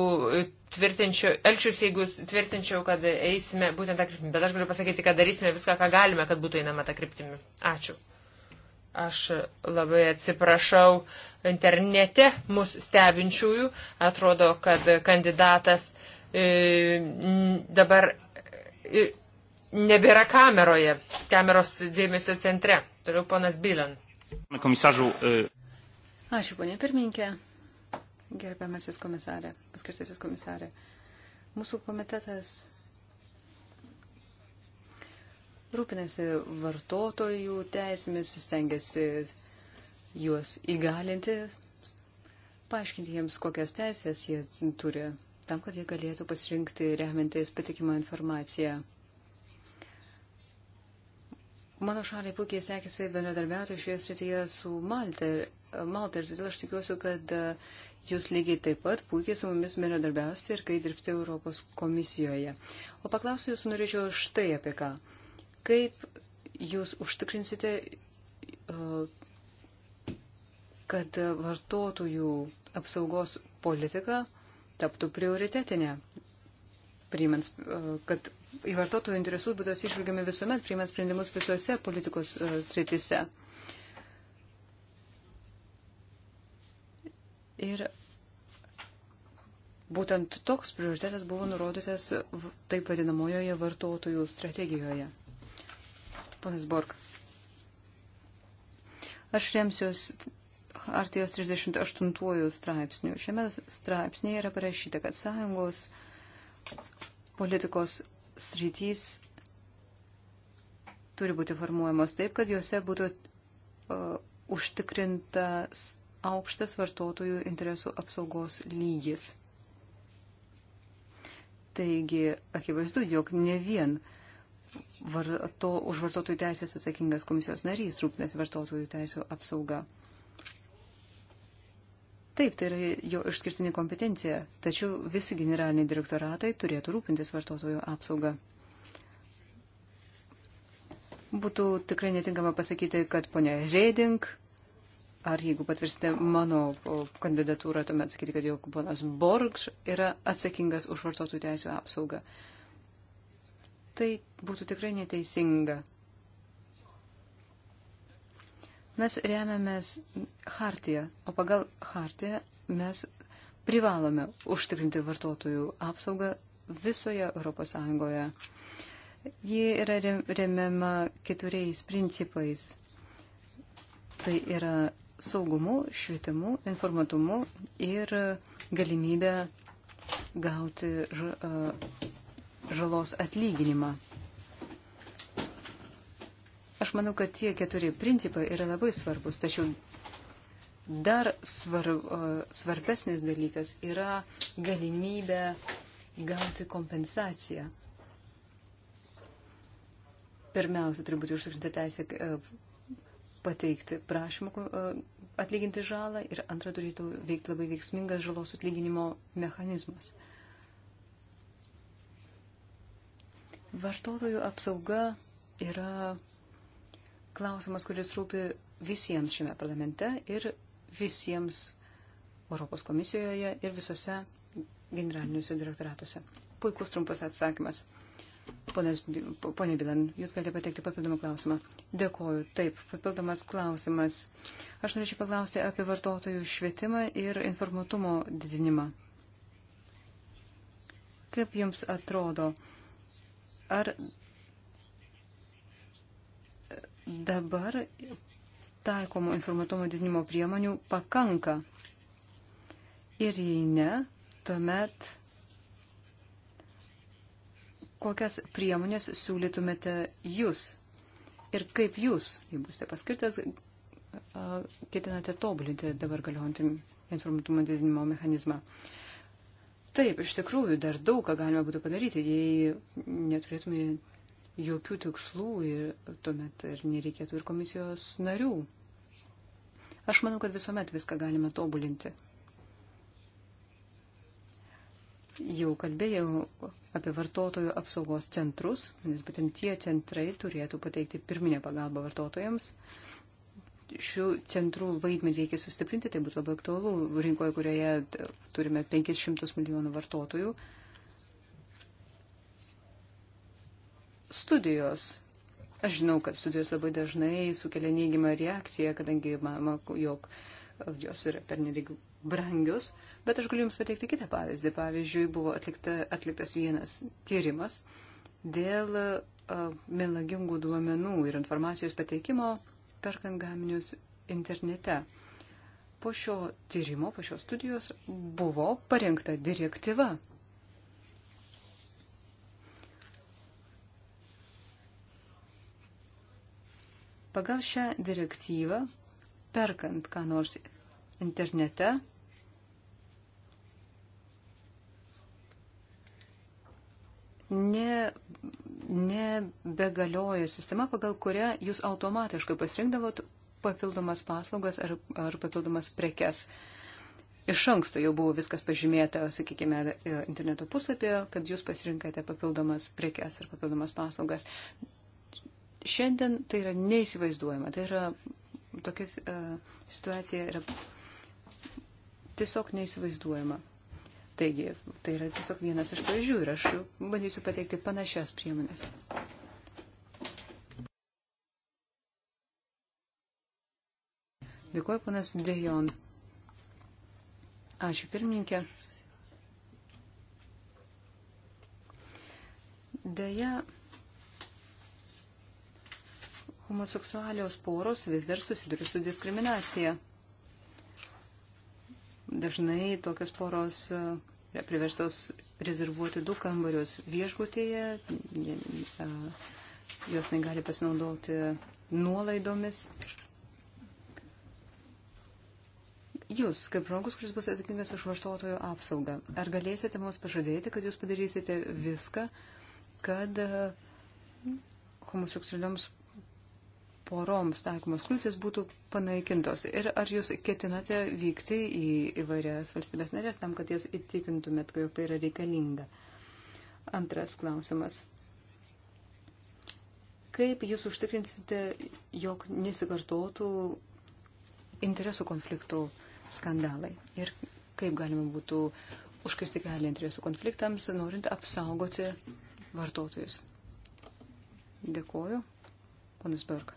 tvirtinčiau, elgčiausi, jeigu tvirtinčiau, kad eisime būtent tą kryptimį. Bet aš galiu pasakyti, kad darysime viską, ką galime, kad būtų einama tą kryptimį. Ačiū. Aš labai atsiprašau internete mūsų stebinčiųjų. Atrodo, kad kandidatas e, dabar. E, nebėra kameroje, kameros dėmesio centre. Toliau ponas Bilan. Komisaržu. E, Ačiū, ponė pirmininkė. Gerbiamasis komisarė, paskirtasis komisarė. Mūsų komitetas rūpinasi vartotojų teisėmis, stengiasi juos įgalinti, paaiškinti jiems, kokias teisės jie turi, tam, kad jie galėtų pasirinkti remiantis patikimą informaciją. Mano šaliai puikiai sekėsi bendradarbiauti šioje srityje su Malta. Malta ir todėl aš tikiuosi, kad e, jūs lygiai taip pat puikiai su mumis bendradarbiausite ir kai dirbti Europos komisijoje. O paklausiu jūsų norėčiau štai apie ką. Kaip jūs užtikrinsite, e, kad vartotojų apsaugos politika taptų prioritetinė, priimant, e, kad į vartotojų interesus būtų atsižvelgiami visuomet, priimant sprendimus visose politikos e, sritise. Ir būtent toks prioritetas buvo nurodytas taip vadinamojoje vartotojų strategijoje. Ponas Borg. Aš remsiuos Artijos 38 straipsnių. Šiame straipsnėje yra parašyta, kad sąjungos politikos sritys turi būti formuojamos taip, kad juose būtų uh, užtikrintas aukštas vartotojų interesų apsaugos lygis. Taigi, akivaizdu, jog ne vien varto, už vartotojų teisės atsakingas komisijos narys rūpnės vartotojų teisų apsauga. Taip, tai yra jo išskirtinė kompetencija, tačiau visi generaliniai direktoratai turėtų rūpintis vartotojų apsaugą. Būtų tikrai netinkama pasakyti, kad ponia Reding, ar jeigu patvirsite mano kandidatūrą, tuomet sakyti, kad jau ponas Borgš yra atsakingas už vartotojų teisų apsaugą. Tai būtų tikrai neteisinga. Mes remiamės hartiją, o pagal hartiją mes privalome užtikrinti vartotojų apsaugą visoje Europos Sąjungoje. Ji yra remiama keturiais principais. Tai yra saugumu, švietimu, informatumu ir galimybę gauti žalos atlyginimą. Aš manau, kad tie keturi principai yra labai svarbus, tačiau dar svarb, svarbesnis dalykas yra galimybė gauti kompensaciją. Pirmiausia, turi būti užtikrinta teisė e, pateikti prašymą e, atlyginti žalą ir antra turėtų veikti labai veiksmingas žalos atlyginimo mechanizmas. Vartotojų apsauga yra klausimas, kuris rūpi visiems šiame parlamente ir visiems Europos komisijoje ir visose generaliniuose direktoratuose. Puikus trumpas atsakymas. Ponas, ponė Bilan, jūs galite pateikti papildomą klausimą. Dėkoju. Taip, papildomas klausimas. Aš norėčiau paklausti apie vartotojų švietimą ir informatumo didinimą. Kaip jums atrodo, ar Dabar taikomo informatumo didinimo priemonių pakanka. Ir jei ne, tuomet kokias priemonės siūlytumėte jūs ir kaip jūs, jei būsite paskirtas, ketinate tobulinti dabar galiojantį informatumo didinimo mechanizmą. Taip, iš tikrųjų, dar daug ką galima būtų padaryti, jei neturėtume jokių tikslų ir tuomet ir nereikėtų ir komisijos narių. Aš manau, kad visuomet viską galime tobulinti. Jau kalbėjau apie vartotojų apsaugos centrus, nes būtent tie centrai turėtų pateikti pirminę pagalbą vartotojams. Šių centrų vaidmenį reikia sustiprinti, tai būtų labai aktualu rinkoje, kurioje turime 500 milijonų vartotojų. Uh, studijos. Aš žinau, kad studijos labai dažnai sukelia neįgimą reakciją, kadangi manoma, jog jos yra pernelyg brangius, bet aš galiu Jums pateikti kitą pavyzdį. Pavyzdžiui, buvo atlikta, atliktas vienas tyrimas dėl uh, melagingų duomenų ir informacijos pateikimo perkant gaminius internete. Po šio tyrimo, po šios studijos buvo parengta direktyva pagal šią direktyvą, perkant ką nors internete, ne, nebegalioja sistema, pagal kurią jūs automatiškai pasirinkdavot papildomas paslaugas ar, ar papildomas prekes. Iš anksto jau buvo viskas pažymėta, sakykime, e, interneto puslapyje, kad jūs pasirinkate papildomas prekes ar papildomas paslaugas šiandien tai yra neįsivaizduojama. Tai yra tokia uh, situacija yra tiesiog neįsivaizduojama. Taigi, tai yra tiesiog vienas iš pavyzdžių ir aš bandysiu pateikti panašias priemonės. Dėkuoju, panas Dejon. Ačiū, pirmininkė. Deja homoseksualios poros vis dar susiduria su diskriminacija. Dažnai tokios poros e, yra priverstos rezervuoti du kambarius viešbutėje, e, jos negali pasinaudoti nuolaidomis. Jūs, kaip žmogus, kuris bus atsakingas už vartotojų apsaugą, ar galėsite mums pažadėti, kad jūs padarysite viską, kad e, homoseksualioms poroms taikomos kliūtis būtų panaikintos. Ir ar jūs ketinate vykti į įvairias valstybės narės tam, kad jas įtikintumėt, kai tai yra reikalinga? Antras klausimas. Kaip jūs užtikrinsite, jog nesikartotų interesų konfliktų skandalai? Ir kaip galima būtų užkirsti kelią interesų konfliktams, norint apsaugoti vartotojus? Dėkuoju. Ponas Berg.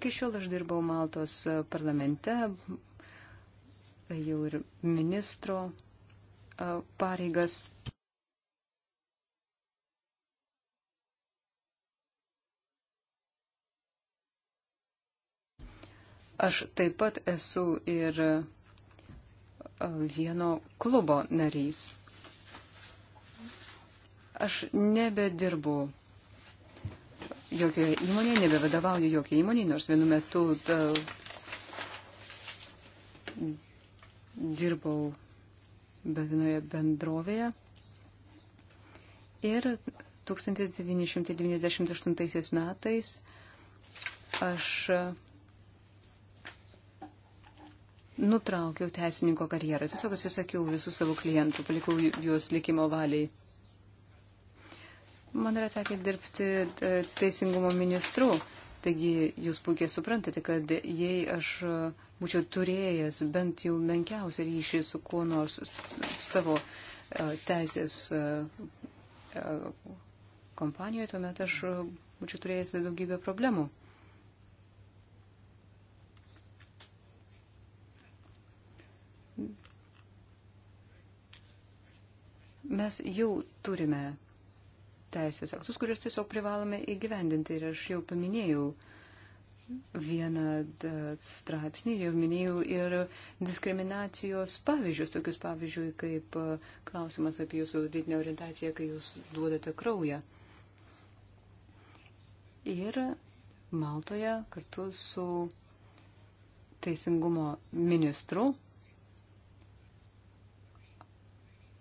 Iki šiol aš dirbau Maltos parlamente, jau ir ministro pareigas. Aš taip pat esu ir vieno klubo narys. Aš nebedirbu jokioje įmonėje, nebevadovauju jokiai įmonėje, nors vienu metu da, dirbau be vienoje bendrovėje. Ir 1998 metais aš e, nutraukiau teisininko karjerą. Tiesiog atsisakiau visų savo klientų, palikau juos likimo valiai. Man yra tekę dirbti e, teisingumo ministru. Taigi jūs puikiai suprantate, kad jei aš e, būčiau turėjęs bent jau menkiausią ryšį su kuo nors savo e, teisės kompanijoje, tuomet aš būčiau turėjęs daugybę problemų. Mes jau turime teisės aktus, kuriuos tiesiog privalome įgyvendinti. Ir aš jau paminėjau vieną straipsnį, jau minėjau ir diskriminacijos pavyzdžius, tokius pavyzdžiui, kaip e, klausimas apie jūsų lytinę orientaciją, kai jūs duodate kraują. Ir Maltoje kartu su teisingumo ministru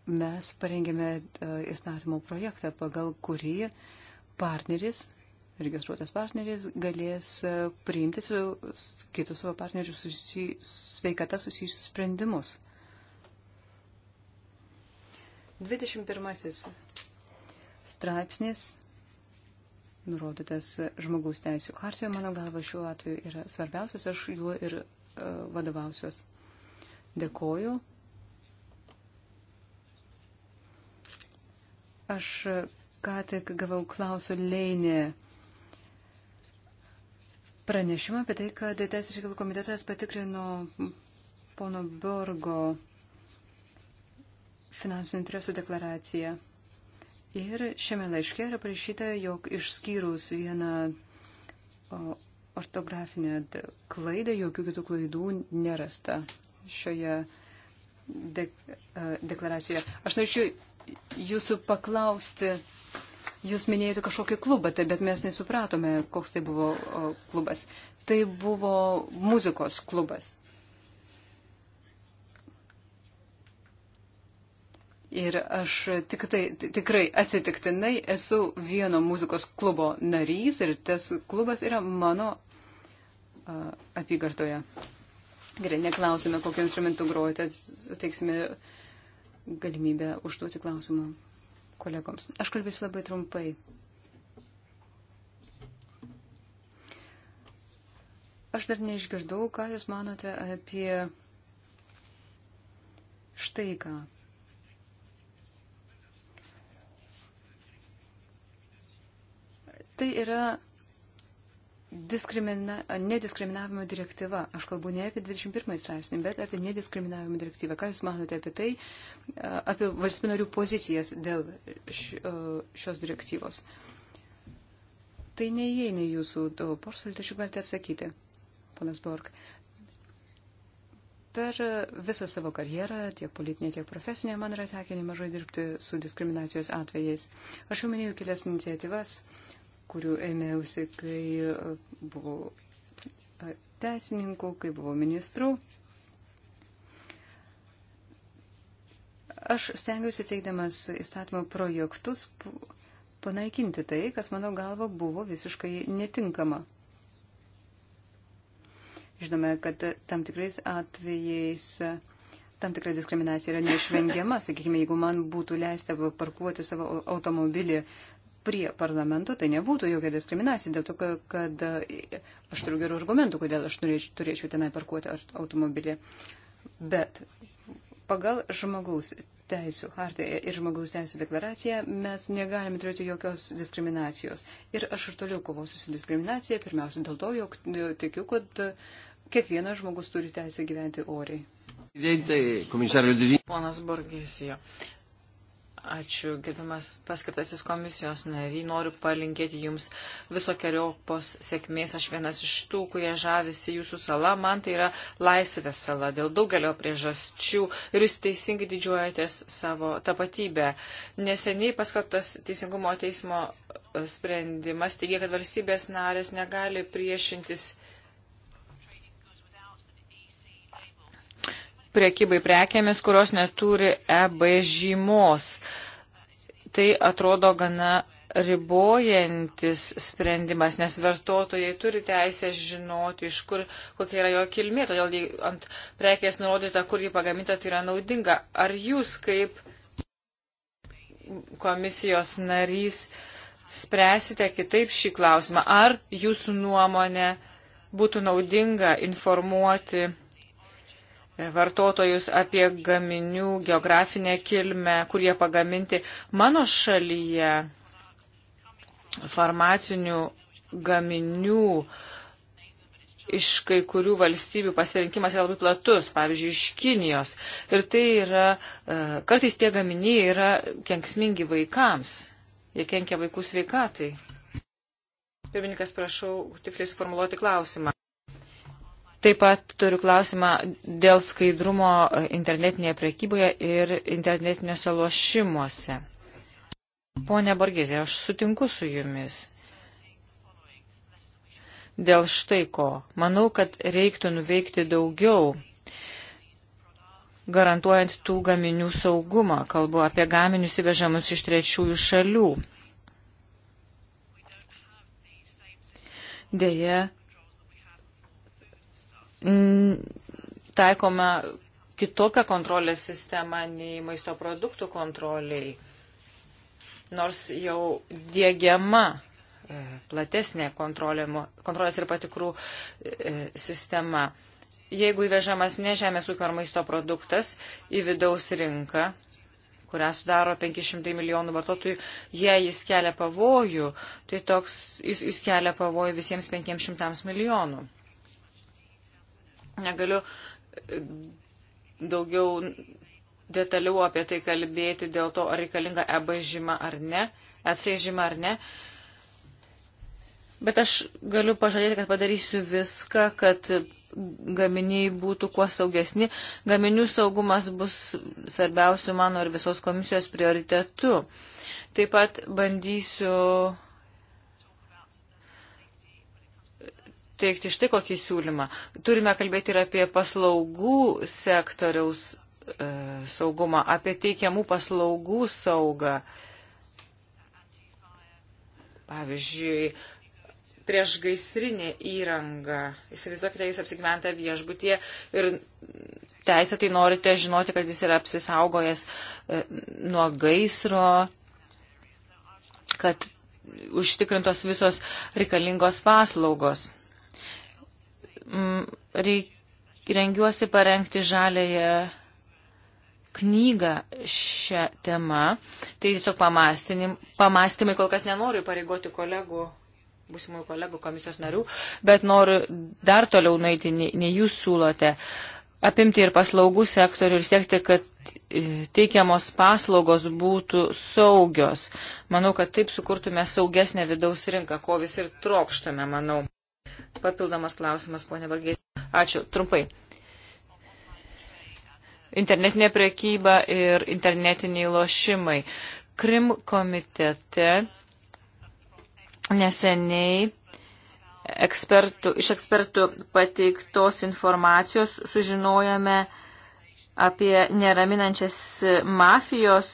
mes parengėme e, įstatymo projektą, pagal kurį partneris, registruotas partneris, galės e, priimti su kitus savo partnerių susij, sveikata susijusius sprendimus. 21 straipsnis nurodytas žmogaus teisų hartijoje, mano galva, šiuo atveju yra svarbiausias, aš juo ir uh, vadovausiuos. Dėkoju. Aš ką tik gavau klausų leinį pranešimą apie tai, kad Teisės reikalų komitetas patikrino pono Borgo finansinių interesų deklaraciją. Ir šiame laiške yra parašyta, jog išskyrus vieną ortografinę klaidą, jokių kitų klaidų nerasta šioje dek, e, deklaracijoje. Aš norėčiau jūsų paklausti. Jūs minėjote kažkokį klubą, tai bet mes nesupratome, koks tai buvo klubas. Tai buvo muzikos klubas. Ir aš tik tai, tikrai atsitiktinai esu vieno muzikos klubo narys ir tas klubas yra mano apygardoje. Gerai, neklausime, kokiu instrumentu grojate, teiksime galimybę užduoti klausimą kolegoms. Aš kalbėsiu labai trumpai. Aš dar neišgirdau, ką Jūs manote apie štai ką. Tai yra nediskriminavimo direktyva. Aš kalbu ne apie 21 straipsnį, bet apie nediskriminavimo direktyvą. Ką Jūs manote apie tai, apie valstybių narių pozicijas dėl šios direktyvos? Tai neįeina jūsų portfelį, tačiau galite atsakyti, ponas Borg. Per visą savo karjerą, tiek politinė, tiek profesinė, man yra tekę nemažai dirbti su diskriminacijos atvejais. Aš jau minėjau kelias iniciatyvas. Uh, kurių ėmiausi, kai e, buvau e, teisininku, kai buvau ministru. Aš stengiuosi teikdamas įstatymo projektus panaikinti tai, kas mano galva buvo visiškai netinkama. Žinome, kad tam tikrais atvejais tam tikra diskriminacija yra neišvengiama. Sakykime, jeigu man būtų leista parkuoti savo automobilį prie parlamento, tai nebūtų jokia diskriminacija, dėl to, kad e, aš turiu gerų argumentų, kodėl aš norėčiau, turėčiau tenai parkuoti automobilį. Bet pagal žmogaus teisų hartiją ir žmogaus teisų deklaraciją mes negalime turėti jokios diskriminacijos. Ir aš ir toliau kovosiu su diskriminacija, pirmiausia dėl to, jog e, tikiu, kad e, kiekvienas žmogus turi teisę gyventi oriai. Ponas Borgesijo, Ačiū, gerbiamas paskirtasis komisijos nariai. Noriu palinkėti Jums visokiojopos sėkmės. Aš vienas iš tų, kurie žavisi Jūsų sala. Man tai yra laisvės sala dėl daugelio priežasčių. Ir Jūs teisingai didžiuojatės savo tapatybę. Neseniai paskelbtas Teisingumo teismo sprendimas teigia, kad valstybės narės negali priešintis priekybai prekėmis, kurios neturi EB žymos. Tai atrodo gana ribojantis sprendimas, nes vartotojai turi teisę žinoti, iš kur, kokia yra jo kilmė, todėl jei ant prekės nurodyta, kur jį pagaminta, tai yra naudinga. Ar jūs kaip komisijos narys spręsite kitaip šį klausimą? Ar jūsų nuomonė būtų naudinga informuoti vartotojus apie gaminių geografinę kilmę, kur jie pagaminti. Mano šalyje farmacinių gaminių iš kai kurių valstybių pasirinkimas yra labai platus, pavyzdžiui, iš Kinijos. Ir tai yra, e, kartais tie gaminiai yra kenksmingi vaikams. Jie kenkia vaikų sveikatai. Pirmininkas, prašau tiksliai suformuoluoti klausimą. Taip pat turiu klausimą dėl skaidrumo internetinėje prekyboje ir internetiniuose lošimuose. Pone Borgizė, aš sutinku su jumis. Dėl štai ko. Manau, kad reiktų nuveikti daugiau, garantuojant tų gaminių saugumą. Kalbu apie gaminius įvežamus iš trečiųjų šalių. Deja, Mm, taikoma kitokią kontrolės sistemą nei maisto produktų kontroliai, nors jau dėgiama e, platesnė kontrolės ir patikrų e, sistema. Jeigu įvežamas ne žemės ūkio ar maisto produktas į vidaus rinką, kurią sudaro 500 milijonų vartotojų, jei jis kelia pavojų, tai toks jis, jis kelia pavojų visiems 500 milijonų. Negaliu e, daugiau detaliau apie tai kalbėti dėl to, ar reikalinga EB žyma ar ne, EC žyma ar ne. Bet aš galiu pažadėti, kad padarysiu viską, kad gaminiai būtų kuo saugesni. Gaminių saugumas bus svarbiausių mano ir visos komisijos prioritetu. Taip pat bandysiu teikti štai kokį siūlymą. Turime kalbėti ir apie paslaugų sektoriaus e, saugumą, apie teikiamų paslaugų saugą. Pavyzdžiui, prieš gaisrinę įrangą. Įsivaizduokite, jūs apsigyventa viešbutie ir teisėtai norite žinoti, kad jis yra apsisaugojęs e, nuo gaisro, kad užtikrintos visos reikalingos paslaugos. Mm, reik, rengiuosi parengti žalėje knygą šią temą. Tai tiesiog pamastymai, kol kas nenoriu pareigoti kolegų, būsimųjų kolegų komisijos narių, bet noriu dar toliau nueiti, nei jūs siūlote. Apimti ir paslaugų sektorių ir siekti, kad e, teikiamos paslaugos būtų saugios. Manau, kad taip sukurtume saugesnę vidaus rinką, ko vis ir trokštume, manau. Papildomas klausimas, ponė Valgiai. Ačiū. Trumpai. Internetinė prekyba ir internetiniai lošimai. Krim komitete neseniai ekspertų, iš ekspertų pateiktos informacijos sužinojome apie neraminančias mafijos,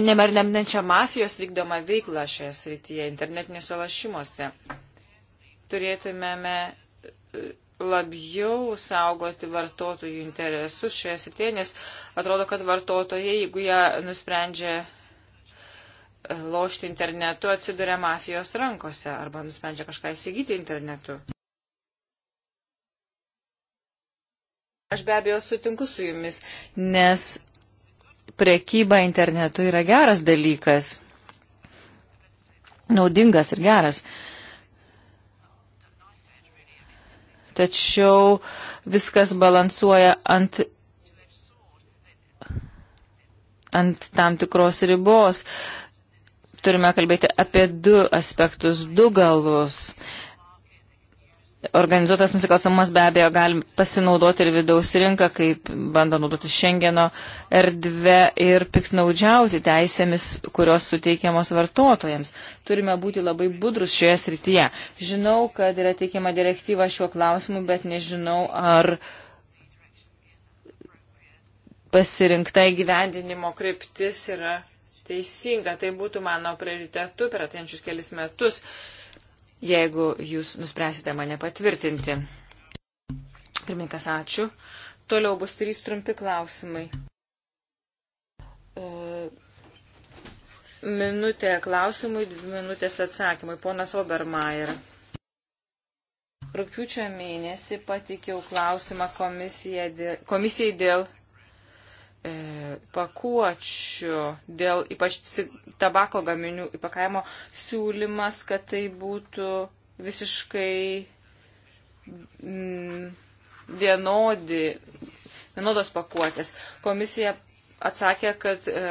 neraminančią mafijos vykdomą veiklą šioje srityje, internetiniuose lašymuose turėtumėme e, labiau saugoti vartotojų interesus šioje srityje, nes atrodo, kad vartotojai, jeigu jie nusprendžia e, lošti internetu, atsiduria mafijos rankose arba nusprendžia kažką įsigyti internetu. Aš be abejo sutinku su jumis, nes prekyba internetu yra geras dalykas, naudingas ir geras. Uh, tačiau viskas balansuoja ant, ant tam tikros ribos. Turime kalbėti apie du aspektus, du galus. Organizuotas nusikalstamumas be abejo gali pasinaudoti ir vidaus rinką, kaip bando naudotis Šengeno erdvę ir piknaudžiauti teisėmis, kurios suteikiamos vartotojams. Turime būti labai budrus šioje srityje. Žinau, kad yra teikiama direktyva šiuo klausimu, bet nežinau, ar pasirinkta įgyvendinimo kryptis yra teisinga. Tai būtų mano prioritetu per atenčius kelis metus jeigu jūs nuspręsite mane patvirtinti. Pirmininkas, ačiū. Toliau bus trys trumpi klausimai. E, minutė klausimui, dvi minutės atsakymui. Ponas Obermaier. Rūpiučio mėnesį patikiau klausimą komisijai dėl E, pakuočių, dėl ypač tabako gaminių įpakavimo siūlymas, kad tai būtų visiškai mm, vienodi, vienodos pakuotės. Komisija atsakė, kad e,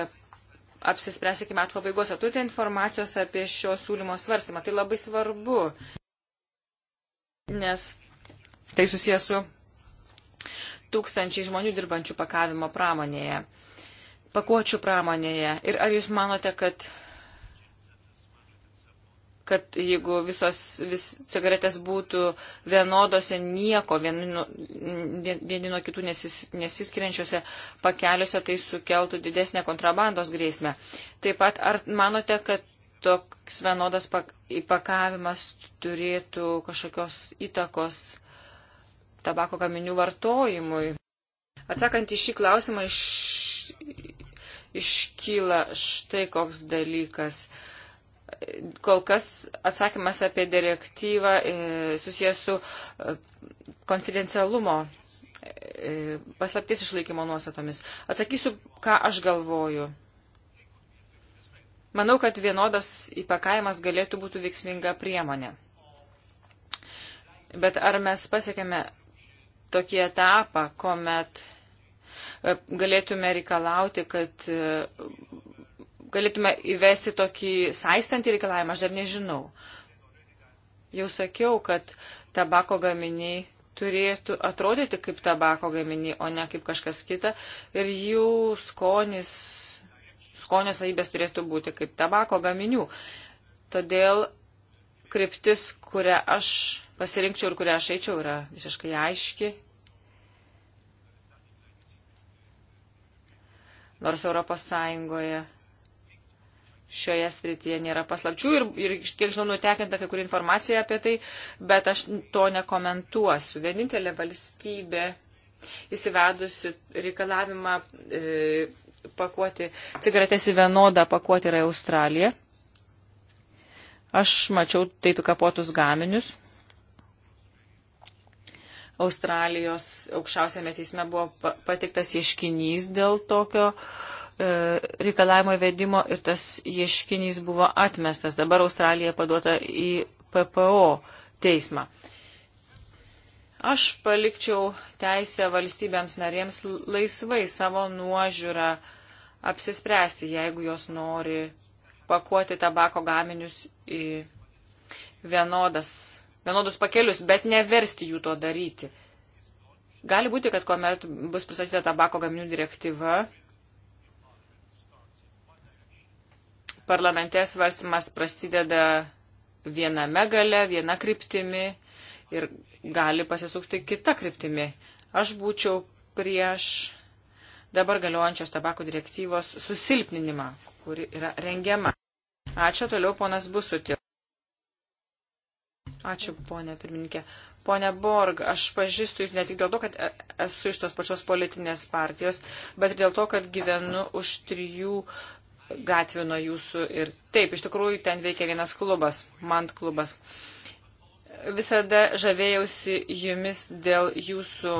apsispręs iki metų pabaigos. Ar turite informacijos apie šio siūlymo svarstymą? Tai labai svarbu, nes tai susijęs su tūkstančiai žmonių dirbančių pakavimo pramonėje, pakuočių pramonėje. Ir ar jūs manote, kad, kad jeigu visos vis, cigaretės būtų vienodose, nieko vieni nuo, vieni nuo kitų nesis, nesiskiriančiose pakeliuose, tai sukeltų didesnę kontrabandos grėsmę? Taip pat, ar manote, kad toks vienodas pak, įpakavimas turėtų kažkokios įtakos tabako gaminių vartojimui. Atsakant į šį klausimą iš, iškyla štai koks dalykas. Kol kas atsakymas apie direktyvą e, susijęs su e, konfidencialumo e, paslapties išlaikymo nuostatomis. Atsakysiu, ką aš galvoju. Manau, kad vienodas įpakavimas galėtų būti veiksminga priemonė. Bet ar mes pasiekėme tokį etapą, kuomet e, galėtume reikalauti, kad e, galėtume įvesti tokį saistantį reikalavimą, aš dar nežinau. Jau sakiau, kad tabako gaminiai turėtų atrodyti kaip tabako gaminiai, o ne kaip kažkas kita. Ir jų skonis, skonės savybės turėtų būti kaip tabako gaminių. Todėl kryptis, kurią aš pasirinkčiau ir kurią aš eičiau, yra visiškai aiški. Nors Europos Sąjungoje šioje srityje nėra paslapčių ir, ir kiek žinau, nutekinta kai kuri informacija apie tai, bet aš to nekomentuosiu. Vienintelė valstybė įsivedusi reikalavimą e, pakuoti cigaretės į vienodą pakuoti yra Australija. Aš mačiau taip įkapotus gaminius. Australijos aukščiausiame teisme buvo patiktas ieškinys dėl tokio e, reikalavimo įvedimo ir tas ieškinys buvo atmestas. Dabar Australija paduota į PPO teismą. Aš palikčiau teisę valstybėms narėms laisvai savo nuožiūrą apsispręsti, jeigu jos nori pakuoti tabako gaminius į vienodas, vienodus pakelius, bet neversti jų to daryti. Gali būti, kad kuomet bus pristatyta tabako gaminių direktyva, parlamente svarstymas prasideda viename gale, viena kryptimi ir gali pasisukti kita kryptimi. Aš būčiau prieš dabar galiojančios tabako direktyvos susilpninimą kuri yra rengiama. Ačiū toliau, ponas Busutė. Ačiū, ponė pirmininkė. Pone Borg, aš pažįstu jūs ne tik dėl to, kad e, esu iš tos pačios politinės partijos, bet ir dėl to, kad gyvenu už trijų gatvių nuo jūsų. Ir taip, iš tikrųjų, ten veikia vienas klubas, Mant klubas. Visada žavėjausi jumis dėl jūsų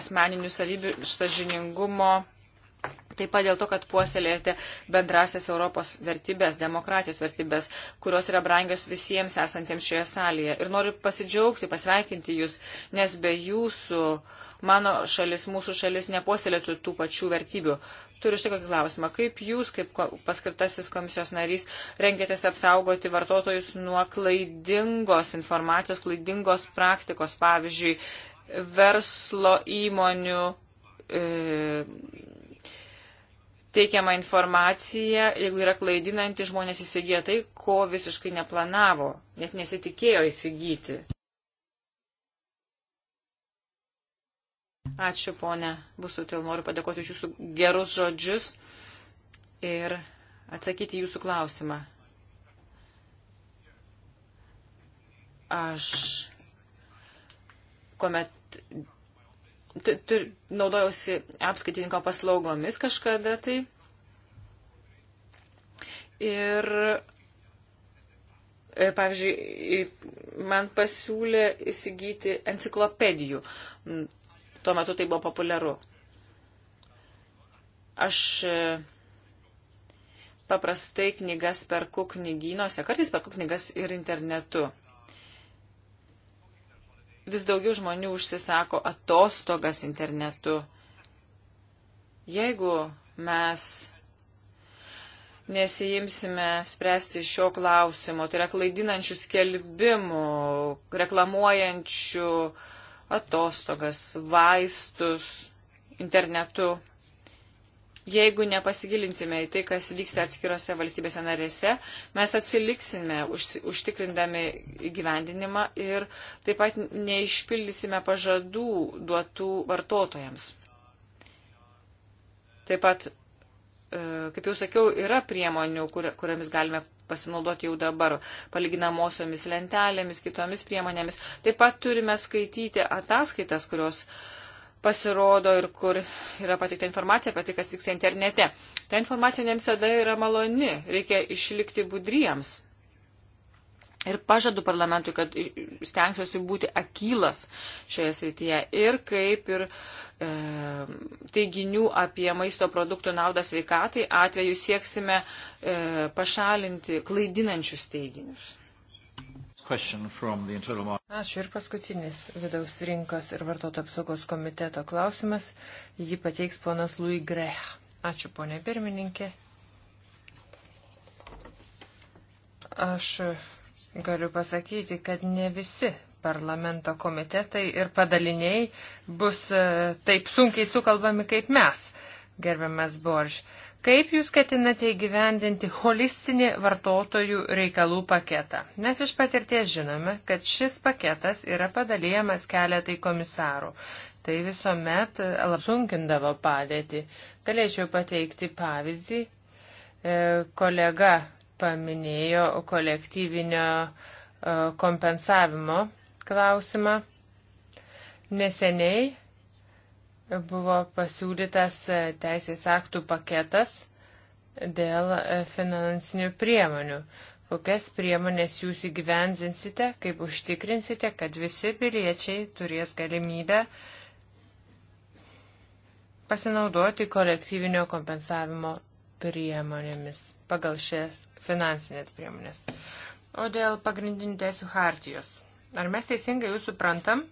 asmeninių savybių, štažiningumo Taip pat dėl to, kad puoselėjate bendrasias Europos vertybės, demokratijos vertybės, kurios yra brangios visiems esantiems šioje salėje. Ir noriu pasidžiaugti, pasveikinti jūs, nes be jūsų mano šalis, mūsų šalis nepuoselėtų tų pačių vertybių. Turiu štai kokį klausimą. Kaip jūs, kaip paskirtasis komisijos narys, rengėtės apsaugoti vartotojus nuo klaidingos informacijos, klaidingos praktikos, pavyzdžiui, verslo įmonių. E, teikiama informacija, jeigu yra klaidinanti, žmonės įsigyja tai, ko visiškai neplanavo, net nesitikėjo įsigyti. Ačiū, ponė Busutil, noriu padėkoti už jūsų gerus žodžius ir atsakyti jūsų klausimą. Aš, kuomet naudojausi apskaitininko paslaugomis kažkada tai. Ir, e, pavyzdžiui, man pasiūlė įsigyti enciklopedijų. Tuo metu tai buvo populiaru. Aš e, paprastai knygas perku knygynuose, kartais perku knygas ir internetu vis daugiau žmonių užsisako atostogas internetu. Jeigu mes nesijimsime spręsti šio klausimo, tai yra klaidinančių skelbimų, reklamuojančių atostogas, vaistus internetu, jeigu nepasigilinsime į tai, kas vyksta atskirose valstybėse narėse, mes atsiliksime už, užtikrindami įgyvendinimą ir taip pat neišpildysime pažadų duotų vartotojams. Taip pat, e, kaip jau sakiau, yra priemonių, kur, kuriamis galime pasinaudoti jau dabar palyginamosiomis lentelėmis, kitomis priemonėmis. Taip pat turime skaityti ataskaitas, kurios uh, pasirodo ir kur yra patikta informacija apie tai, kas vyksta internete. Ta informacija ne visada yra maloni, reikia išlikti budriems. Ir pažadu parlamentui, kad stengsiuosi būti akylas šioje srityje ir kaip ir e, teiginių apie maisto produktų naudą sveikatai atveju sieksime e, pašalinti klaidinančius teiginius. Ačiū ir paskutinis vidaus rinkos ir vartoto apsaugos komiteto klausimas. Jį pateiks ponas Louis Grech. Ačiū, ponė pirmininkė. Aš galiu pasakyti, kad ne visi parlamento komitetai ir padaliniai bus e, taip sunkiai sukalbami kaip mes, gerbiamas Borž. Uh, Kaip jūs ketinate įgyvendinti holistinį vartotojų reikalų paketą? Mes iš patirties žinome, kad šis paketas yra padalyjamas keletai komisarų. Tai visuomet e, sunkindavo padėtį. Galėčiau pateikti pavyzdį. E, kolega paminėjo kolektyvinio e, kompensavimo klausimą. Neseniai buvo pasiūlytas e, teisės aktų paketas dėl e, finansinių priemonių. Kokias priemonės jūs įgyvenzinsite, kaip užtikrinsite, kad visi piliečiai turės galimybę pasinaudoti kolektyvinio kompensavimo priemonėmis pagal šias finansinės priemonės. O dėl pagrindinių teisų hartijos. Ar mes teisingai jūs suprantam,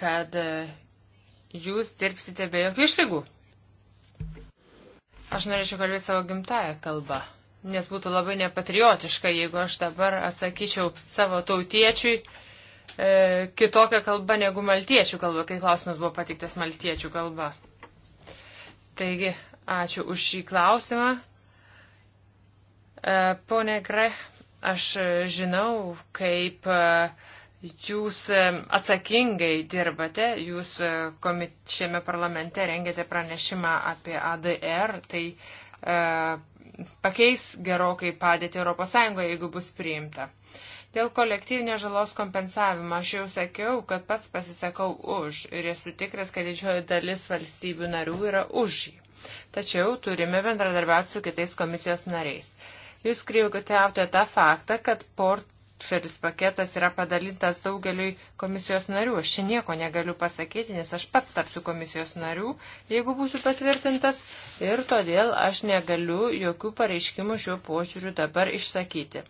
kad e, jūs dirbsite be jokių išlygų. Aš norėčiau kalbėti savo gimtają kalbą, nes būtų labai nepatriotiška, jeigu aš dabar atsakyčiau savo tautiečiui e, kitokią kalbą negu maltiečių kalba, kai klausimas buvo patiktas maltiečių kalba. Taigi, ačiū už šį klausimą. E, pone Grech, aš žinau, kaip. E, Jūs e, atsakingai dirbate, jūs e, komit, šiame parlamente rengiate pranešimą apie ADR, tai e, pakeis gerokai padėti ES, jeigu bus priimta. Dėl kolektyvinės žalos kompensavimo aš jau sakiau, kad pats pasisakau už ir esu tikras, kad didžioji dalis valstybių narių yra už jį. Tačiau turime bendradarbiauti su kitais komisijos nariais. Jūs kriukate autoje tą faktą, kad port šis paketas yra padalintas daugeliui komisijos narių. Aš čia nieko negaliu pasakyti, nes aš pats tapsiu komisijos narių, jeigu būsiu patvirtintas, ir todėl aš negaliu jokių pareiškimų šiuo požiūriu dabar išsakyti.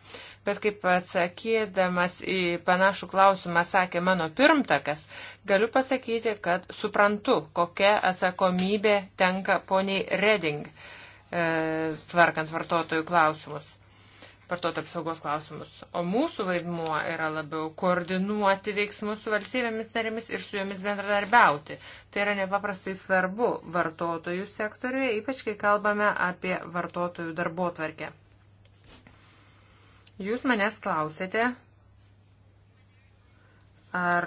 Bet kaip atsakydamas į panašų klausimą sakė mano pirmtakas, galiu pasakyti, kad suprantu, kokia atsakomybė tenka poniai Reding e, tvarkant vartotojų klausimus vartotojų apsaugos klausimus. O mūsų vaidmuo yra labiau koordinuoti veiksmus su valstybėmis narėmis ir su jomis bendradarbiauti. Tai yra nepaprastai svarbu vartotojų sektoriuje, ypač kai kalbame apie vartotojų darbo tvarkę. Jūs manęs klausėte, ar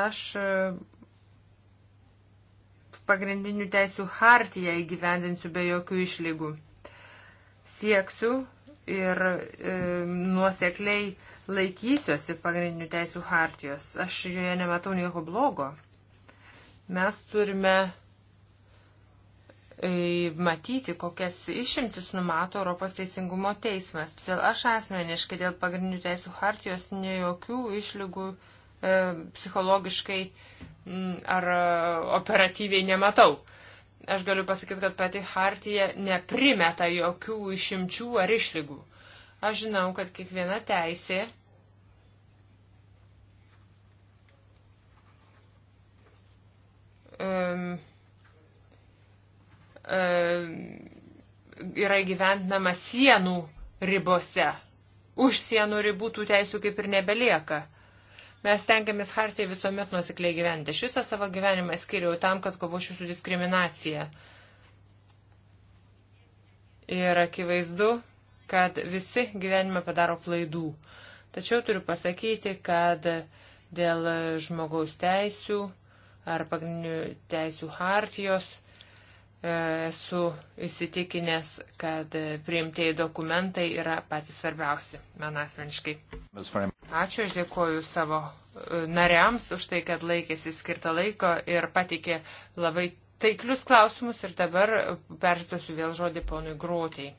aš pagrindinių teisų hartiją įgyvendinsiu be jokių išlygų sieksiu ir e, nuosekliai laikysiuosi pagrindinių teisų hartijos. Aš joje nematau nieko blogo. Mes turime e, matyti, kokias išimtis numato Europos teisingumo teismas. Todėl aš asmeniškai dėl pagrindinių teisų hartijos ne jokių išlygų e, psichologiškai m, ar operatyviai nematau. Aš galiu pasakyti, kad pati Hartija neprimeta jokių išimčių ar išlygų. Aš žinau, kad kiekviena teisė um, um, yra įgyventinama sienų ribose. Už sienų ribų tų teisų kaip ir nebelieka. Mes tenkiamės hartiją visuomet nusikliai gyventi. Aš visą savo gyvenimą skiriau tam, kad kovošiu su diskriminacija. Ir akivaizdu, kad visi gyvenime padaro klaidų. Tačiau turiu pasakyti, kad dėl žmogaus teisių ar pagrindinių teisių hartijos E, esu įsitikinęs, kad priimtieji dokumentai yra patys svarbiausi, man asmeniškai. Ačiū, aš dėkoju savo e, nariams už tai, kad laikėsi skirtą laiko ir patikė labai taiklius klausimus ir dabar peržiūrėsiu vėl žodį ponui Gruotijai.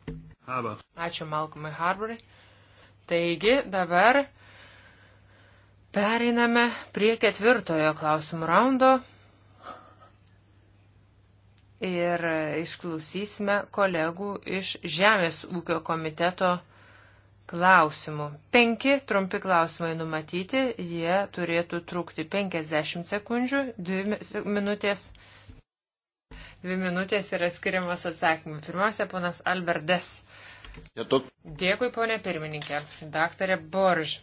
Ačiū Malcolmui Harborai. Taigi dabar periname prie ketvirtojo klausimų raundo ir išklausysime kolegų iš Žemės ūkio komiteto klausimų. Penki trumpi klausimai numatyti, jie turėtų trukti 50 sekundžių, 2 minutės. Dvi minutės yra skiriamas atsakymui. Pirmiausia, ponas Albertas. Dėkui, ponė pirmininkė. Daktarė Borž.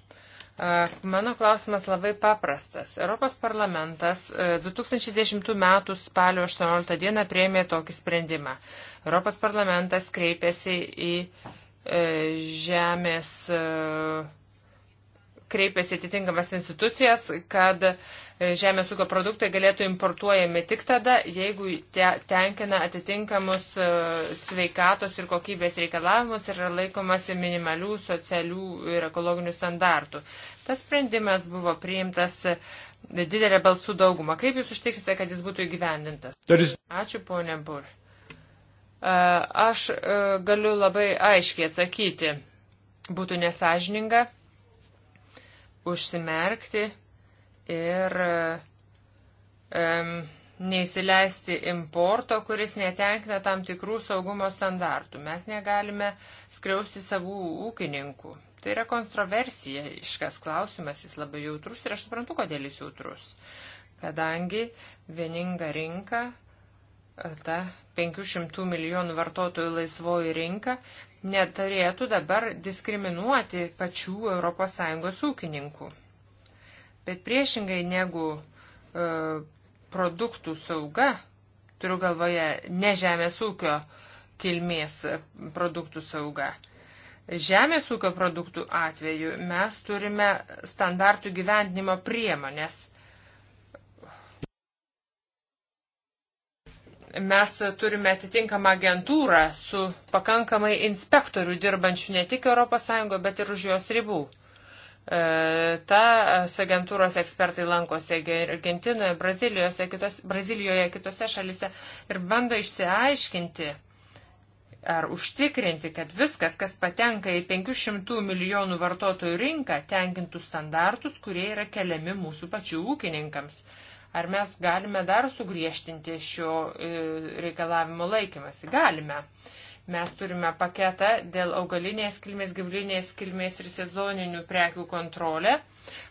Mano klausimas labai paprastas. Europos parlamentas 2010 e, m. spalio 18 d. prieimė tokį sprendimą. Europos parlamentas kreipėsi į e, žemės, e, kreipėsi atitinkamas institucijas, kad E, žemės ūkio produktai galėtų importuojami tik tada, jeigu te, tenkina atitinkamus e, sveikatos ir kokybės reikalavimus ir yra laikomasi minimalių socialių ir ekologinių standartų. Tas sprendimas buvo priimtas e, didelė balsų dauguma. Kaip jūs užtiksite, kad jis būtų įgyvendintas? Ačiū, ponė Bur. Aš galiu labai aiškiai atsakyti. Būtų nesažininga užsimerkti ir um, neįsileisti importo, kuris netenkina tam tikrų saugumo standartų. Mes negalime skriausti savų ūkininkų. Tai yra kontroversija, iškas klausimas, jis labai jautrus ir aš suprantu, kodėl jis jautrus. Kadangi vieninga rinka, ta 500 milijonų vartotojų laisvoji rinka, neturėtų dabar diskriminuoti pačių ES ūkininkų. Bet priešingai negu e, produktų sauga, turiu galvoje ne žemės ūkio kilmės produktų sauga. Žemės ūkio produktų atveju mes turime standartų gyvendinimo priemonės. Mes turime atitinkamą agentūrą su pakankamai inspektorių dirbančių ne tik ES, bet ir už jos ribų. E, Tas agentūros ekspertai lankosi Argentinoje, Brazilijoje, kitos, Brazilijoje, kitose šalise ir bando išsiaiškinti ar užtikrinti, kad viskas, kas patenka į 500 milijonų vartotojų rinką, tenkintų standartus, kurie yra keliami mūsų pačių ūkininkams. Ar mes galime dar sugriežtinti šio e, reikalavimo laikymasi? Galime. Uh, Mes turime paketą dėl augalinės kilmės, gyvulinės kilmės ir sezoninių prekių kontrolę.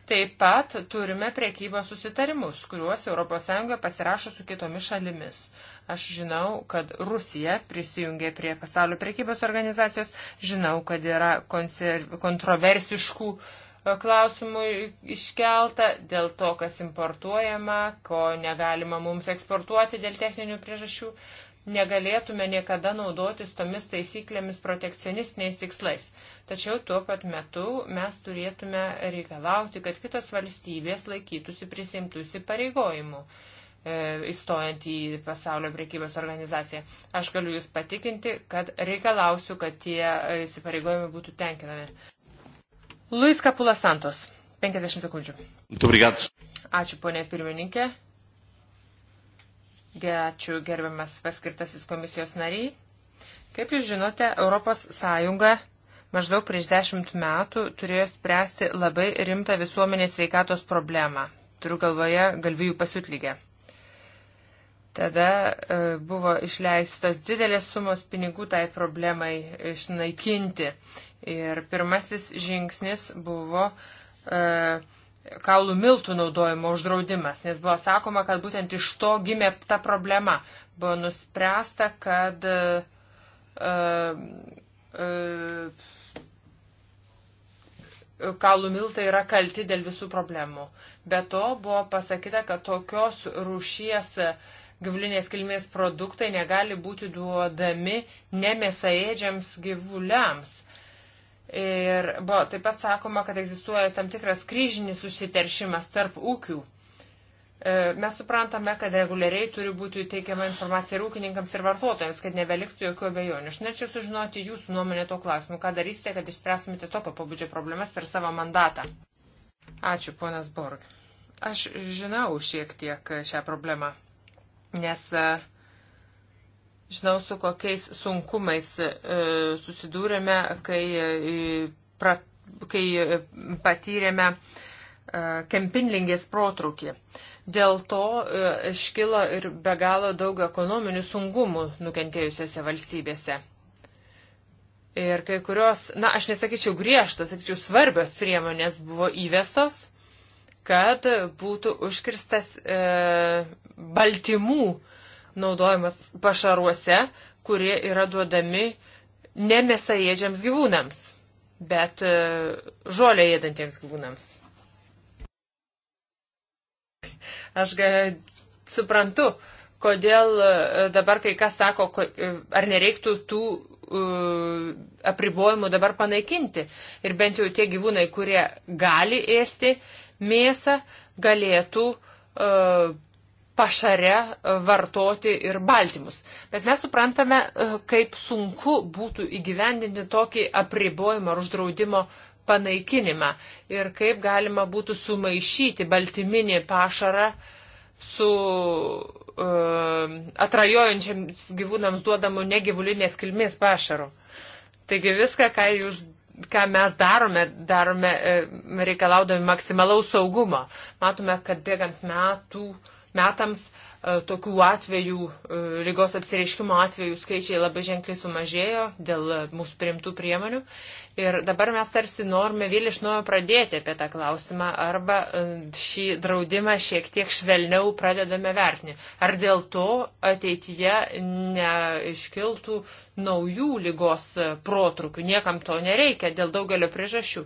Taip pat turime priekybos susitarimus, kuriuos ES pasirašo su kitomis šalimis. Aš žinau, kad Rusija prisijungė prie pasaulio priekybos organizacijos, žinau, kad yra konserv... kontroversiškų e, klausimų iškelta dėl to, kas importuojama, ko negalima mums eksportuoti dėl techninių priežasčių negalėtume niekada naudotis tomis taisyklėmis protekcionistiniais tikslais. Tačiau tuo pat metu mes turėtume reikalauti, kad kitos valstybės laikytųsi prisimtų įsipareigojimų e, įstojant į pasaulio priekybos organizaciją. Aš galiu Jūs patikinti, kad reikalausiu, kad tie įsipareigojimai būtų tenkinami. Luis Kapula Santos, 50 sekundžių. Ačiū, ponė pirmininkė. Ačiū gerbiamas paskirtasis komisijos nariai. Kaip jūs žinote, ES maždaug prieš dešimt metų turėjo spręsti labai rimtą visuomenės veikatos problemą. Turiu galvoje galvijų pasiutlygę. Tada e, buvo išleistos didelės sumos pinigų tai problemai išnaikinti. Ir pirmasis žingsnis buvo e, kaulų miltų naudojimo uždraudimas, nes buvo sakoma, kad būtent iš to gimė ta problema. Buvo nuspręsta, kad uh, uh, kaulų miltai yra kalti dėl visų problemų. Be to buvo pasakyta, kad tokios rūšies gyvulinės kilmės produktai negali būti duodami nemėsaėdžiams gyvuliams Ir buvo taip pat sakoma, kad egzistuoja tam tikras kryžinis užsiteršimas tarp ūkių. E, mes suprantame, kad reguliariai turi būti teikiama informacija ir ūkininkams, ir vartotojams, kad nebeliktų jokių abejonių. Aš norėčiau sužinoti jūsų nuomonę to klausimu, ką darysite, kad išspręstumėte tokio pabudžio problemas per savo mandatą. Ačiū, ponas Borg. Aš žinau šiek tiek šią problemą, nes uh, Žinau, su kokiais sunkumais e, susidūrėme, kai, e, pra, kai e, patyrėme kempinlingės protrukį. Dėl to iškilo ir be galo daug ekonominių sungumų nukentėjusiose valstybėse. Ir kai kurios, na, aš nesakyčiau griežtas, sakyčiau svarbios priemonės buvo įvestos, kad būtų užkirstas e, baltymų e, naudojamas pašaruose, kurie yra duodami ne mėsaėdžiams gyvūnams, bet e, žolė ėdantiems gyvūnams. Aš ga, suprantu, kodėl e, dabar kai kas sako, e, ar nereiktų tų apribojimų dabar panaikinti. Ir bent jau tie gyvūnai, kurie gali ėsti mėsą, galėtų uh, pašare e, vartoti ir baltymus. Bet mes suprantame, e, kaip sunku būtų įgyvendinti tokį apribojimą ar uždraudimo panaikinimą ir kaip galima būtų sumaišyti baltyminį pašarą su uh, e, atrajojančiams gyvūnams duodamu negyvulinės kilmės pašaru. Taigi viską, ką jūs ką mes darome, darome reikalaudami maksimalaus saugumo. Matome, kad bėgant metų uh, metams e, tokių atvejų, lygos e, apsireiškimo atvejų skaičiai labai ženkliai sumažėjo dėl mūsų priimtų priemonių. Ir dabar mes tarsi norime vėl iš naujo pradėti apie tą klausimą arba e, šį draudimą šiek tiek švelniau pradedame vertinti. Ar dėl to ateityje neiškiltų naujų lygos protrukių? Niekam to nereikia dėl daugelio priežasčių.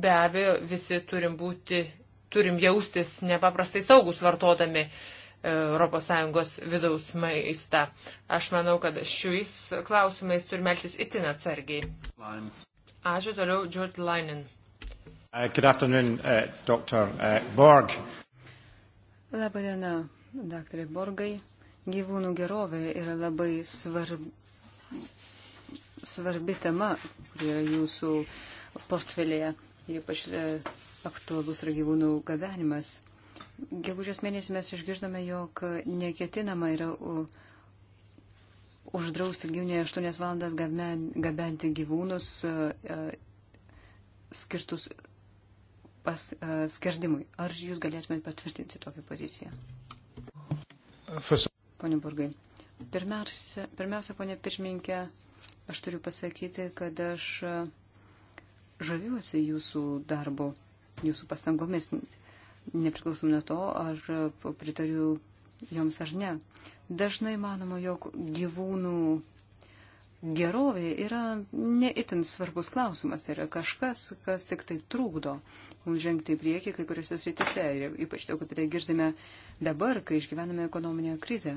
Be abejo, visi turim būti turim jaustis nepaprastai saugus vartodami ES vidaus maistą. Aš manau, kad šiais klausimais turime elgtis itin atsargiai. Ačiū toliau, George Linen. Uh, good afternoon, uh, Dr. Uh, Borg. Labadiena, daktarai Borgai. Gyvūnų gerovė yra labai svarb... svarbi tema, kuri yra jūsų portfelėje, ypač uh, aktualus yra gyvūnų gabenimas. Gegužės mėnesį mes išgirdome, jog neketinama yra uždrausti ilgiau nei 8 valandas gabenti gyvūnus e, e, skirtus pas, e, skerdimui. Ar jūs galėtumėte patvirtinti tokią poziciją? Pone Burgai. Pirmiausia, pirmiausia, ponė pirmininkė, aš turiu pasakyti, kad aš žaviuosi jūsų darbu jūsų pastangomis, nepriklausom nuo to, ar pritariu joms ar ne. Dažnai manoma, jog gyvūnų gerovė yra neįtin svarbus klausimas, tai yra kažkas, kas tik tai trūkdo mums žengti į priekį kai kuriuose srityse ir ypač daug apie tai girdime dabar, kai išgyvename ekonominę krizę.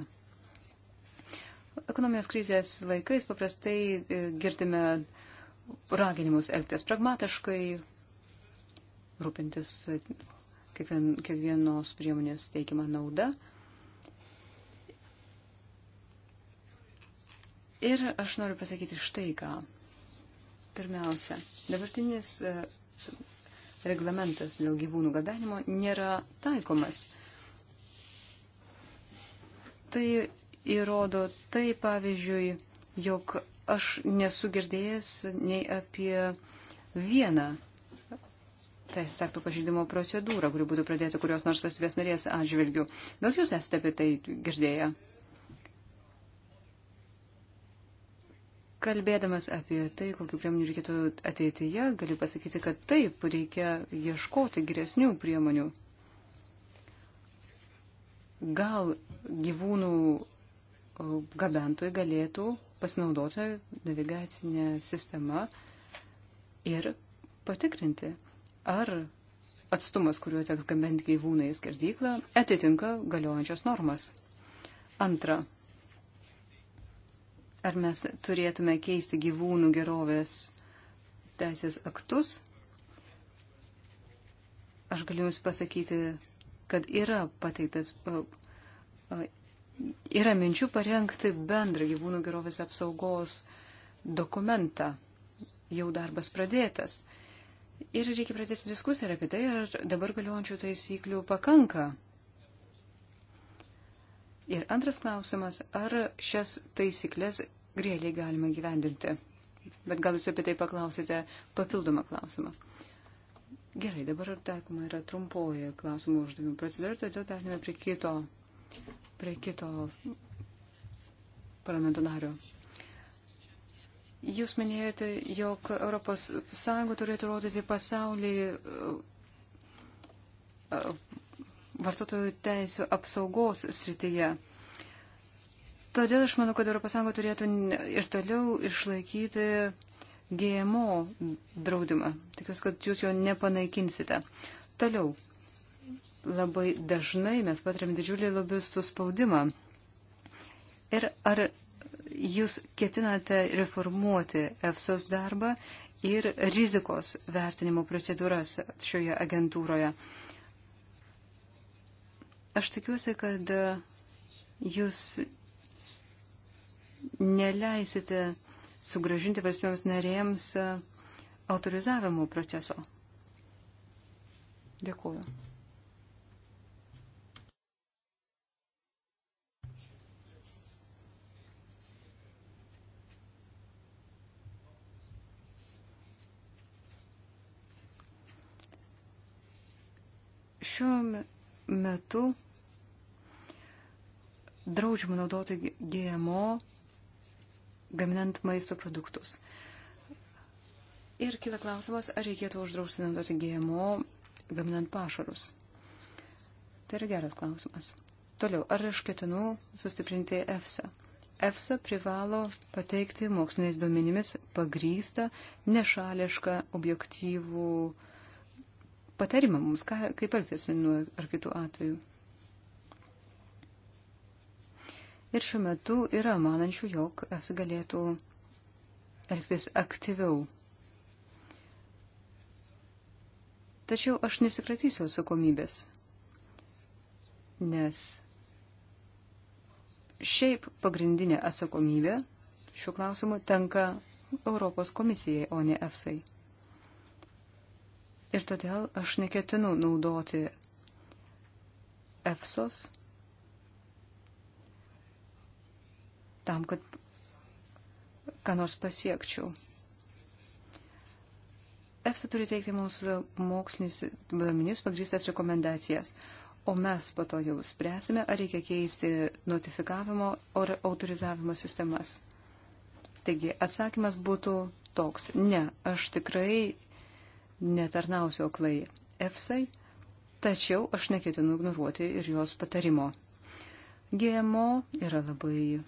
Ekonomijos krizės laikais paprastai e, girdime raginimus elgtis pragmatiškai, rūpintis e, kiekvien, kiekvienos priemonės teikiamą naudą. Ir aš noriu pasakyti štai ką. Pirmiausia, dabartinis e, reglamentas dėl gyvūnų gabenimo nėra taikomas. Tai įrodo tai, pavyzdžiui, jog aš nesu girdėjęs nei apie vieną teisės aktų pažydimo procedūrą, kuri būtų pradėta kurios nors valstybės narės atžvilgių. Gal jūs esate apie tai girdėję? Kalbėdamas apie tai, kokiu priemonių reikėtų ateityje, galiu pasakyti, kad taip, reikia ieškoti geresnių priemonių. Gal gyvūnų gabentojai galėtų pasinaudoti navigacinę sistemą ir patikrinti, ar atstumas, kuriuo teks gabenti gyvūną į skerdyklą, atitinka galiojančias normas. Antra, ar mes turėtume keisti gyvūnų gerovės teisės aktus? Aš galiu Jums pasakyti, kad yra pateiktas, yra minčių parengti bendrą gyvūnų gerovės apsaugos dokumentą. Jau darbas pradėtas. Ir reikia pradėti diskusiją apie tai, ar dabar galiojančių taisyklių pakanka. Ir antras klausimas, ar šias taisyklės realiai galima gyvendinti. Bet gal jūs apie tai paklausite papildomą klausimą. Gerai, dabar taikoma yra trumpoji klausimų uždavimų procedūra, todėl perėmėme prie kito, prie kito parlamento nario Jūs minėjote, jog ES turėtų rodyti pasaulį e, e, vartotojų teisų apsaugos srityje. Todėl aš manau, kad ES turėtų ir toliau išlaikyti GMO draudimą. Tikiuosi, kad jūs jo nepanaikinsite. Toliau. Labai dažnai mes patiriam didžiulį lobistų spaudimą. Ir ar jūs ketinate reformuoti EFSOS darbą ir rizikos vertinimo procedūras šioje agentūroje. Aš tikiuosi, kad jūs neleisite sugražinti valstybėms narėms autorizavimo proceso. Dėkuoju. Šiuo metu draudžiama naudoti GMO gaminant maisto produktus. Ir kila klausimas, ar reikėtų uždrausti naudoti GMO gaminant pašarus. Tai yra geras klausimas. Toliau, ar aš ketinu sustiprinti EFSA? EFSA privalo pateikti moksliniais duomenimis pagrystą, nešališką, objektyvų uh, patarimą mums, ką, kaip elgtis vienu ar kitu atveju. Ir šiuo metu yra manančių, jog es galėtų elgtis aktyviau. Tačiau aš nesikratysiu atsakomybės, nes šiaip pagrindinė atsakomybė šiuo klausimu tenka Europos komisijai, o ne EFSAI. Ir todėl aš neketinu naudoti EFSOS tam, kad ką nors pasiekčiau. EFSA turi teikti mums mokslinis duomenys pagrįstas rekomendacijas, o mes po to jau spręsime, ar reikia keisti notifikavimo ar autorizavimo sistemas. Taigi, atsakymas būtų toks. Ne, aš tikrai netarnausiu aklai EFSAI, tačiau aš neketinu ignoruoti ir jos patarimo. GMO yra labai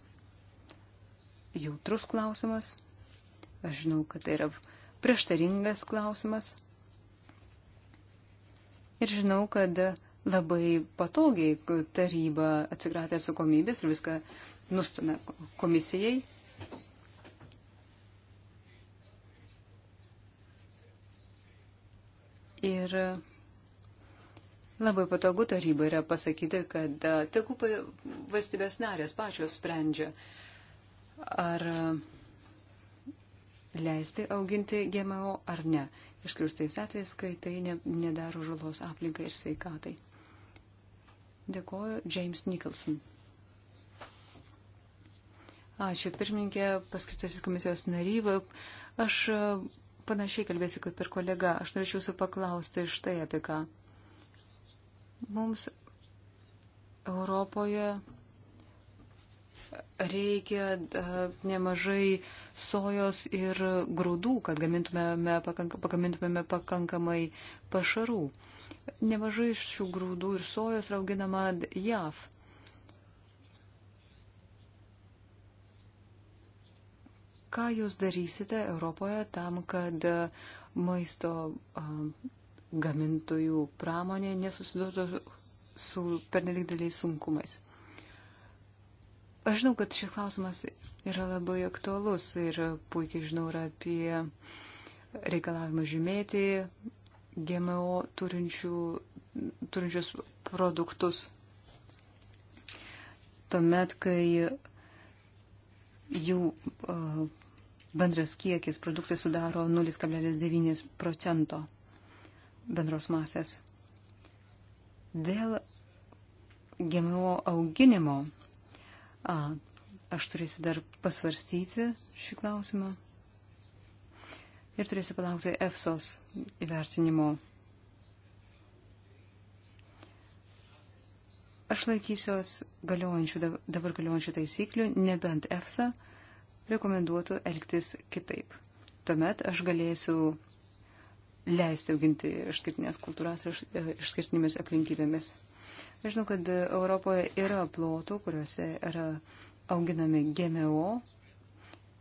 jautrus klausimas. Aš žinau, kad tai yra prieštaringas klausimas. Ir žinau, kad labai patogiai taryba atsikratė atsakomybės ir viską nustumė komisijai Ir labai patogu taryba yra pasakyti, kad tegu valstybės narės pačios sprendžia, ar leisti auginti GMO ar ne, išskyrus tais atvejais, kai tai ne, nedaro žalos aplinkai ir sveikatai. Dėkoju, James Nicholson. Ačiū, pirmininkė, paskirtasis komisijos naryba. Aš panašiai kalbėsiu kaip ir kolega. Aš norėčiau jūsų paklausti štai apie ką. Mums Europoje reikia e, nemažai sojos ir grūdų, kad gamintumėme, pakank, pagamintumėme pakankamai pašarų. Nemažai šių grūdų ir sojos rauginama JAV. ką jūs darysite Europoje tam, kad e, maisto gamintojų pramonė nesusidurtų su pernelik dėliais sunkumais. Aš žinau, kad šis klausimas yra labai aktualus ir puikiai žinau ir apie reikalavimą žymėti GMO turinčių, turinčius produktus. Tuomet, kai jų uh, bendras kiekis produktai sudaro 0,9 procento bendros masės. Dėl GMO auginimo a, aš turėsiu dar pasvarstyti šį klausimą ir turėsiu palaukti EFSOS įvertinimo. Aš laikysiuos galiojančių, dabar galiojančių taisyklių, nebent EFSA rekomenduotų elgtis kitaip. Tuomet aš galėsiu leisti auginti išskirtinės kultūras e, išskirtinėmis aplinkybėmis. Aš žinau, kad Europoje yra plotų, kuriuose yra auginami GMO.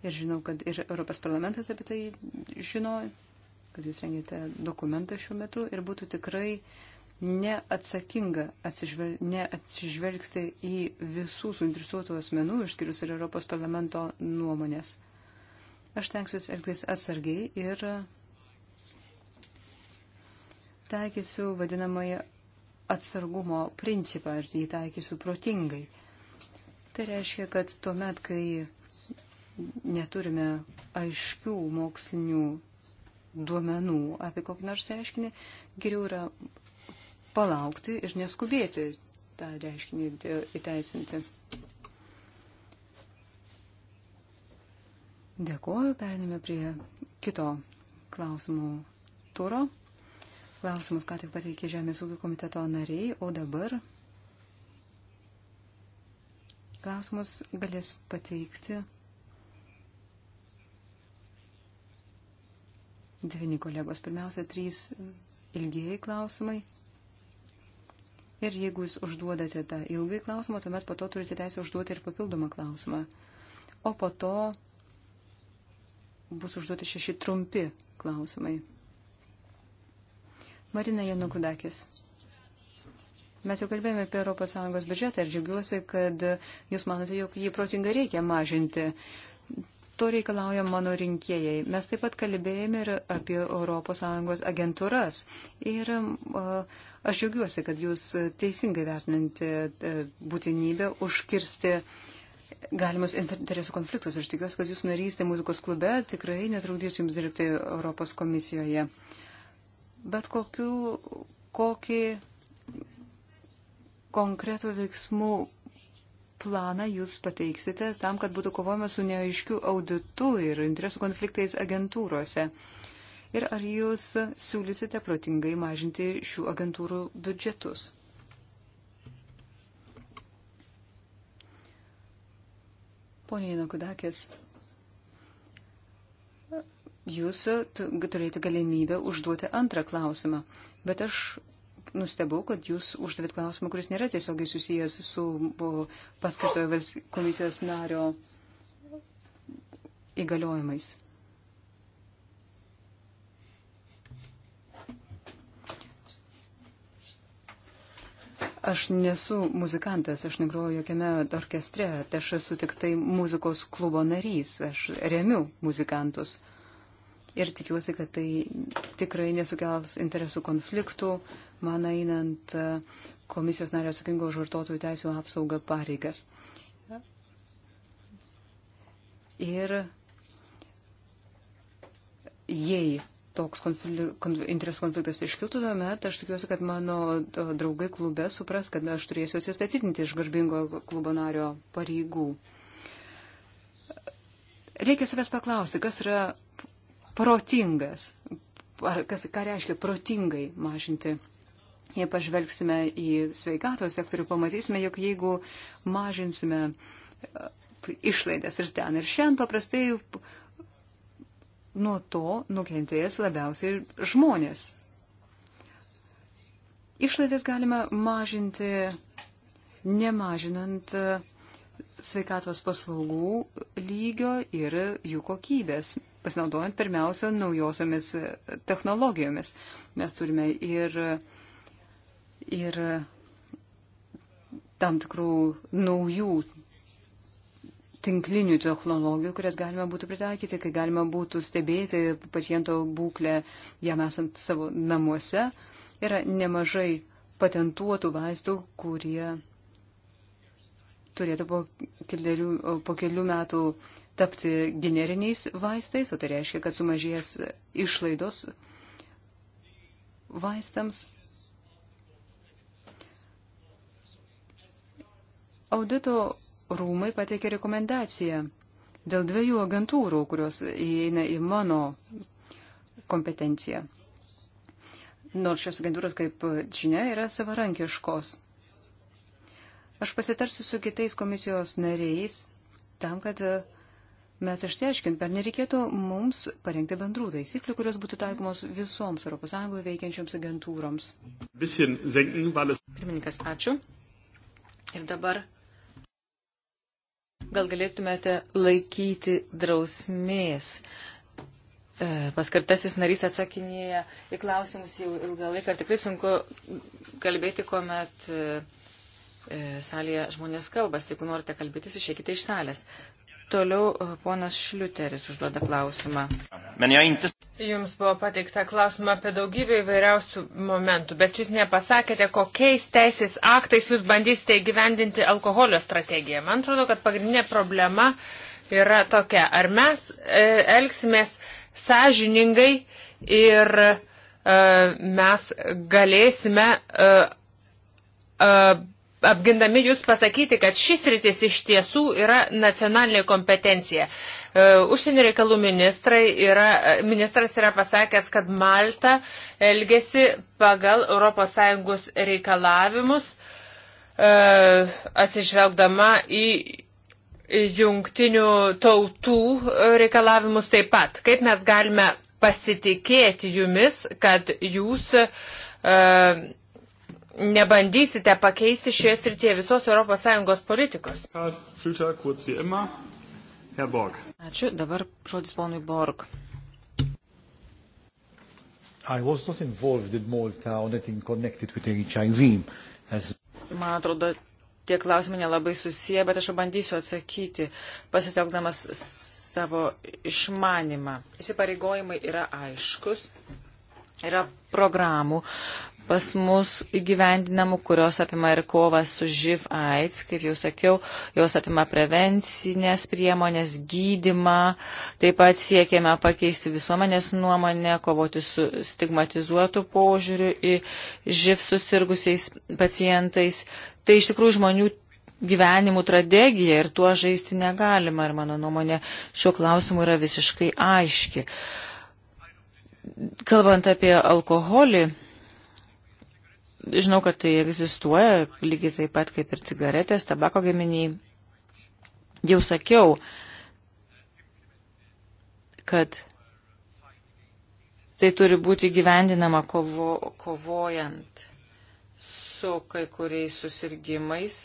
Ir žinau, kad ir Europos parlamentas apie tai žino, kad jūs rengėte dokumentą šiuo metu ir būtų tikrai uh, neatsakinga atsižvel, neatsižvelgti į visų suinteresuotų asmenų, išskyrus ir Europos parlamento nuomonės. Aš tenksis elgtis atsargiai ir taikysiu vadinamąją atsargumo principą ir jį taikysiu protingai. Tai reiškia, kad tuomet, kai neturime aiškių mokslinių duomenų apie kokį nors reiškinį, geriau yra palaukti ir neskubėti tą reiškinį įteisinti. Dėkuoju, perinėme prie kito klausimų turo. Klausimus ką tik pateikė Žemės ūkio komiteto nariai, o dabar klausimus galės pateikti devyni kolegos. Pirmiausia, trys ilgieji klausimai Ir jeigu jūs užduodate tą ilgai klausimą, tuomet po to turite teisę užduoti ir papildomą klausimą. O po to bus užduoti šeši trumpi klausimai. Marina Janukudakis. Mes jau kalbėjome apie ES biudžetą ir džiaugiuosi, kad jūs manote, jog jį protingai reikia mažinti. To reikalauja mano rinkėjai. Mes taip pat kalbėjome ir apie ES agentūras. Ir uh, Aš džiaugiuosi, kad jūs teisingai vertinate e, būtinybę užkirsti galimus interesų konfliktus. Aš tikiuosi, kad jūsų narystė muzikos klube tikrai netrukdys jums dirbti Europos komisijoje. Bet kokiu, kokį konkretų veiksmų planą jūs pateiksite tam, kad būtų kovojama su neaiškiu auditu ir interesų konfliktais agentūrose. Uh, ir ar jūs siūlysite protingai mažinti šių agentūrų biudžetus? Pone Janakudakės, jūs turėjote galimybę užduoti antrą klausimą, bet aš nustebau, kad jūs uždavėt klausimą, kuris nėra tiesiogiai susijęs su paskirtojo komisijos nario įgaliojimais. Aš nesu muzikantas, aš negroju jokiame orkestre, aš esu tik tai muzikos klubo narys, aš remiu muzikantus. Ir tikiuosi, kad tai tikrai nesukels interesų konfliktų, man einant e, komisijos nario atsakingo už vartotojų teisų apsaugą pareigas. Ir jei toks konflik, kon, interesų konfliktas iškiltų, tuomet aš tikiuosi, kad mano draugai klube supras, kad aš turėsiu atsistatydinti iš garbingo klubo nario pareigų. Reikia savęs paklausti, kas yra protingas, ar kas, ką reiškia protingai mažinti. Jei pažvelgsime į sveikatos sektorių, pamatysime, jog jeigu mažinsime e, išlaidas ir ten ir šiandien paprastai nuo to nukentėjęs labiausiai žmonės. Išlaidas galima mažinti, nemažinant e, sveikatos paslaugų lygio ir jų kokybės, pasinaudojant pirmiausia naujosiomis e, technologijomis. Mes turime ir, ir tam tikrų naujų tinklinių technologijų, kurias galima būtų pritaikyti, kai galima būtų stebėti paciento būklę jam esant savo namuose. Yra nemažai patentuotų vaistų, kurie turėtų po kelių, po kelių metų tapti generiniais vaistais, o tai reiškia, kad sumažės išlaidos vaistams. Audito rūmai pateikė rekomendaciją dėl dviejų agentūrų, kurios įeina į mano kompetenciją. Nors šios agentūros, kaip žinia, yra savarankiškos. Aš pasitarsiu su kitais komisijos nariais tam, kad mes išsiaiškint, ar nereikėtų mums parengti bendrų taisyklių, kurios būtų taikomos visoms ES veikiančioms agentūroms. Pirmininkas, ačiū. Ir dabar Gal galėtumėte laikyti drausmės? E, Paskartasis narys atsakinėja į klausimus jau ilgą laiką. Tikrai sunku kalbėti, kuomet e, e, salėje žmonės kalbasi. Jeigu norite kalbėtis, išėkite iš salės. Toliau e, ponas Šliuteris užduoda klausimą. Jums buvo pateikta klausimą apie daugybę įvairiausių momentų, bet jūs nepasakėte, kokiais teisės aktais jūs bandysite įgyvendinti alkoholio strategiją. Man atrodo, kad pagrindinė problema yra tokia, ar mes e, elgsimės sąžiningai ir e, mes galėsime. E, e, apgindami jūs pasakyti, kad šis rytis iš tiesų yra nacionalinė kompetencija. E, užsienio reikalų ministrai yra, e, ministras yra pasakęs, kad Malta elgesi pagal ES reikalavimus, e, atsižvelgdama į jungtinių tautų reikalavimus taip pat. Kaip mes galime pasitikėti jumis, kad jūs uh, nebandysite pakeisti šioje srityje visos ES politikos. Ačiū. Dabar žodis ponui Borg. I was not involved in Malta on anything connected with HIV. As... Man atrodo, tie klausimai nelabai susiję, bet aš pabandysiu atsakyti, pasitelkdamas savo išmanimą. Įsipareigojimai yra aiškus, yra programų, pas mus įgyvendinamų, kurios apima ir kovas su živ AIDS, kaip jau sakiau, jos apima prevencinės priemonės, gydimą, taip pat siekiame pakeisti visuomenės nuomonę, kovoti su stigmatizuotu požiūriu į živ susirgusiais pacientais. Tai iš tikrųjų žmonių gyvenimų tragedija ir tuo žaisti negalima ir mano nuomonė šiuo klausimu yra visiškai aiški. Kalbant apie alkoholį, Žinau, kad tai egzistuoja, lygiai taip pat kaip ir cigaretės, tabako gaminiai. Jau sakiau, kad tai turi būti gyvendinama kovo, kovojant su kai kuriais susirgymais.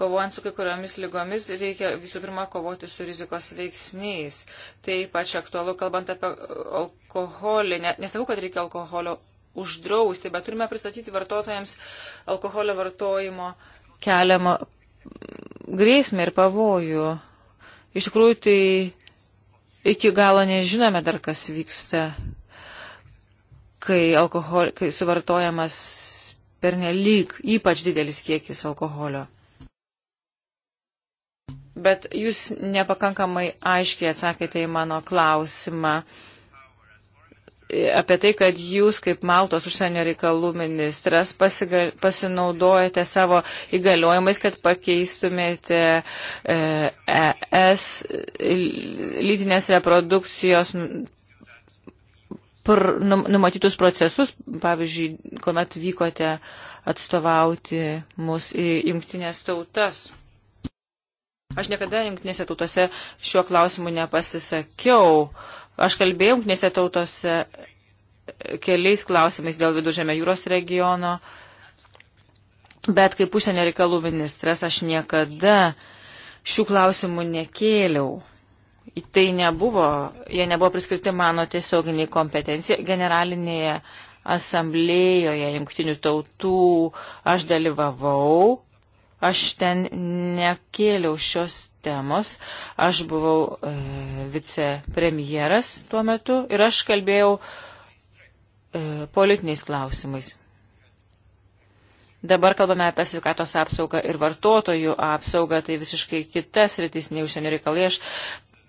Kovojant su kai kuriomis lygomis reikia visų pirma kovoti su rizikos veiksniais. Tai ypač aktualu kalbant apie alkoholį. Nesakau, kad reikia alkoholio uždrausti, bet turime pristatyti vartotojams alkoholio vartojimo keliamą grėsmę ir pavojų. Iš tikrųjų, tai iki galo nežinome dar, kas vyksta, kai, alkohol, kai suvartojamas pernelyg ypač didelis kiekis alkoholio. Bet jūs nepakankamai aiškiai atsakėte į mano klausimą apie tai, kad jūs kaip Maltos užsienio reikalų ministras pasigal, pasinaudojate savo įgaliojimais, kad pakeistumėte ES e lytinės reprodukcijos pr, numatytus procesus, pavyzdžiui, kuomet vykote atstovauti mus į jungtinės tautas. Aš niekada jungtinėse tautose šiuo klausimu nepasisakiau. Uh, Aš kalbėjau jungtinėse tautose keliais klausimais dėl viduržėmio jūros regiono, bet kaip užsienio reikalų ministras aš niekada šių klausimų nekėliau. Tai nebuvo, jie nebuvo priskirti mano tiesioginiai kompetencijai generalinėje asamblėjoje jungtinių tautų aš dalyvavau, Aš ten nekėliau šios temos, aš buvau e, vicepremjeras tuo metu ir aš kalbėjau e, politiniais klausimais. Dabar kalbame apie sveikatos apsaugą ir vartotojų apsaugą, tai visiškai kitas rytis nei užsienio reikalai. Aš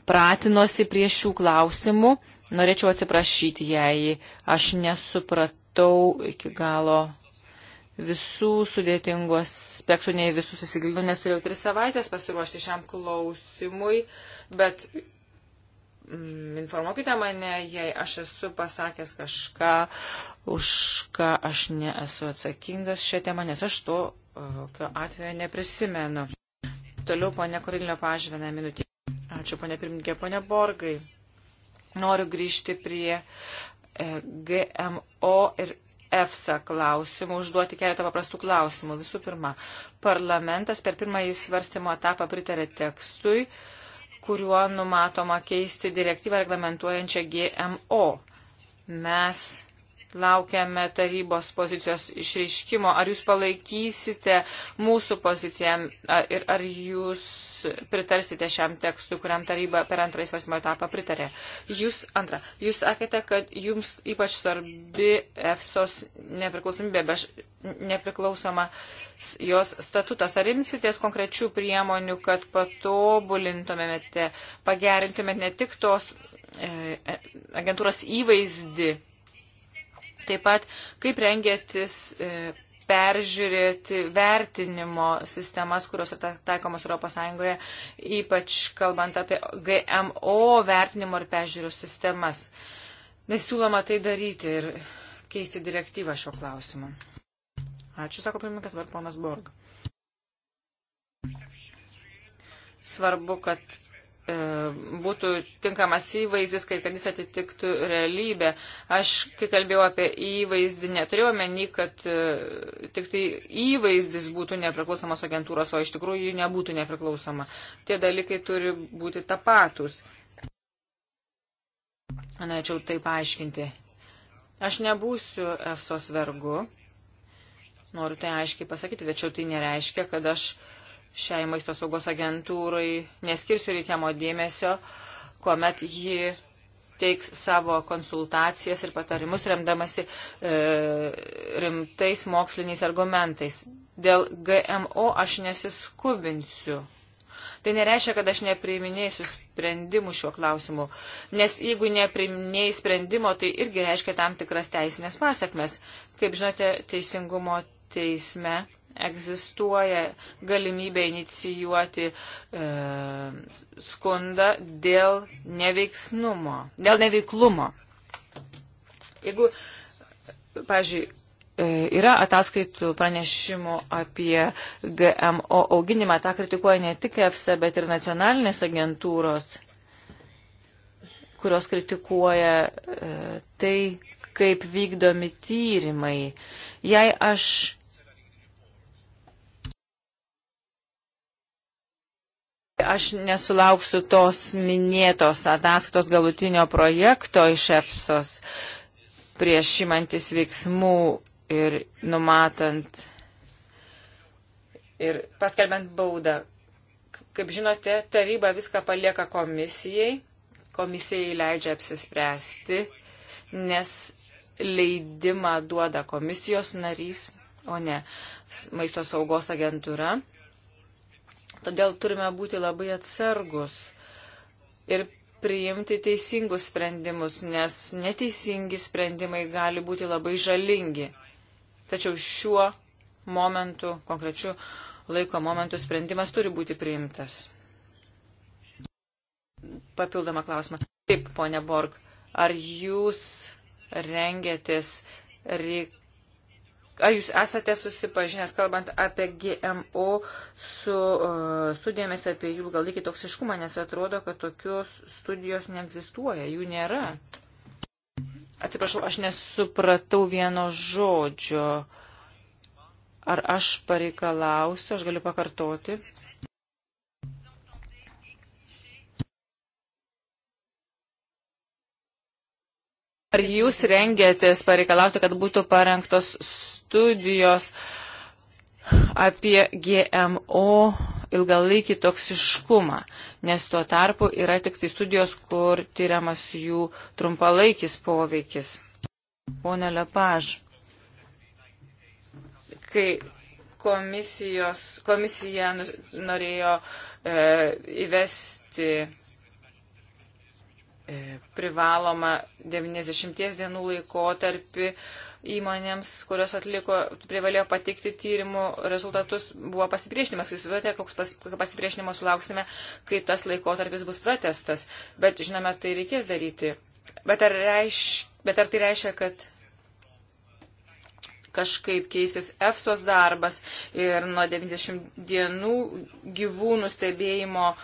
pratinosi prie šių klausimų. Norėčiau atsiprašyti, jei aš nesupratau iki galo visų sudėtingų aspektų, nei visus įsigilinu, nes turėjau tris savaitės pasiruošti šiam klausimui, bet mm, informuokite mane, jei aš esu pasakęs kažką, už ką aš nesu atsakingas šią temą, nes aš to kokio e, atveju neprisimenu. Toliau ponė Korilinio pažvena minutį. Ačiū ponė pirmininkė, ponė Borgai. Noriu grįžti prie e, GMO ir EFSA klausimų, užduoti keletą paprastų klausimų. Visų pirma, parlamentas per pirmąjį svarstymo etapą pritarė tekstui, kuriuo numatoma keisti direktyvą reglamentuojančią GMO. Mes laukiame tarybos pozicijos išreiškimo. Ar jūs palaikysite mūsų poziciją ir ar jūs pritarsite šiam tekstui, kuriam taryba per antrąjį svarstymo etapą pritarė. Jūs, antra, jūs sakėte, kad jums ypač svarbi EFSOS nepriklausomybė, bet nepriklausoma jos statutas. Ar imsitės konkrečių priemonių, kad patobulintumėte, pagerintumėte ne tik tos e, e agentūros įvaizdį, taip pat kaip rengėtis. E, peržiūrėti vertinimo sistemas, kurios yra taikomos ES, ypač kalbant apie GMO vertinimo ir peržiūrų sistemas. Nesiūloma tai daryti ir keisti direktyvą šio klausimu. Ačiū, sako pirmininkas Varponas Borg. Svarbu, kad E, būtų tinkamas įvaizdis, kad jis atitiktų realybę. Aš, kai kalbėjau apie įvaizdį, neturėjau meni, kad e, tik tai įvaizdis būtų nepriklausomos agentūros, o iš tikrųjų jų nebūtų nepriklausoma. Tie dalykai turi būti tapatus. Norėčiau tai paaiškinti. Aš nebūsiu EFSOS vergu, noriu tai aiškiai pasakyti, tačiau tai nereiškia, kad aš uh, šiai maisto saugos agentūrai neskirsiu reikiamo dėmesio, kuomet ji teiks savo konsultacijas ir patarimus remdamasi e, rimtais moksliniais argumentais. Dėl GMO aš nesiskubinsiu. Tai nereiškia, kad aš nepriiminėsiu sprendimų šiuo klausimu, nes jeigu nepriiminėjai sprendimo, tai irgi reiškia tam tikras teisinės pasiekmes. Kaip žinote, teisingumo teisme egzistuoja galimybė inicijuoti e, skundą dėl neveiksnumo, dėl neveiklumo. Jeigu, pažiūrėjau, e, Yra ataskaitų pranešimų apie GMO auginimą, tą kritikuoja ne tik EFSA, bet ir nacionalinės agentūros, kurios kritikuoja e, tai, kaip vykdomi tyrimai. Jei aš aš nesulauksiu tos minėtos ataskaitos galutinio projekto iš EPSOS prieš imantis veiksmų ir numatant ir paskelbent baudą. Kaip žinote, taryba viską palieka komisijai, komisijai leidžia apsispręsti, nes leidimą duoda komisijos narys, o ne maisto saugos agentūra. Todėl turime būti labai atsargus ir priimti teisingus sprendimus, nes neteisingi sprendimai gali būti labai žalingi. Tačiau šiuo momentu, konkrečiu laiko momentu sprendimas turi būti priimtas. Papildomą klausimą. Taip, ponia Borg, ar jūs rengėtės reik Ar jūs esate susipažinęs, kalbant apie GMO, su uh, studijomis apie jų galaikį toksiškumą, nes atrodo, kad tokios studijos neegzistuoja, jų nėra. Atsiprašau, aš nesupratau vieno žodžio. Ar aš pareikalausiu, aš galiu pakartoti. Ar jūs rengėtės pareikalauti, kad būtų parengtos studijos? studijos apie GMO ilgalaikį toksiškumą, nes tuo tarpu yra tik tai studijos, kur tyriamas jų trumpalaikis poveikis. Pone Lepaž, kai komisijos, komisija norėjo e, įvesti e, privalomą 90 dienų laikotarpį, e, įmonėms, kurios atliko, privalėjo patikti tyrimų rezultatus, buvo pasipriešinimas. Jūs įsivaizduojate, koks pas, pasipriešinimo sulauksime, kai tas laikotarpis bus pratestas. Bet, žinome, tai reikės daryti. Bet ar, reiš, bet ar tai reiškia, kad kažkaip keisis EFSOS darbas ir nuo 90 dienų gyvūnų stebėjimo e,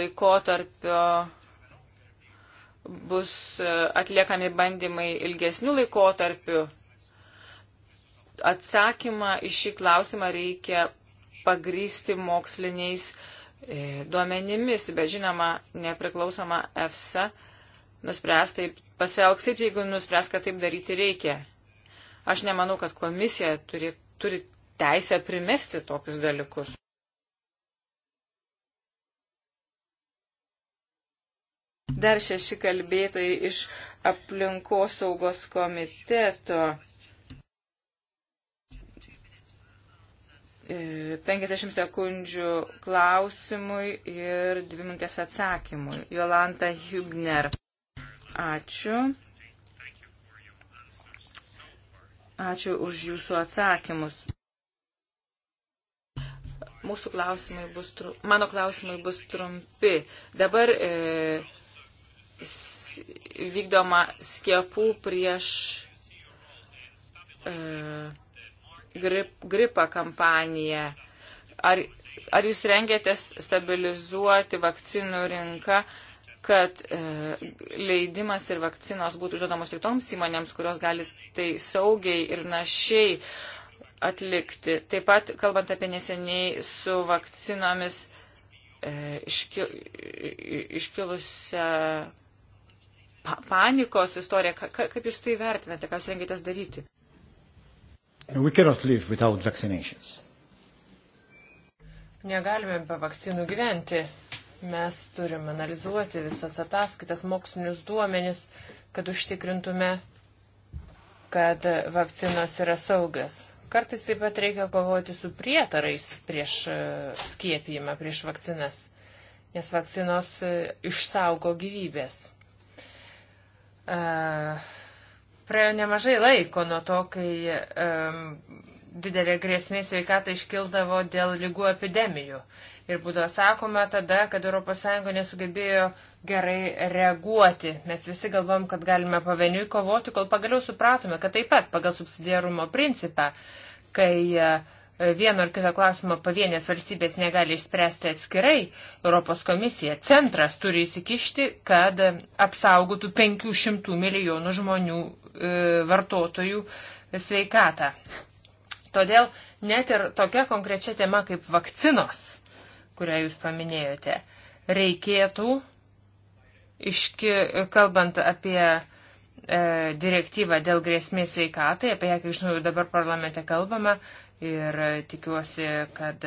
laikotarpio bus e, atliekami bandymai ilgesnių laikotarpių. Atsakymą į šį klausimą reikia pagrysti moksliniais e, duomenimis, bet žinoma, nepriklausoma EFSA nuspręs taip, pasielgs taip, jeigu nuspręs, kad taip daryti reikia. Aš nemanau, kad komisija turi, turi teisę primesti tokius dalykus. dar šeši kalbėtojai iš aplinkosaugos komiteto. 50 e, sekundžių klausimui ir 2 minutės atsakymui. Jolanta Hübner. Ačiū. Ačiū už jūsų atsakymus. Mūsų klausimai bus, tru... mano klausimai bus trumpi. Dabar e, vykdoma skiepų prieš e, grip, gripą kampaniją. Ar, ar jūs rengėtės stabilizuoti vakcinų rinką, kad e, leidimas ir vakcinos būtų žodamos ir toms įmonėms, kurios gali tai saugiai ir našiai atlikti. Taip pat, kalbant apie neseniai su vakcinomis e, iškil, iškilusią pa panikos istorija. Ka kaip jūs tai vertinate, ką jūs rengitės daryti? Negalime be vakcinų gyventi. Mes turim analizuoti visas ataskaitas, mokslinius duomenis, kad užtikrintume, kad vakcinos yra saugas. Kartais taip pat reikia kovoti su prietarais prieš e, skiepijimą, prieš vakcinas, nes vakcinos e, išsaugo gyvybės. E, praėjo nemažai laiko nuo to, kai e, didelė grėsmė sveikatai iškildavo dėl lygų epidemijų. Ir būdavo sakoma tada, kad ES nesugebėjo gerai reaguoti. Mes visi galvom, kad galime pavieniui kovoti, kol pagaliau supratome, kad taip pat pagal subsidiarumo principą, kai uh, vieno ar kito klausimo pavienės valstybės negali išspręsti atskirai, Europos komisija, centras turi įsikišti, kad apsaugotų 500 milijonų žmonių e, vartotojų sveikatą. Todėl net ir tokia konkrečia tema kaip vakcinos, kurią jūs paminėjote, reikėtų, iški, kalbant apie e, direktyvą dėl grėsmės sveikatai, apie ją, kiek žinau, dabar parlamente kalbama, ir tikiuosi, kad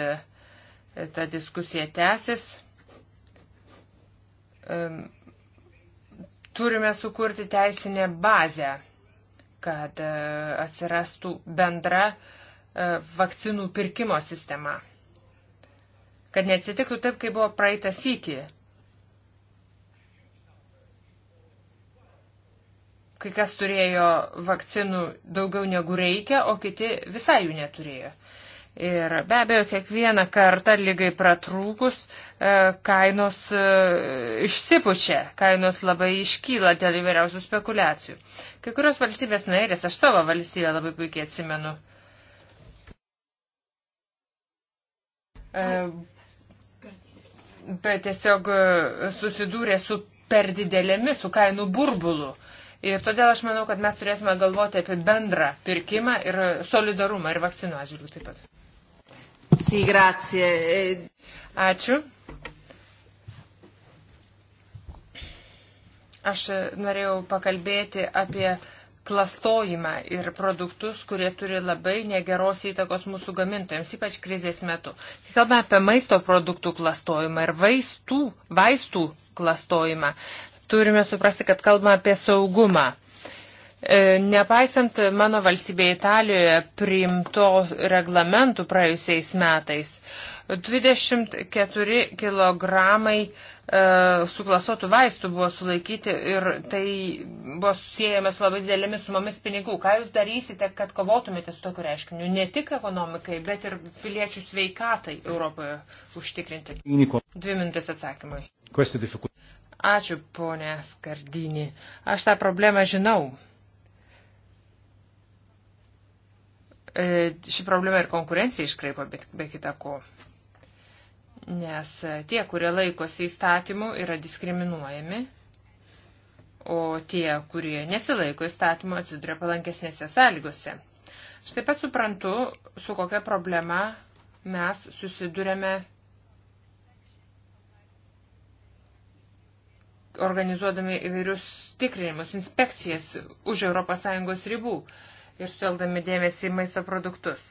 ta diskusija tęsis. Turime sukurti teisinę bazę, kad e, atsirastų bendra e, vakcinų pirkimo sistema. Kad neatsitiktų taip, kaip buvo praeitą sykį, kai kas turėjo vakcinų daugiau negu reikia, o kiti visai jų neturėjo. Ir be abejo, kiekvieną kartą lygai pratrūkus e, kainos e, išsipučia, kainos labai iškyla dėl įvairiausių spekulacijų. Kai kurios valstybės narės, aš savo valstybę labai puikiai atsimenu, e, bet tiesiog susidūrė su per didelėmis, su kainų burbulu. Uh, Ir todėl aš manau, kad mes turėtume galvoti apie bendrą pirkimą ir solidarumą ir vakcinų atžvilgių taip pat. Sì, grazie. Ačiū. Aš norėjau pakalbėti apie klastojimą ir produktus, kurie turi labai negeros įtakos mūsų gamintojams, ypač krizės metu. Kai kalbame apie maisto produktų klastojimą ir vaistų, vaistų klastojimą, turime suprasti, kad kalbame apie saugumą. E, nepaisant mano valstybė Italijoje priimto reglamentų praėjusiais metais, 24 kg e, suklasotų vaistų buvo sulaikyti ir tai buvo susijęjamas labai didelėmis sumomis pinigų. Ką jūs darysite, kad kovotumėte su tokiu reiškiniu ne tik ekonomikai, bet ir piliečių sveikatai Europoje užtikrinti? Dvi minutės atsakymui. Ačiū, ponė Skardinį. Aš tą problemą žinau. E, ši problema ir konkurencija iškraipo, bet be kita ko. Nes e, tie, kurie laikosi įstatymų, yra diskriminuojami, o tie, kurie nesilaiko įstatymų, atsiduria palankesnėse sąlygose. Štai pat suprantu, su kokia problema mes susidurėme organizuodami įvairius tikrinimus, inspekcijas už ES ribų ir sueldami dėmesį į maisto produktus.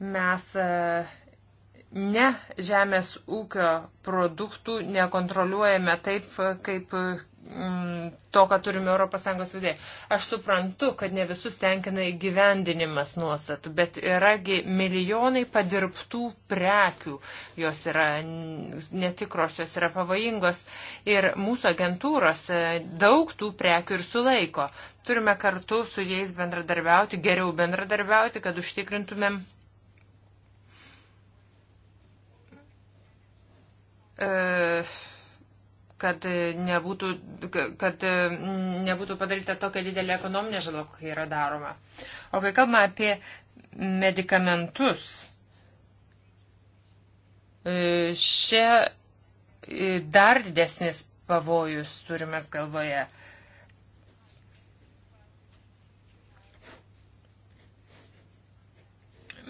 Mes e, ne žemės ūkio produktų nekontroliuojame taip, kaip mm, to, ką turime ES vidėje. Aš suprantu, kad ne visus tenkina įgyvendinimas nuostatų, bet yragi milijonai padirbtų prekių, jos yra netikros, jos yra pavojingos ir mūsų agentūros e, daug tų prekių ir sulaiko. Turime kartu su jais bendradarbiauti, geriau bendradarbiauti, kad užtikrintumėm E, kad nebūtų, kad e, nebūtų padaryta tokia didelė ekonominė žala, kokia yra daroma. O kai kalbame apie medikamentus, e, šia dar didesnis pavojus turimės galvoje.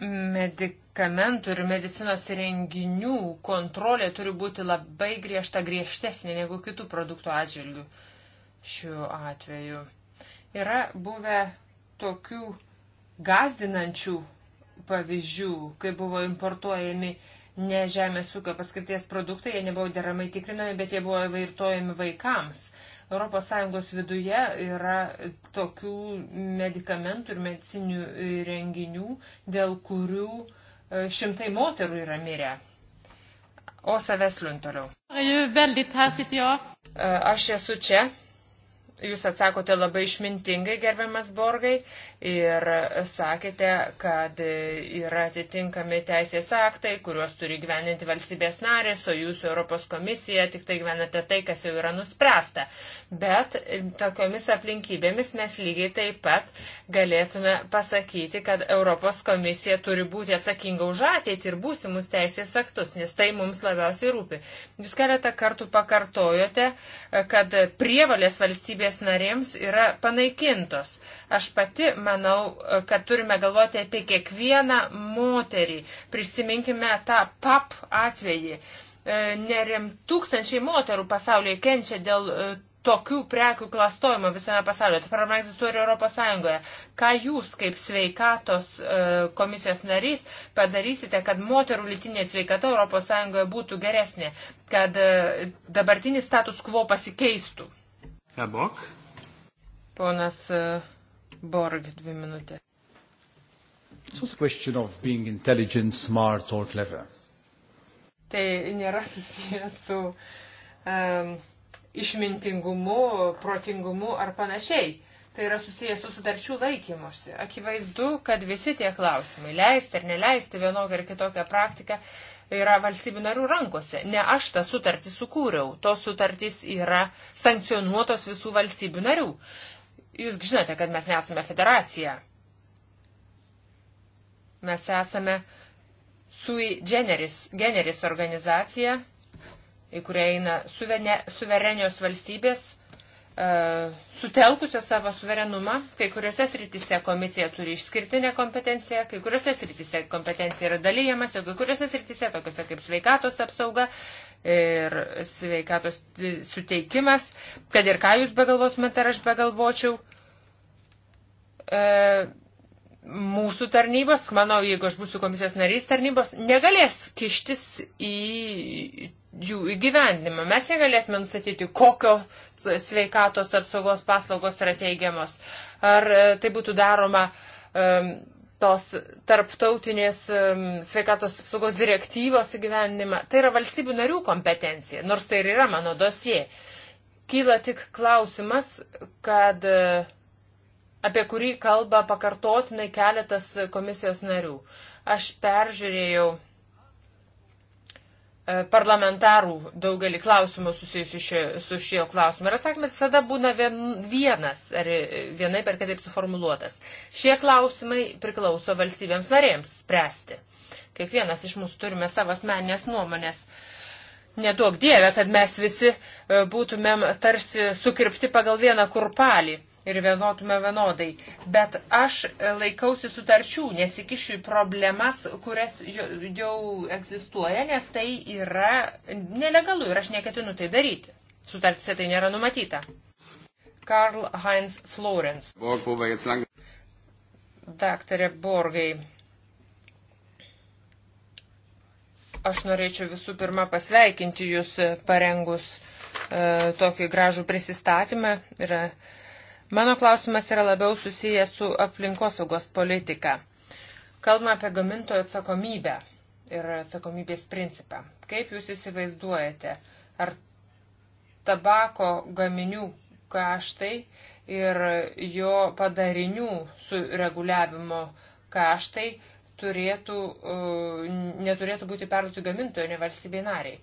Medik medikamentų ir medicinos renginių kontrolė turi būti labai griežta, griežtesnė negu kitų produktų atžvilgių šiuo atveju. Yra buvę tokių gazdinančių pavyzdžių, kai buvo importuojami ne žemės ūkio paskirties produktai, jie nebuvo deramai tikrinami, bet jie buvo vartojami vaikams. ES viduje yra tokių medikamentų ir medicinių renginių, dėl kurių šimtai moterų yra mirę. Osa Veslin toliau. E, aš esu čia. Jūs atsakote labai išmintingai, gerbiamas Borgai, ir sakėte, kad yra atitinkami teisės aktai, kuriuos turi gyveninti valstybės narės, o jūsų Europos komisija tik tai gyvenate tai, kas jau yra nuspręsta. Bet tokiomis aplinkybėmis mes lygiai taip pat galėtume pasakyti, kad Europos komisija turi būti atsakinga už ateitį ir būsimus teisės aktus, nes tai mums labiausiai rūpi. Jūs keletą kartų pakartojote, e, kad prievalės valstybės narėms yra panaikintos. Aš pati manau, e, kad turime galvoti apie kiekvieną moterį. Prisiminkime tą PAP atvejį. E, Nerim tūkstančiai moterų pasaulyje kenčia dėl tokių prekių klastojimo visame pasaulyje. Ta problema egzistuoja ir Europos Sąjungoje. Ką jūs, kaip sveikatos e, komisijos narys, padarysite, kad moterų litinė sveikata Europos Sąjungoje būtų geresnė, kad e, dabartinis status quo pasikeistų? Ebok. Ponas e, Borg, dvi minutės. It's not a question of being intelligent, smart or clever. Tai nėra susijęs su um, išmintingumu, protingumu ar panašiai. Tai yra susijęs su sutarčių laikymusi. Akivaizdu, kad visi tie klausimai, leisti ar neleisti vienokią ar kitokią praktiką, yra valstybių narių rankose. Ne aš tą sutartį sukūriau, tos sutartys yra sankcionuotos visų valstybių narių. Jūs žinote, kad mes nesame federacija. Mes esame sui generis, generis organizacija į kurią eina suvene, suverenios valstybės, e, sutelkusios savo suverenumą. Kai kuriuose srityse komisija turi išskirtinę kompetenciją, kai kuriuose srityse kompetencija yra dalyjamas, o kai kuriuose srityse, tokiuose kaip sveikatos apsauga ir sveikatos suteikimas, kad ir ką jūs begalvotumėte, ar aš begalvočiau. E, mūsų tarnybos, manau, jeigu aš būsiu komisijos narys, tarnybos negalės kištis į jų įgyvendinimą. Mes negalėsime nustatyti, kokio sveikatos apsaugos paslaugos yra teigiamos. Ar e, tai būtų daroma tos tarptautinės sveikatos apsaugos direktyvos įgyvendinimą. Tai yra valstybių narių kompetencija, nors tai ir yra mano dosie. Kyla tik klausimas, kad e, apie kurį kalba pakartotinai keletas komisijos narių. Aš peržiūrėjau E, parlamentarų daugelį klausimų susijusių su šio klausimu. Ir atsakymas visada būna vienas ar vienai per kitaip suformuluotas. Šie klausimai priklauso valstybėms narėms spręsti. Kiekvienas iš mūsų turime savo asmeninės nuomonės. Nedaug dievė, kad mes visi e, būtumėm tarsi sukirpti pagal vieną kurpalį ir vienotume vienodai. Bet aš laikausi sutarčių, nesikišiu į problemas, kurias jau egzistuoja, nes tai yra nelegalu ir aš neketinu tai daryti. Sutartise tai nėra numatyta. Karl Heinz Florence. Daktarė Borgai. Aš norėčiau visų pirma pasveikinti Jūs parengus e, tokį gražų prisistatymą. Yra e, Mano klausimas yra labiau susijęs su aplinkosaugos politika. Kalbame apie gamintojo atsakomybę ir atsakomybės principą. Kaip jūs įsivaizduojate, ar tabako gaminių kaštai ir jo padarinių sureguliavimo kaštai turėtų, e, neturėtų būti perduoti gamintojo, ne valstybei nariai.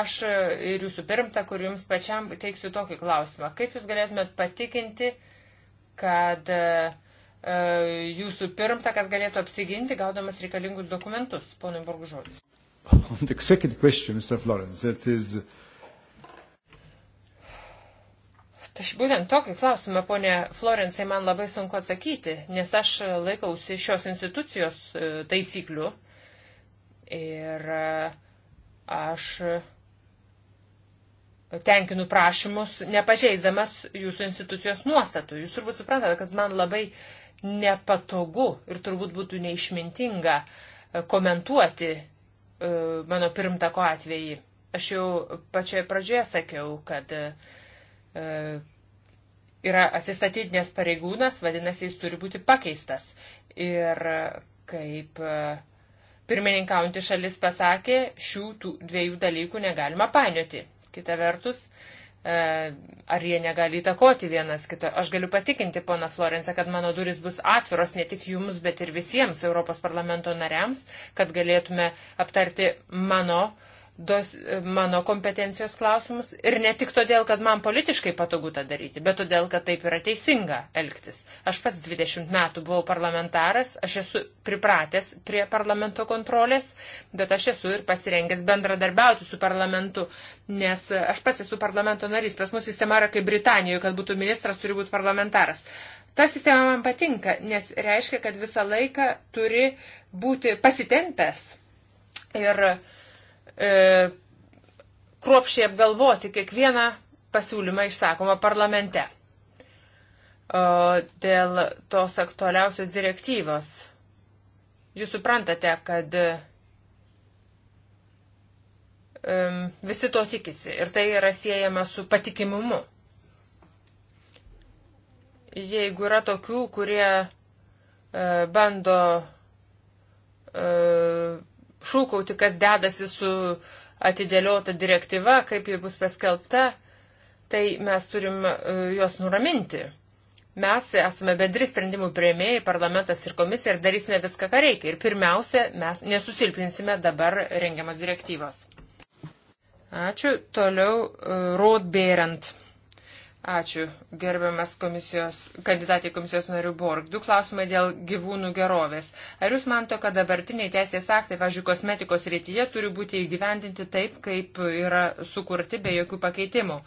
Aš e, ir jūsų pirmta, kur jums pačiam teiksiu tokį klausimą. Kaip jūs galėtumėt patikinti, kad e, jūsų pirmtakas galėtų apsiginti, gaudamas reikalingus dokumentus, ponui Borgžodis? On the second question, Mr. Florence, that is uh, Tai būtent tokį klausimą, ponė Florencai, man labai sunku atsakyti, nes aš laikausi šios institucijos e, taisyklių ir e, aš tenkinu prašymus, nepažeisdamas jūsų institucijos nuostatų. Jūs turbūt suprantate, kad man labai nepatogu ir turbūt būtų neišmintinga e, komentuoti mano pirmtako atvejį. Aš jau pačioje pradžioje sakiau, kad uh, E, yra atsistatydinės pareigūnas, vadinasi, jis turi būti pakeistas. Ir kaip e, pirmininkaujantį šalis pasakė, šių dviejų dalykų negalima painioti. Kita vertus, e, ar jie negali įtakoti vienas kito. Aš galiu patikinti, pona Florence, kad mano duris bus atviros ne tik jums, bet ir visiems Europos parlamento nariams, kad galėtume aptarti mano uh, dos, mano kompetencijos klausimus ir ne tik todėl, kad man politiškai patogu tą daryti, bet todėl, kad taip yra teisinga elgtis. Aš pats 20 metų buvau parlamentaras, aš esu pripratęs prie parlamento kontrolės, bet aš esu ir pasirengęs bendradarbiauti su parlamentu, nes aš pats esu parlamento narys, pas mus sistema yra kaip Britanijoje, kad būtų ministras, turi būti parlamentaras. Ta sistema man patinka, nes reiškia, kad visą laiką turi būti pasitempęs. Ir uh, e, kruopšiai apgalvoti kiekvieną pasiūlymą išsakomą parlamente. O dėl tos aktualiausios direktyvos. Jūs suprantate, kad um, visi to tikisi ir tai yra siejama su patikimumu. Jeigu yra tokių, kurie uh, bando uh, šūkauti, kas dedasi su atidėliota direktyva, kaip ji bus paskelbta, tai mes turim e, juos nuraminti. Mes esame bendri sprendimų prieimėjai, parlamentas ir komisija ir darysime viską, ką reikia. Ir pirmiausia, mes nesusilpinsime dabar rengiamas direktyvos. Ačiū. Toliau e, Rodbėrant. Uh, Ačiū, gerbiamas komisijos, kandidatė komisijos narių Borg. Du klausimai dėl gyvūnų gerovės. Ar jūs manto, kad dabartiniai teisės aktai, pažiūrėjau, kosmetikos rytyje turi būti įgyvendinti taip, kaip yra sukurti be jokių pakeitimų?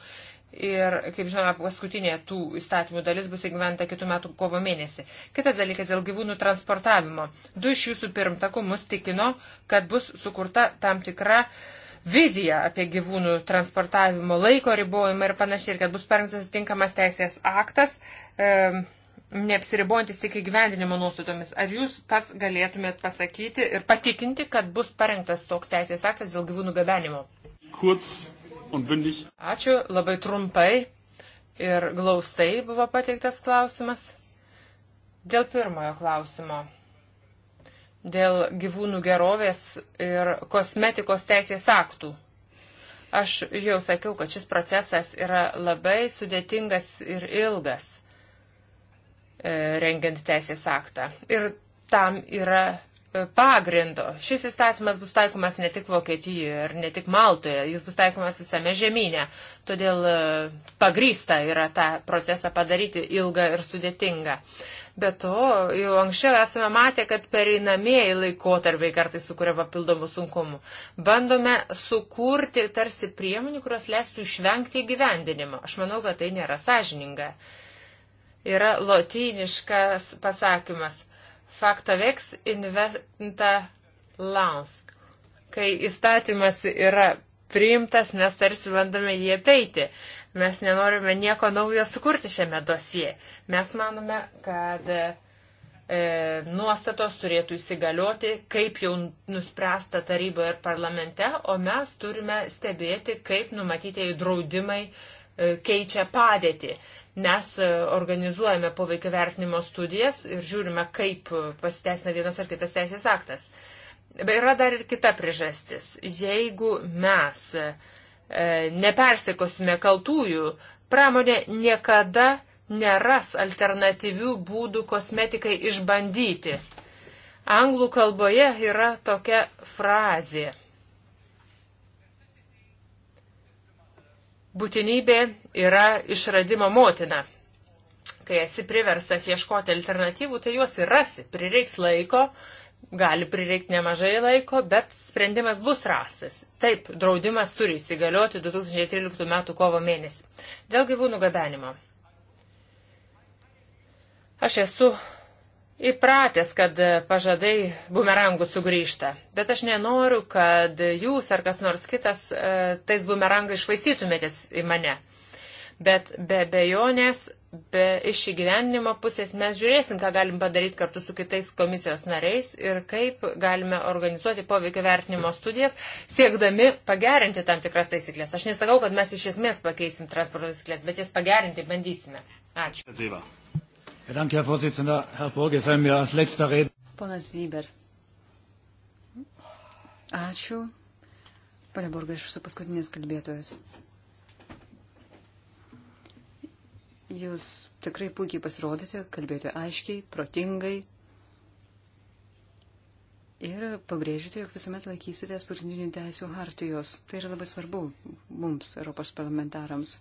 Ir, kaip žinome, paskutinė tų įstatymų dalis bus įgyventa kitų metų kovo mėnesį. Kitas dalykas dėl gyvūnų transportavimo. Du iš jūsų pirmtakų mus tikino, kad bus sukurta tam tikra uh, viziją apie gyvūnų transportavimo laiko ribojimą ir panašiai, ir kad bus parengtas tinkamas teisės aktas, e, neapsiribojantis tik įgyvendinimo nuostatomis. Ar jūs pats galėtumėt pasakyti ir patikinti, kad bus parengtas toks teisės aktas dėl gyvūnų gabenimo? Kurz und bündig. Ačiū, labai trumpai ir glaustai buvo pateiktas klausimas. Dėl pirmojo klausimo dėl gyvūnų gerovės ir kosmetikos teisės aktų. Aš jau sakiau, kad šis procesas yra labai sudėtingas ir ilgas e, rengiant teisės aktą. Ir tam yra pagrindo. Šis įstatymas bus taikomas ne tik Vokietijoje ir ne tik Maltoje, jis bus taikomas visame žemynė. Todėl e, pagrysta yra tą procesą padaryti ilgą ir sudėtingą. Be to, jau anksčiau esame matę, kad pereinamieji laikotarpiai kartais sukuria papildomų sunkumų. Bandome sukurti tarsi priemonių, kurios leistų išvengti įgyvendinimo. Aš manau, kad tai nėra sąžininga. Yra lotyniškas pasakymas Faktavex Inventa Lans. Kai įstatymas yra priimtas, mes tarsi bandome jį apeiti. Mes nenorime nieko naujo sukurti šiame dosie. Mes manome, kad e, nuostatos turėtų įsigalioti, kaip jau nuspręsta taryboje ir parlamente, o mes turime stebėti, kaip numatytieji draudimai e, keičia padėtį. Mes e, organizuojame poveikio vertinimo studijas ir žiūrime, kaip pasiteisina vienas ar kitas teisės aktas. Bet yra dar ir kita priežastis. Jeigu mes e, nepersikosime kaltųjų, pramonė niekada neras alternatyvių būdų kosmetikai išbandyti. Anglų kalboje yra tokia frazė. Būtinybė yra išradimo motina. Kai esi priversas ieškoti alternatyvų, tai juos ir rasi. Prireiks laiko, gali prireikti nemažai laiko, bet sprendimas bus rastas. Taip, draudimas turi įsigalioti 2013 m. kovo mėnesį. Dėl gyvūnų gabenimo. Aš esu įpratęs, kad pažadai bumerangų sugrįžta. Bet aš nenoriu, kad jūs ar kas nors kitas e, tais bumerangais švaistytumėtės į mane bet be bejonės, be iš įgyvendinimo pusės mes žiūrėsim, ką galim padaryti kartu su kitais komisijos nariais ir kaip galime organizuoti poveikio vertinimo studijas, siekdami pagerinti tam tikras taisyklės. Aš nesakau, kad mes iš esmės pakeisim transporto taisyklės, bet jas pagerinti bandysime. Ačiū. Ponas Zyber. Ačiū. Pane Borgai, aš esu paskutinis kalbėtojas. Jūs tikrai puikiai pasirodėte, kalbėjote aiškiai, protingai ir pabrėžite, jog visuomet laikysitės pagrindinių teisų hartijos. Tai yra labai svarbu mums, Europos parlamentarams.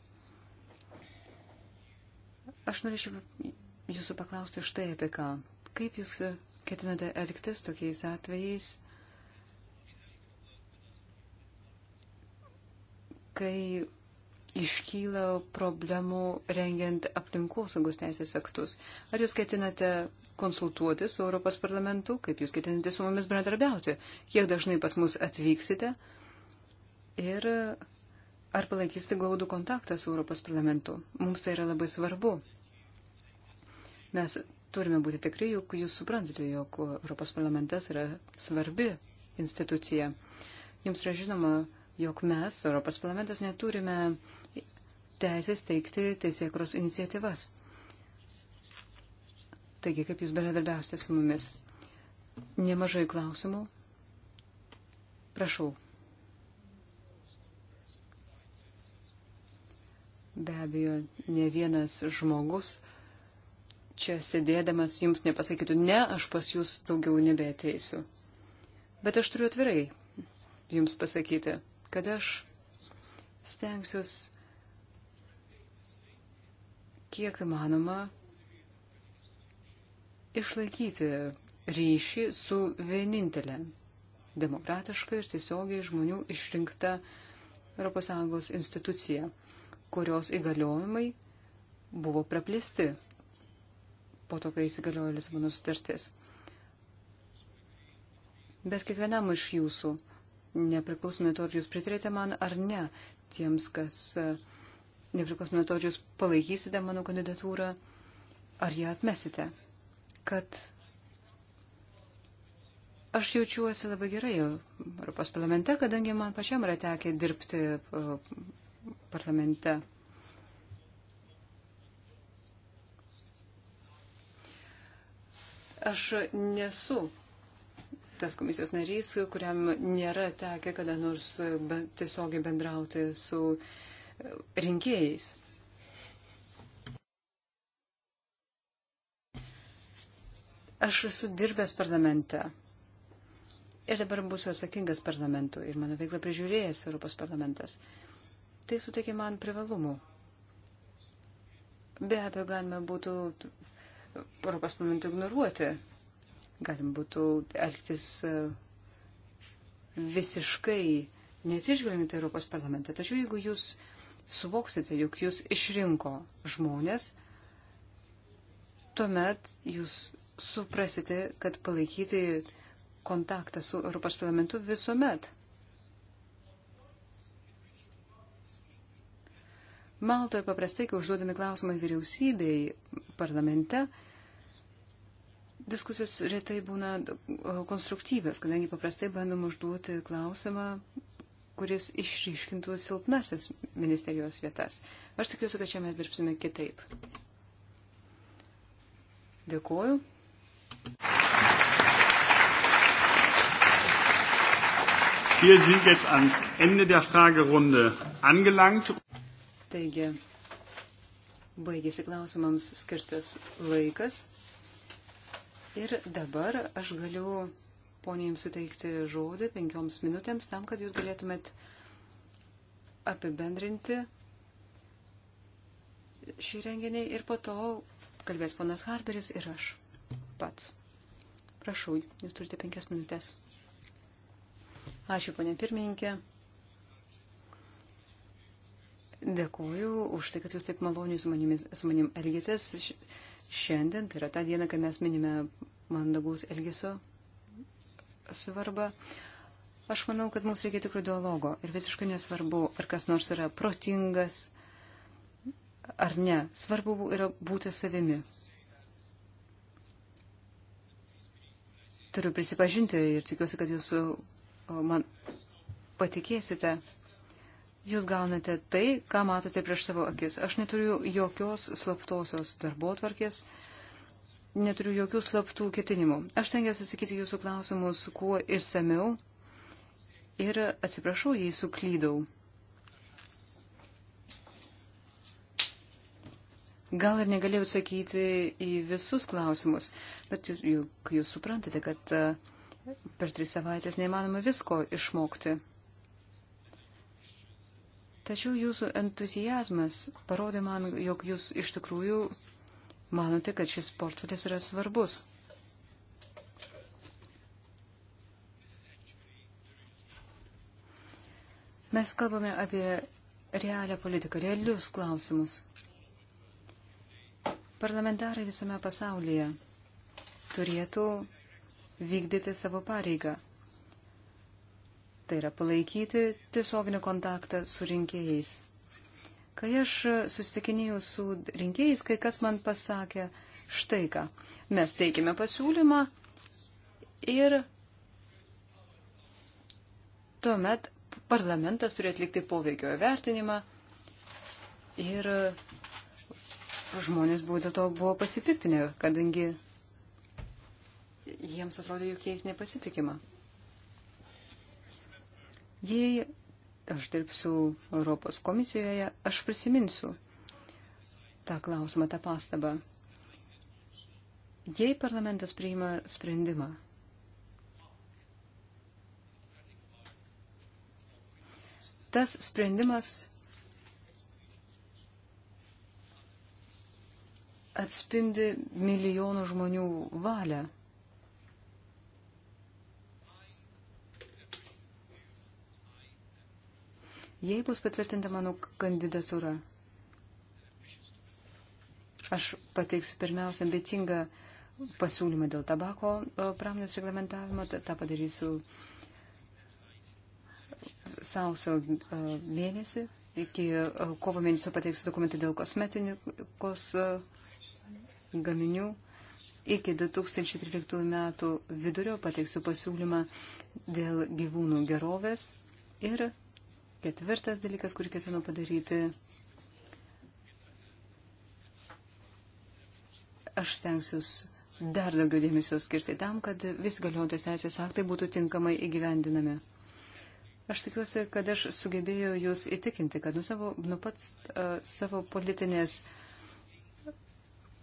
Aš norėčiau jūsų paklausti štai apie ką. Kaip jūs ketinate elgtis tokiais atvejais, kai iškyla problemų rengiant aplinkosaugos teisės aktus. Ar jūs ketinate konsultuoti su Europos parlamentu, kaip jūs ketinate su mumis bendradarbiauti, kiek dažnai pas mus atvyksite ir ar palaikysite glaudų kontaktą su Europos parlamentu. Mums tai yra labai svarbu. Mes turime būti tikri, jog jūs suprantate, jog Europos parlamentas yra svarbi institucija. Jums yra žinoma, jog mes, Europos parlamentas, neturime teisės teikti teisėkros iniciatyvas. Taigi, kaip jūs bendradarbiausite su mumis? Nemažai klausimų. Prašau. Be abejo, ne vienas žmogus čia sėdėdamas jums nepasakytų, ne, aš pas jūs daugiau nebeteisiu. Bet aš turiu atvirai jums pasakyti, kad aš stengsiuosi kiek įmanoma išlaikyti ryšį su vienintelė demokratiška ir tiesiogiai žmonių išrinkta ES institucija, kurios įgaliojimai buvo praplėsti po to, kai įsigaliojo Lisabono sutartis. Bet kiekvienam iš jūsų, nepriklausomai to, ar jūs pritarėte man ar ne, tiems, kas uh, nepriklausomai to, ar jūs palaikysite mano kandidatūrą, ar ją atmesite. Kad aš jaučiuosi labai gerai Europos parlamente, kadangi man pačiam yra tekę dirbti parlamente. Aš nesu tas komisijos narys, kuriam nėra tekę kada nors be, tiesiogiai bendrauti su uh, rinkėjais. Aš esu dirbęs parlamente ir dabar būsiu atsakingas parlamentui ir mano veiklą prižiūrėjęs Europos parlamentas. Tai suteikia man privalumų. Be abejo, galima būtų Europos parlamentą ignoruoti, galima būtų elgtis e, visiškai neatsižvelgiant Europos parlamentą. Tačiau jeigu jūs suvoksite, jog jūs išrinko žmonės, tuomet jūs suprasite, kad palaikyti kontaktą su Europos parlamentu visuomet. Maltoje paprastai, kai užduodami klausimai vyriausybei parlamente, diskusijos retai būna konstruktyvios, kadangi paprastai bandom užduoti klausimą kuris išryškintų silpnasis ministerijos vietas. Aš tikiuosi, kad čia mes dirbsime kitaip. Dėkuoju. Wir sind jetzt ans Ende der Fragerunde angelangt. Taigi, baigėsi klausimams skirtas laikas. Ir dabar aš galiu poniai jums suteikti žodį penkioms minutėms tam, kad jūs galėtumėt apibendrinti šį renginį ir po to kalbės ponas Harberis ir aš pats. Prašau, jūs turite penkias minutės. Ačiū, ponė pirmininkė. Dėkuoju už tai, kad jūs taip maloniai su, manimi, su manim elgėtės šiandien, tai yra ta diena, kai mes minime mandagus elgesio svarbą. Aš manau, kad mums reikia tikrų dialogo ir visiškai nesvarbu, ar kas nors yra protingas ar ne. Svarbu yra būti savimi. Turiu prisipažinti ir tikiuosi, kad jūs man patikėsite. Jūs gaunate tai, ką matote prieš savo akis. Aš neturiu jokios slaptosios darbo tvarkės. Uh, neturiu jokių slaptų ketinimų. Aš tengiuosi atsakyti jūsų klausimus kuo išsameu ir atsiprašau, jei suklydau. Gal ir negalėjau atsakyti į visus klausimus, bet juk jūs suprantate, kad e, per tris savaitės neįmanoma visko išmokti. Tačiau jūsų entuzijazmas parodė man, jog jūs iš tikrųjų manote, kad šis portfelis yra svarbus? Mes kalbame apie realią politiką, realius klausimus. Parlamentarai visame pasaulyje turėtų vykdyti savo pareigą. Tai yra palaikyti tiesioginį kontaktą su rinkėjais. Kai aš susitikinėjau su rinkėjais, kai kas man pasakė, štai ką, mes teikime pasiūlymą ir tuomet parlamentas turi atlikti poveikio vertinimą ir žmonės buvo dėl to buvo pasipiktinę, kadangi jiems atrodo, jog jais nepasitikima. Jei aš dirbsiu Europos komisijoje, aš prisiminsiu tą klausimą, tą pastabą. Jei parlamentas priima sprendimą, tas sprendimas atspindi milijonų žmonių valią. jei bus patvirtinta mano kandidatūra. Aš pateiksiu pirmiausia ambicingą pasiūlymą dėl tabako pramonės reglamentavimo, tą padarysiu sausio mėnesį, iki kovo mėnesio pateiksiu dokumentą dėl kosmetinikos gaminių, iki 2013 metų vidurio pateiksiu pasiūlymą dėl gyvūnų gerovės ir Ketvirtas dalykas, kurį ketinu padaryti, aš stengsiuos dar daugiau dėmesio skirti tam, kad vis galiojantis teisės aktai būtų tinkamai įgyvendinami. Aš tikiuosi, kad aš sugebėjau jūs įtikinti, kad nuo savo, nu pats uh, savo politinės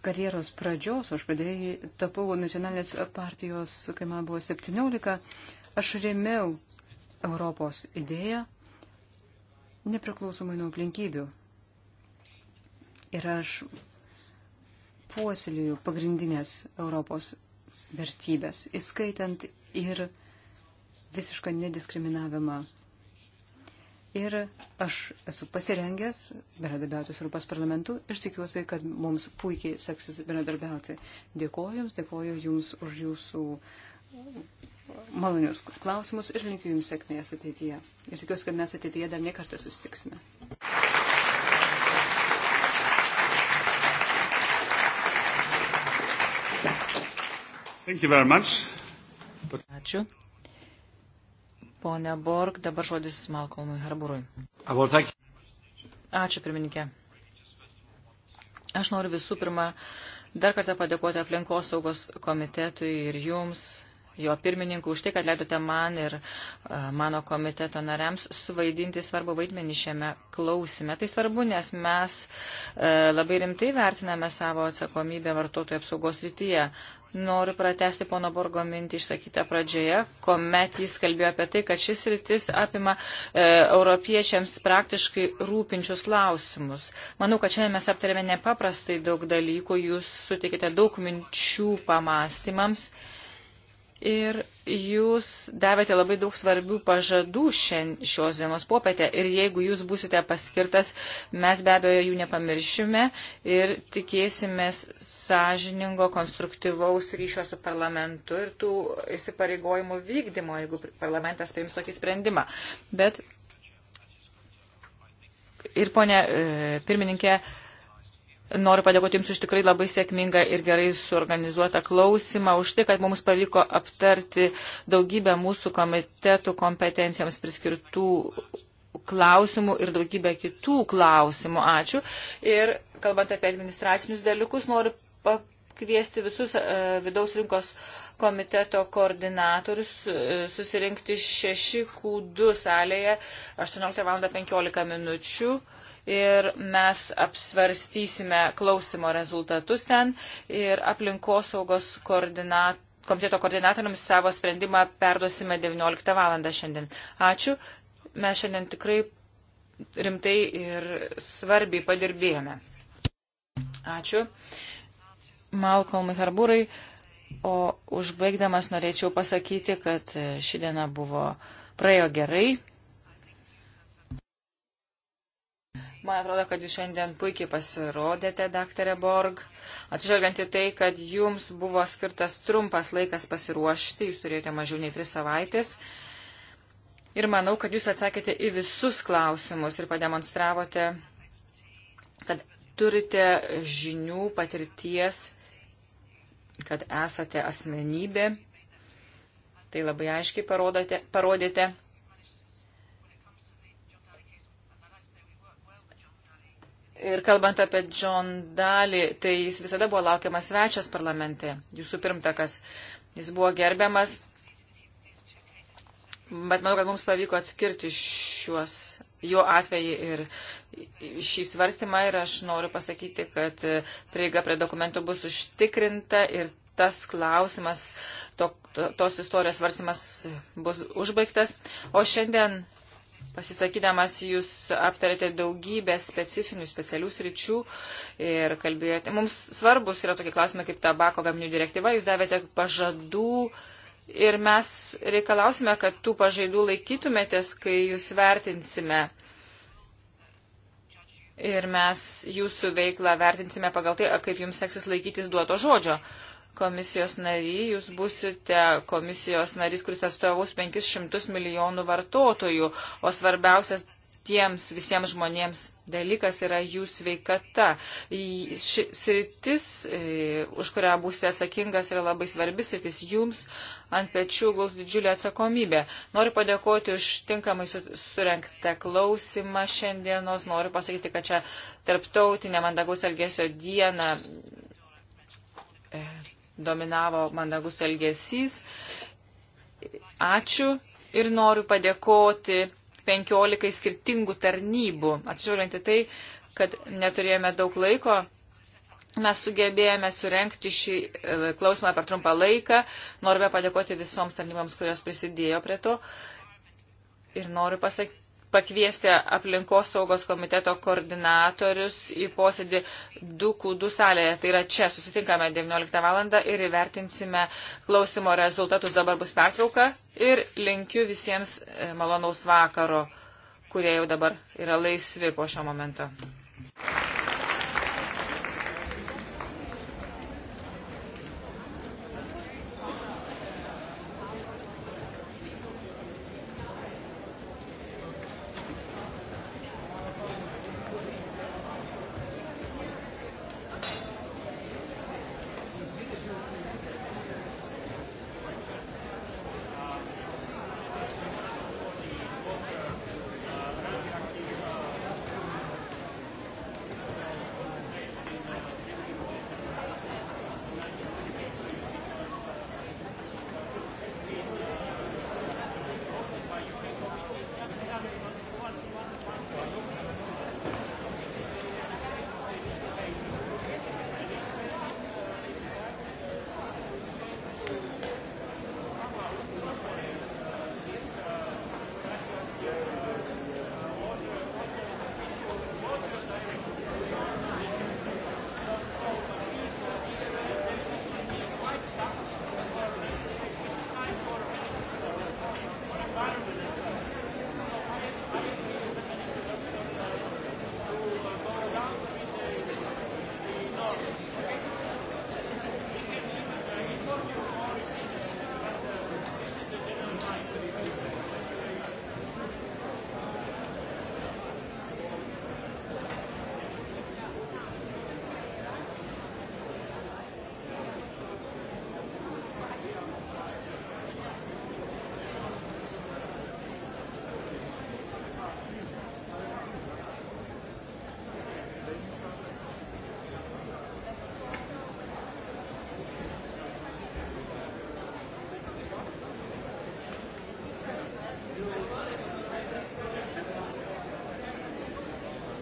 karjeros pradžios, aš pradėjai tapau nacionalinės partijos, kai man buvo 17, aš rėmiau Europos idėją nepriklausomai nuo aplinkybių. Ir aš puoselėjau pagrindinės Europos vertybės, įskaitant ir visišką nediskriminavimą. Ir aš esu pasirengęs bendradarbiauti su Europos parlamentu ir tikiuosi, kad mums puikiai seksis bendradarbiauti. Dėkoju Jums, dėkoju Jums už Jūsų malonius klausimus ir linkiu Jums sėkmės ateityje. Ir tikiuosi, kad mes ateityje dar nekartą susitiksime. Ačiū. Pone Borg, dabar žodis Malkolmui Harburui. Uh, Ačiū, pirmininkė. Aš noriu visų pirma dar kartą padėkoti aplinkosaugos komitetui ir jums, jo pirmininku už tai, kad leidote man ir e, mano komiteto nariams suvaidinti svarbu vaidmenį šiame klausime. Tai svarbu, nes mes e, labai rimtai vertiname savo atsakomybę vartotojų apsaugos rytyje. Noriu pratesti pono Borgo mintį išsakytą pradžioje, kuomet jis kalbėjo apie tai, kad šis rytis apima e, europiečiams praktiškai rūpinčius klausimus. Manau, kad šiandien mes aptarėme nepaprastai daug dalykų, jūs sutikite daug minčių pamastymams. E, Ir jūs davėte labai daug svarbių pažadų šien, šios dienos popietę. Ir jeigu jūs būsite paskirtas, mes be abejo jų nepamiršime ir tikėsimės sąžiningo, konstruktyvaus ryšio su parlamentu ir tų įsipareigojimų vykdymo, jeigu parlamentas priims tokį sprendimą. Bet ir ponė e, pirmininkė, Noriu padėkoti Jums už tikrai labai sėkmingą ir gerai suorganizuotą klausimą, už tai, kad mums pavyko aptarti daugybę mūsų komitetų kompetencijoms priskirtų klausimų ir daugybę kitų klausimų. Ačiū. Ir kalbant apie administracinius dalykus, noriu pakviesti visus e, vidaus rinkos komiteto koordinatorius e, susirinkti 6Q2 salėje 18 val. 15 minučių ir mes apsvarstysime klausimo rezultatus ten ir aplinkosaugos koordinat, komiteto koordinatoriams savo sprendimą perduosime 19 val. šiandien. Ačiū. Mes šiandien tikrai rimtai ir svarbiai padirbėjome. Ačiū. Malkolmai Harbūrai. O užbaigdamas norėčiau pasakyti, kad ši diena buvo praėjo gerai, Man atrodo, kad jūs šiandien puikiai pasirodėte, daktarė Borg. Atsižvelgiant į tai, kad jums buvo skirtas trumpas laikas pasiruošti, jūs turėjote mažiau nei tris savaitės. Ir manau, kad jūs atsakėte į visus klausimus ir pademonstravote, kad turite žinių, patirties, kad esate asmenybė. Tai labai aiškiai parodate, parodėte. Ir kalbant apie John Daly, tai jis visada buvo laukiamas svečias parlamente, jūsų pirmtakas. Jis buvo gerbiamas, bet manau, kad mums pavyko atskirti šiuos jo atvejį ir šį svarstymą ir aš noriu pasakyti, kad prieiga prie dokumentų bus užtikrinta ir tas klausimas, to, to, tos istorijos svarstymas bus užbaigtas. O šiandien pasisakydamas jūs aptarėte daugybę specifinių, specialių sričių ir kalbėjote. Mums svarbus yra tokie klausimai kaip tabako gaminių direktyva, jūs davėte pažadų ir mes reikalausime, kad tų pažaidų laikytumėtės, kai jūs vertinsime. Ir mes jūsų veiklą vertinsime pagal tai, kaip jums seksis laikytis duoto žodžio. Uh, komisijos nary, jūs busite komisijos narys, kuris atstovaus 500 milijonų vartotojų, o svarbiausias tiems visiems žmonėms dalykas yra jų sveikata. Ši sritis, e, už kurią būsite atsakingas, yra labai svarbi sritis. Jums ant pečių guls didžiulė atsakomybė. Noriu padėkoti už tinkamai surenktą klausimą šiandienos. Noriu pasakyti, kad čia tarptautinė mandagaus elgesio diena e, dominavo mandagus elgesys. Ačiū ir noriu padėkoti 15 skirtingų tarnybų. Atsižiūrint į tai, kad neturėjome daug laiko, mes sugebėjome surenkti šį e, klausimą per trumpą laiką. Norime padėkoti visoms tarnyboms, kurios prisidėjo prie to. Ir noriu pasakyti pakviesti aplinkos saugos komiteto koordinatorius į posėdį Dukūdų salėje. Tai yra čia, susitinkame 19 val. ir įvertinsime klausimo rezultatus. Dabar bus pertrauka ir linkiu visiems e, malonaus vakaro, kurie jau dabar yra laisvi po šio momento.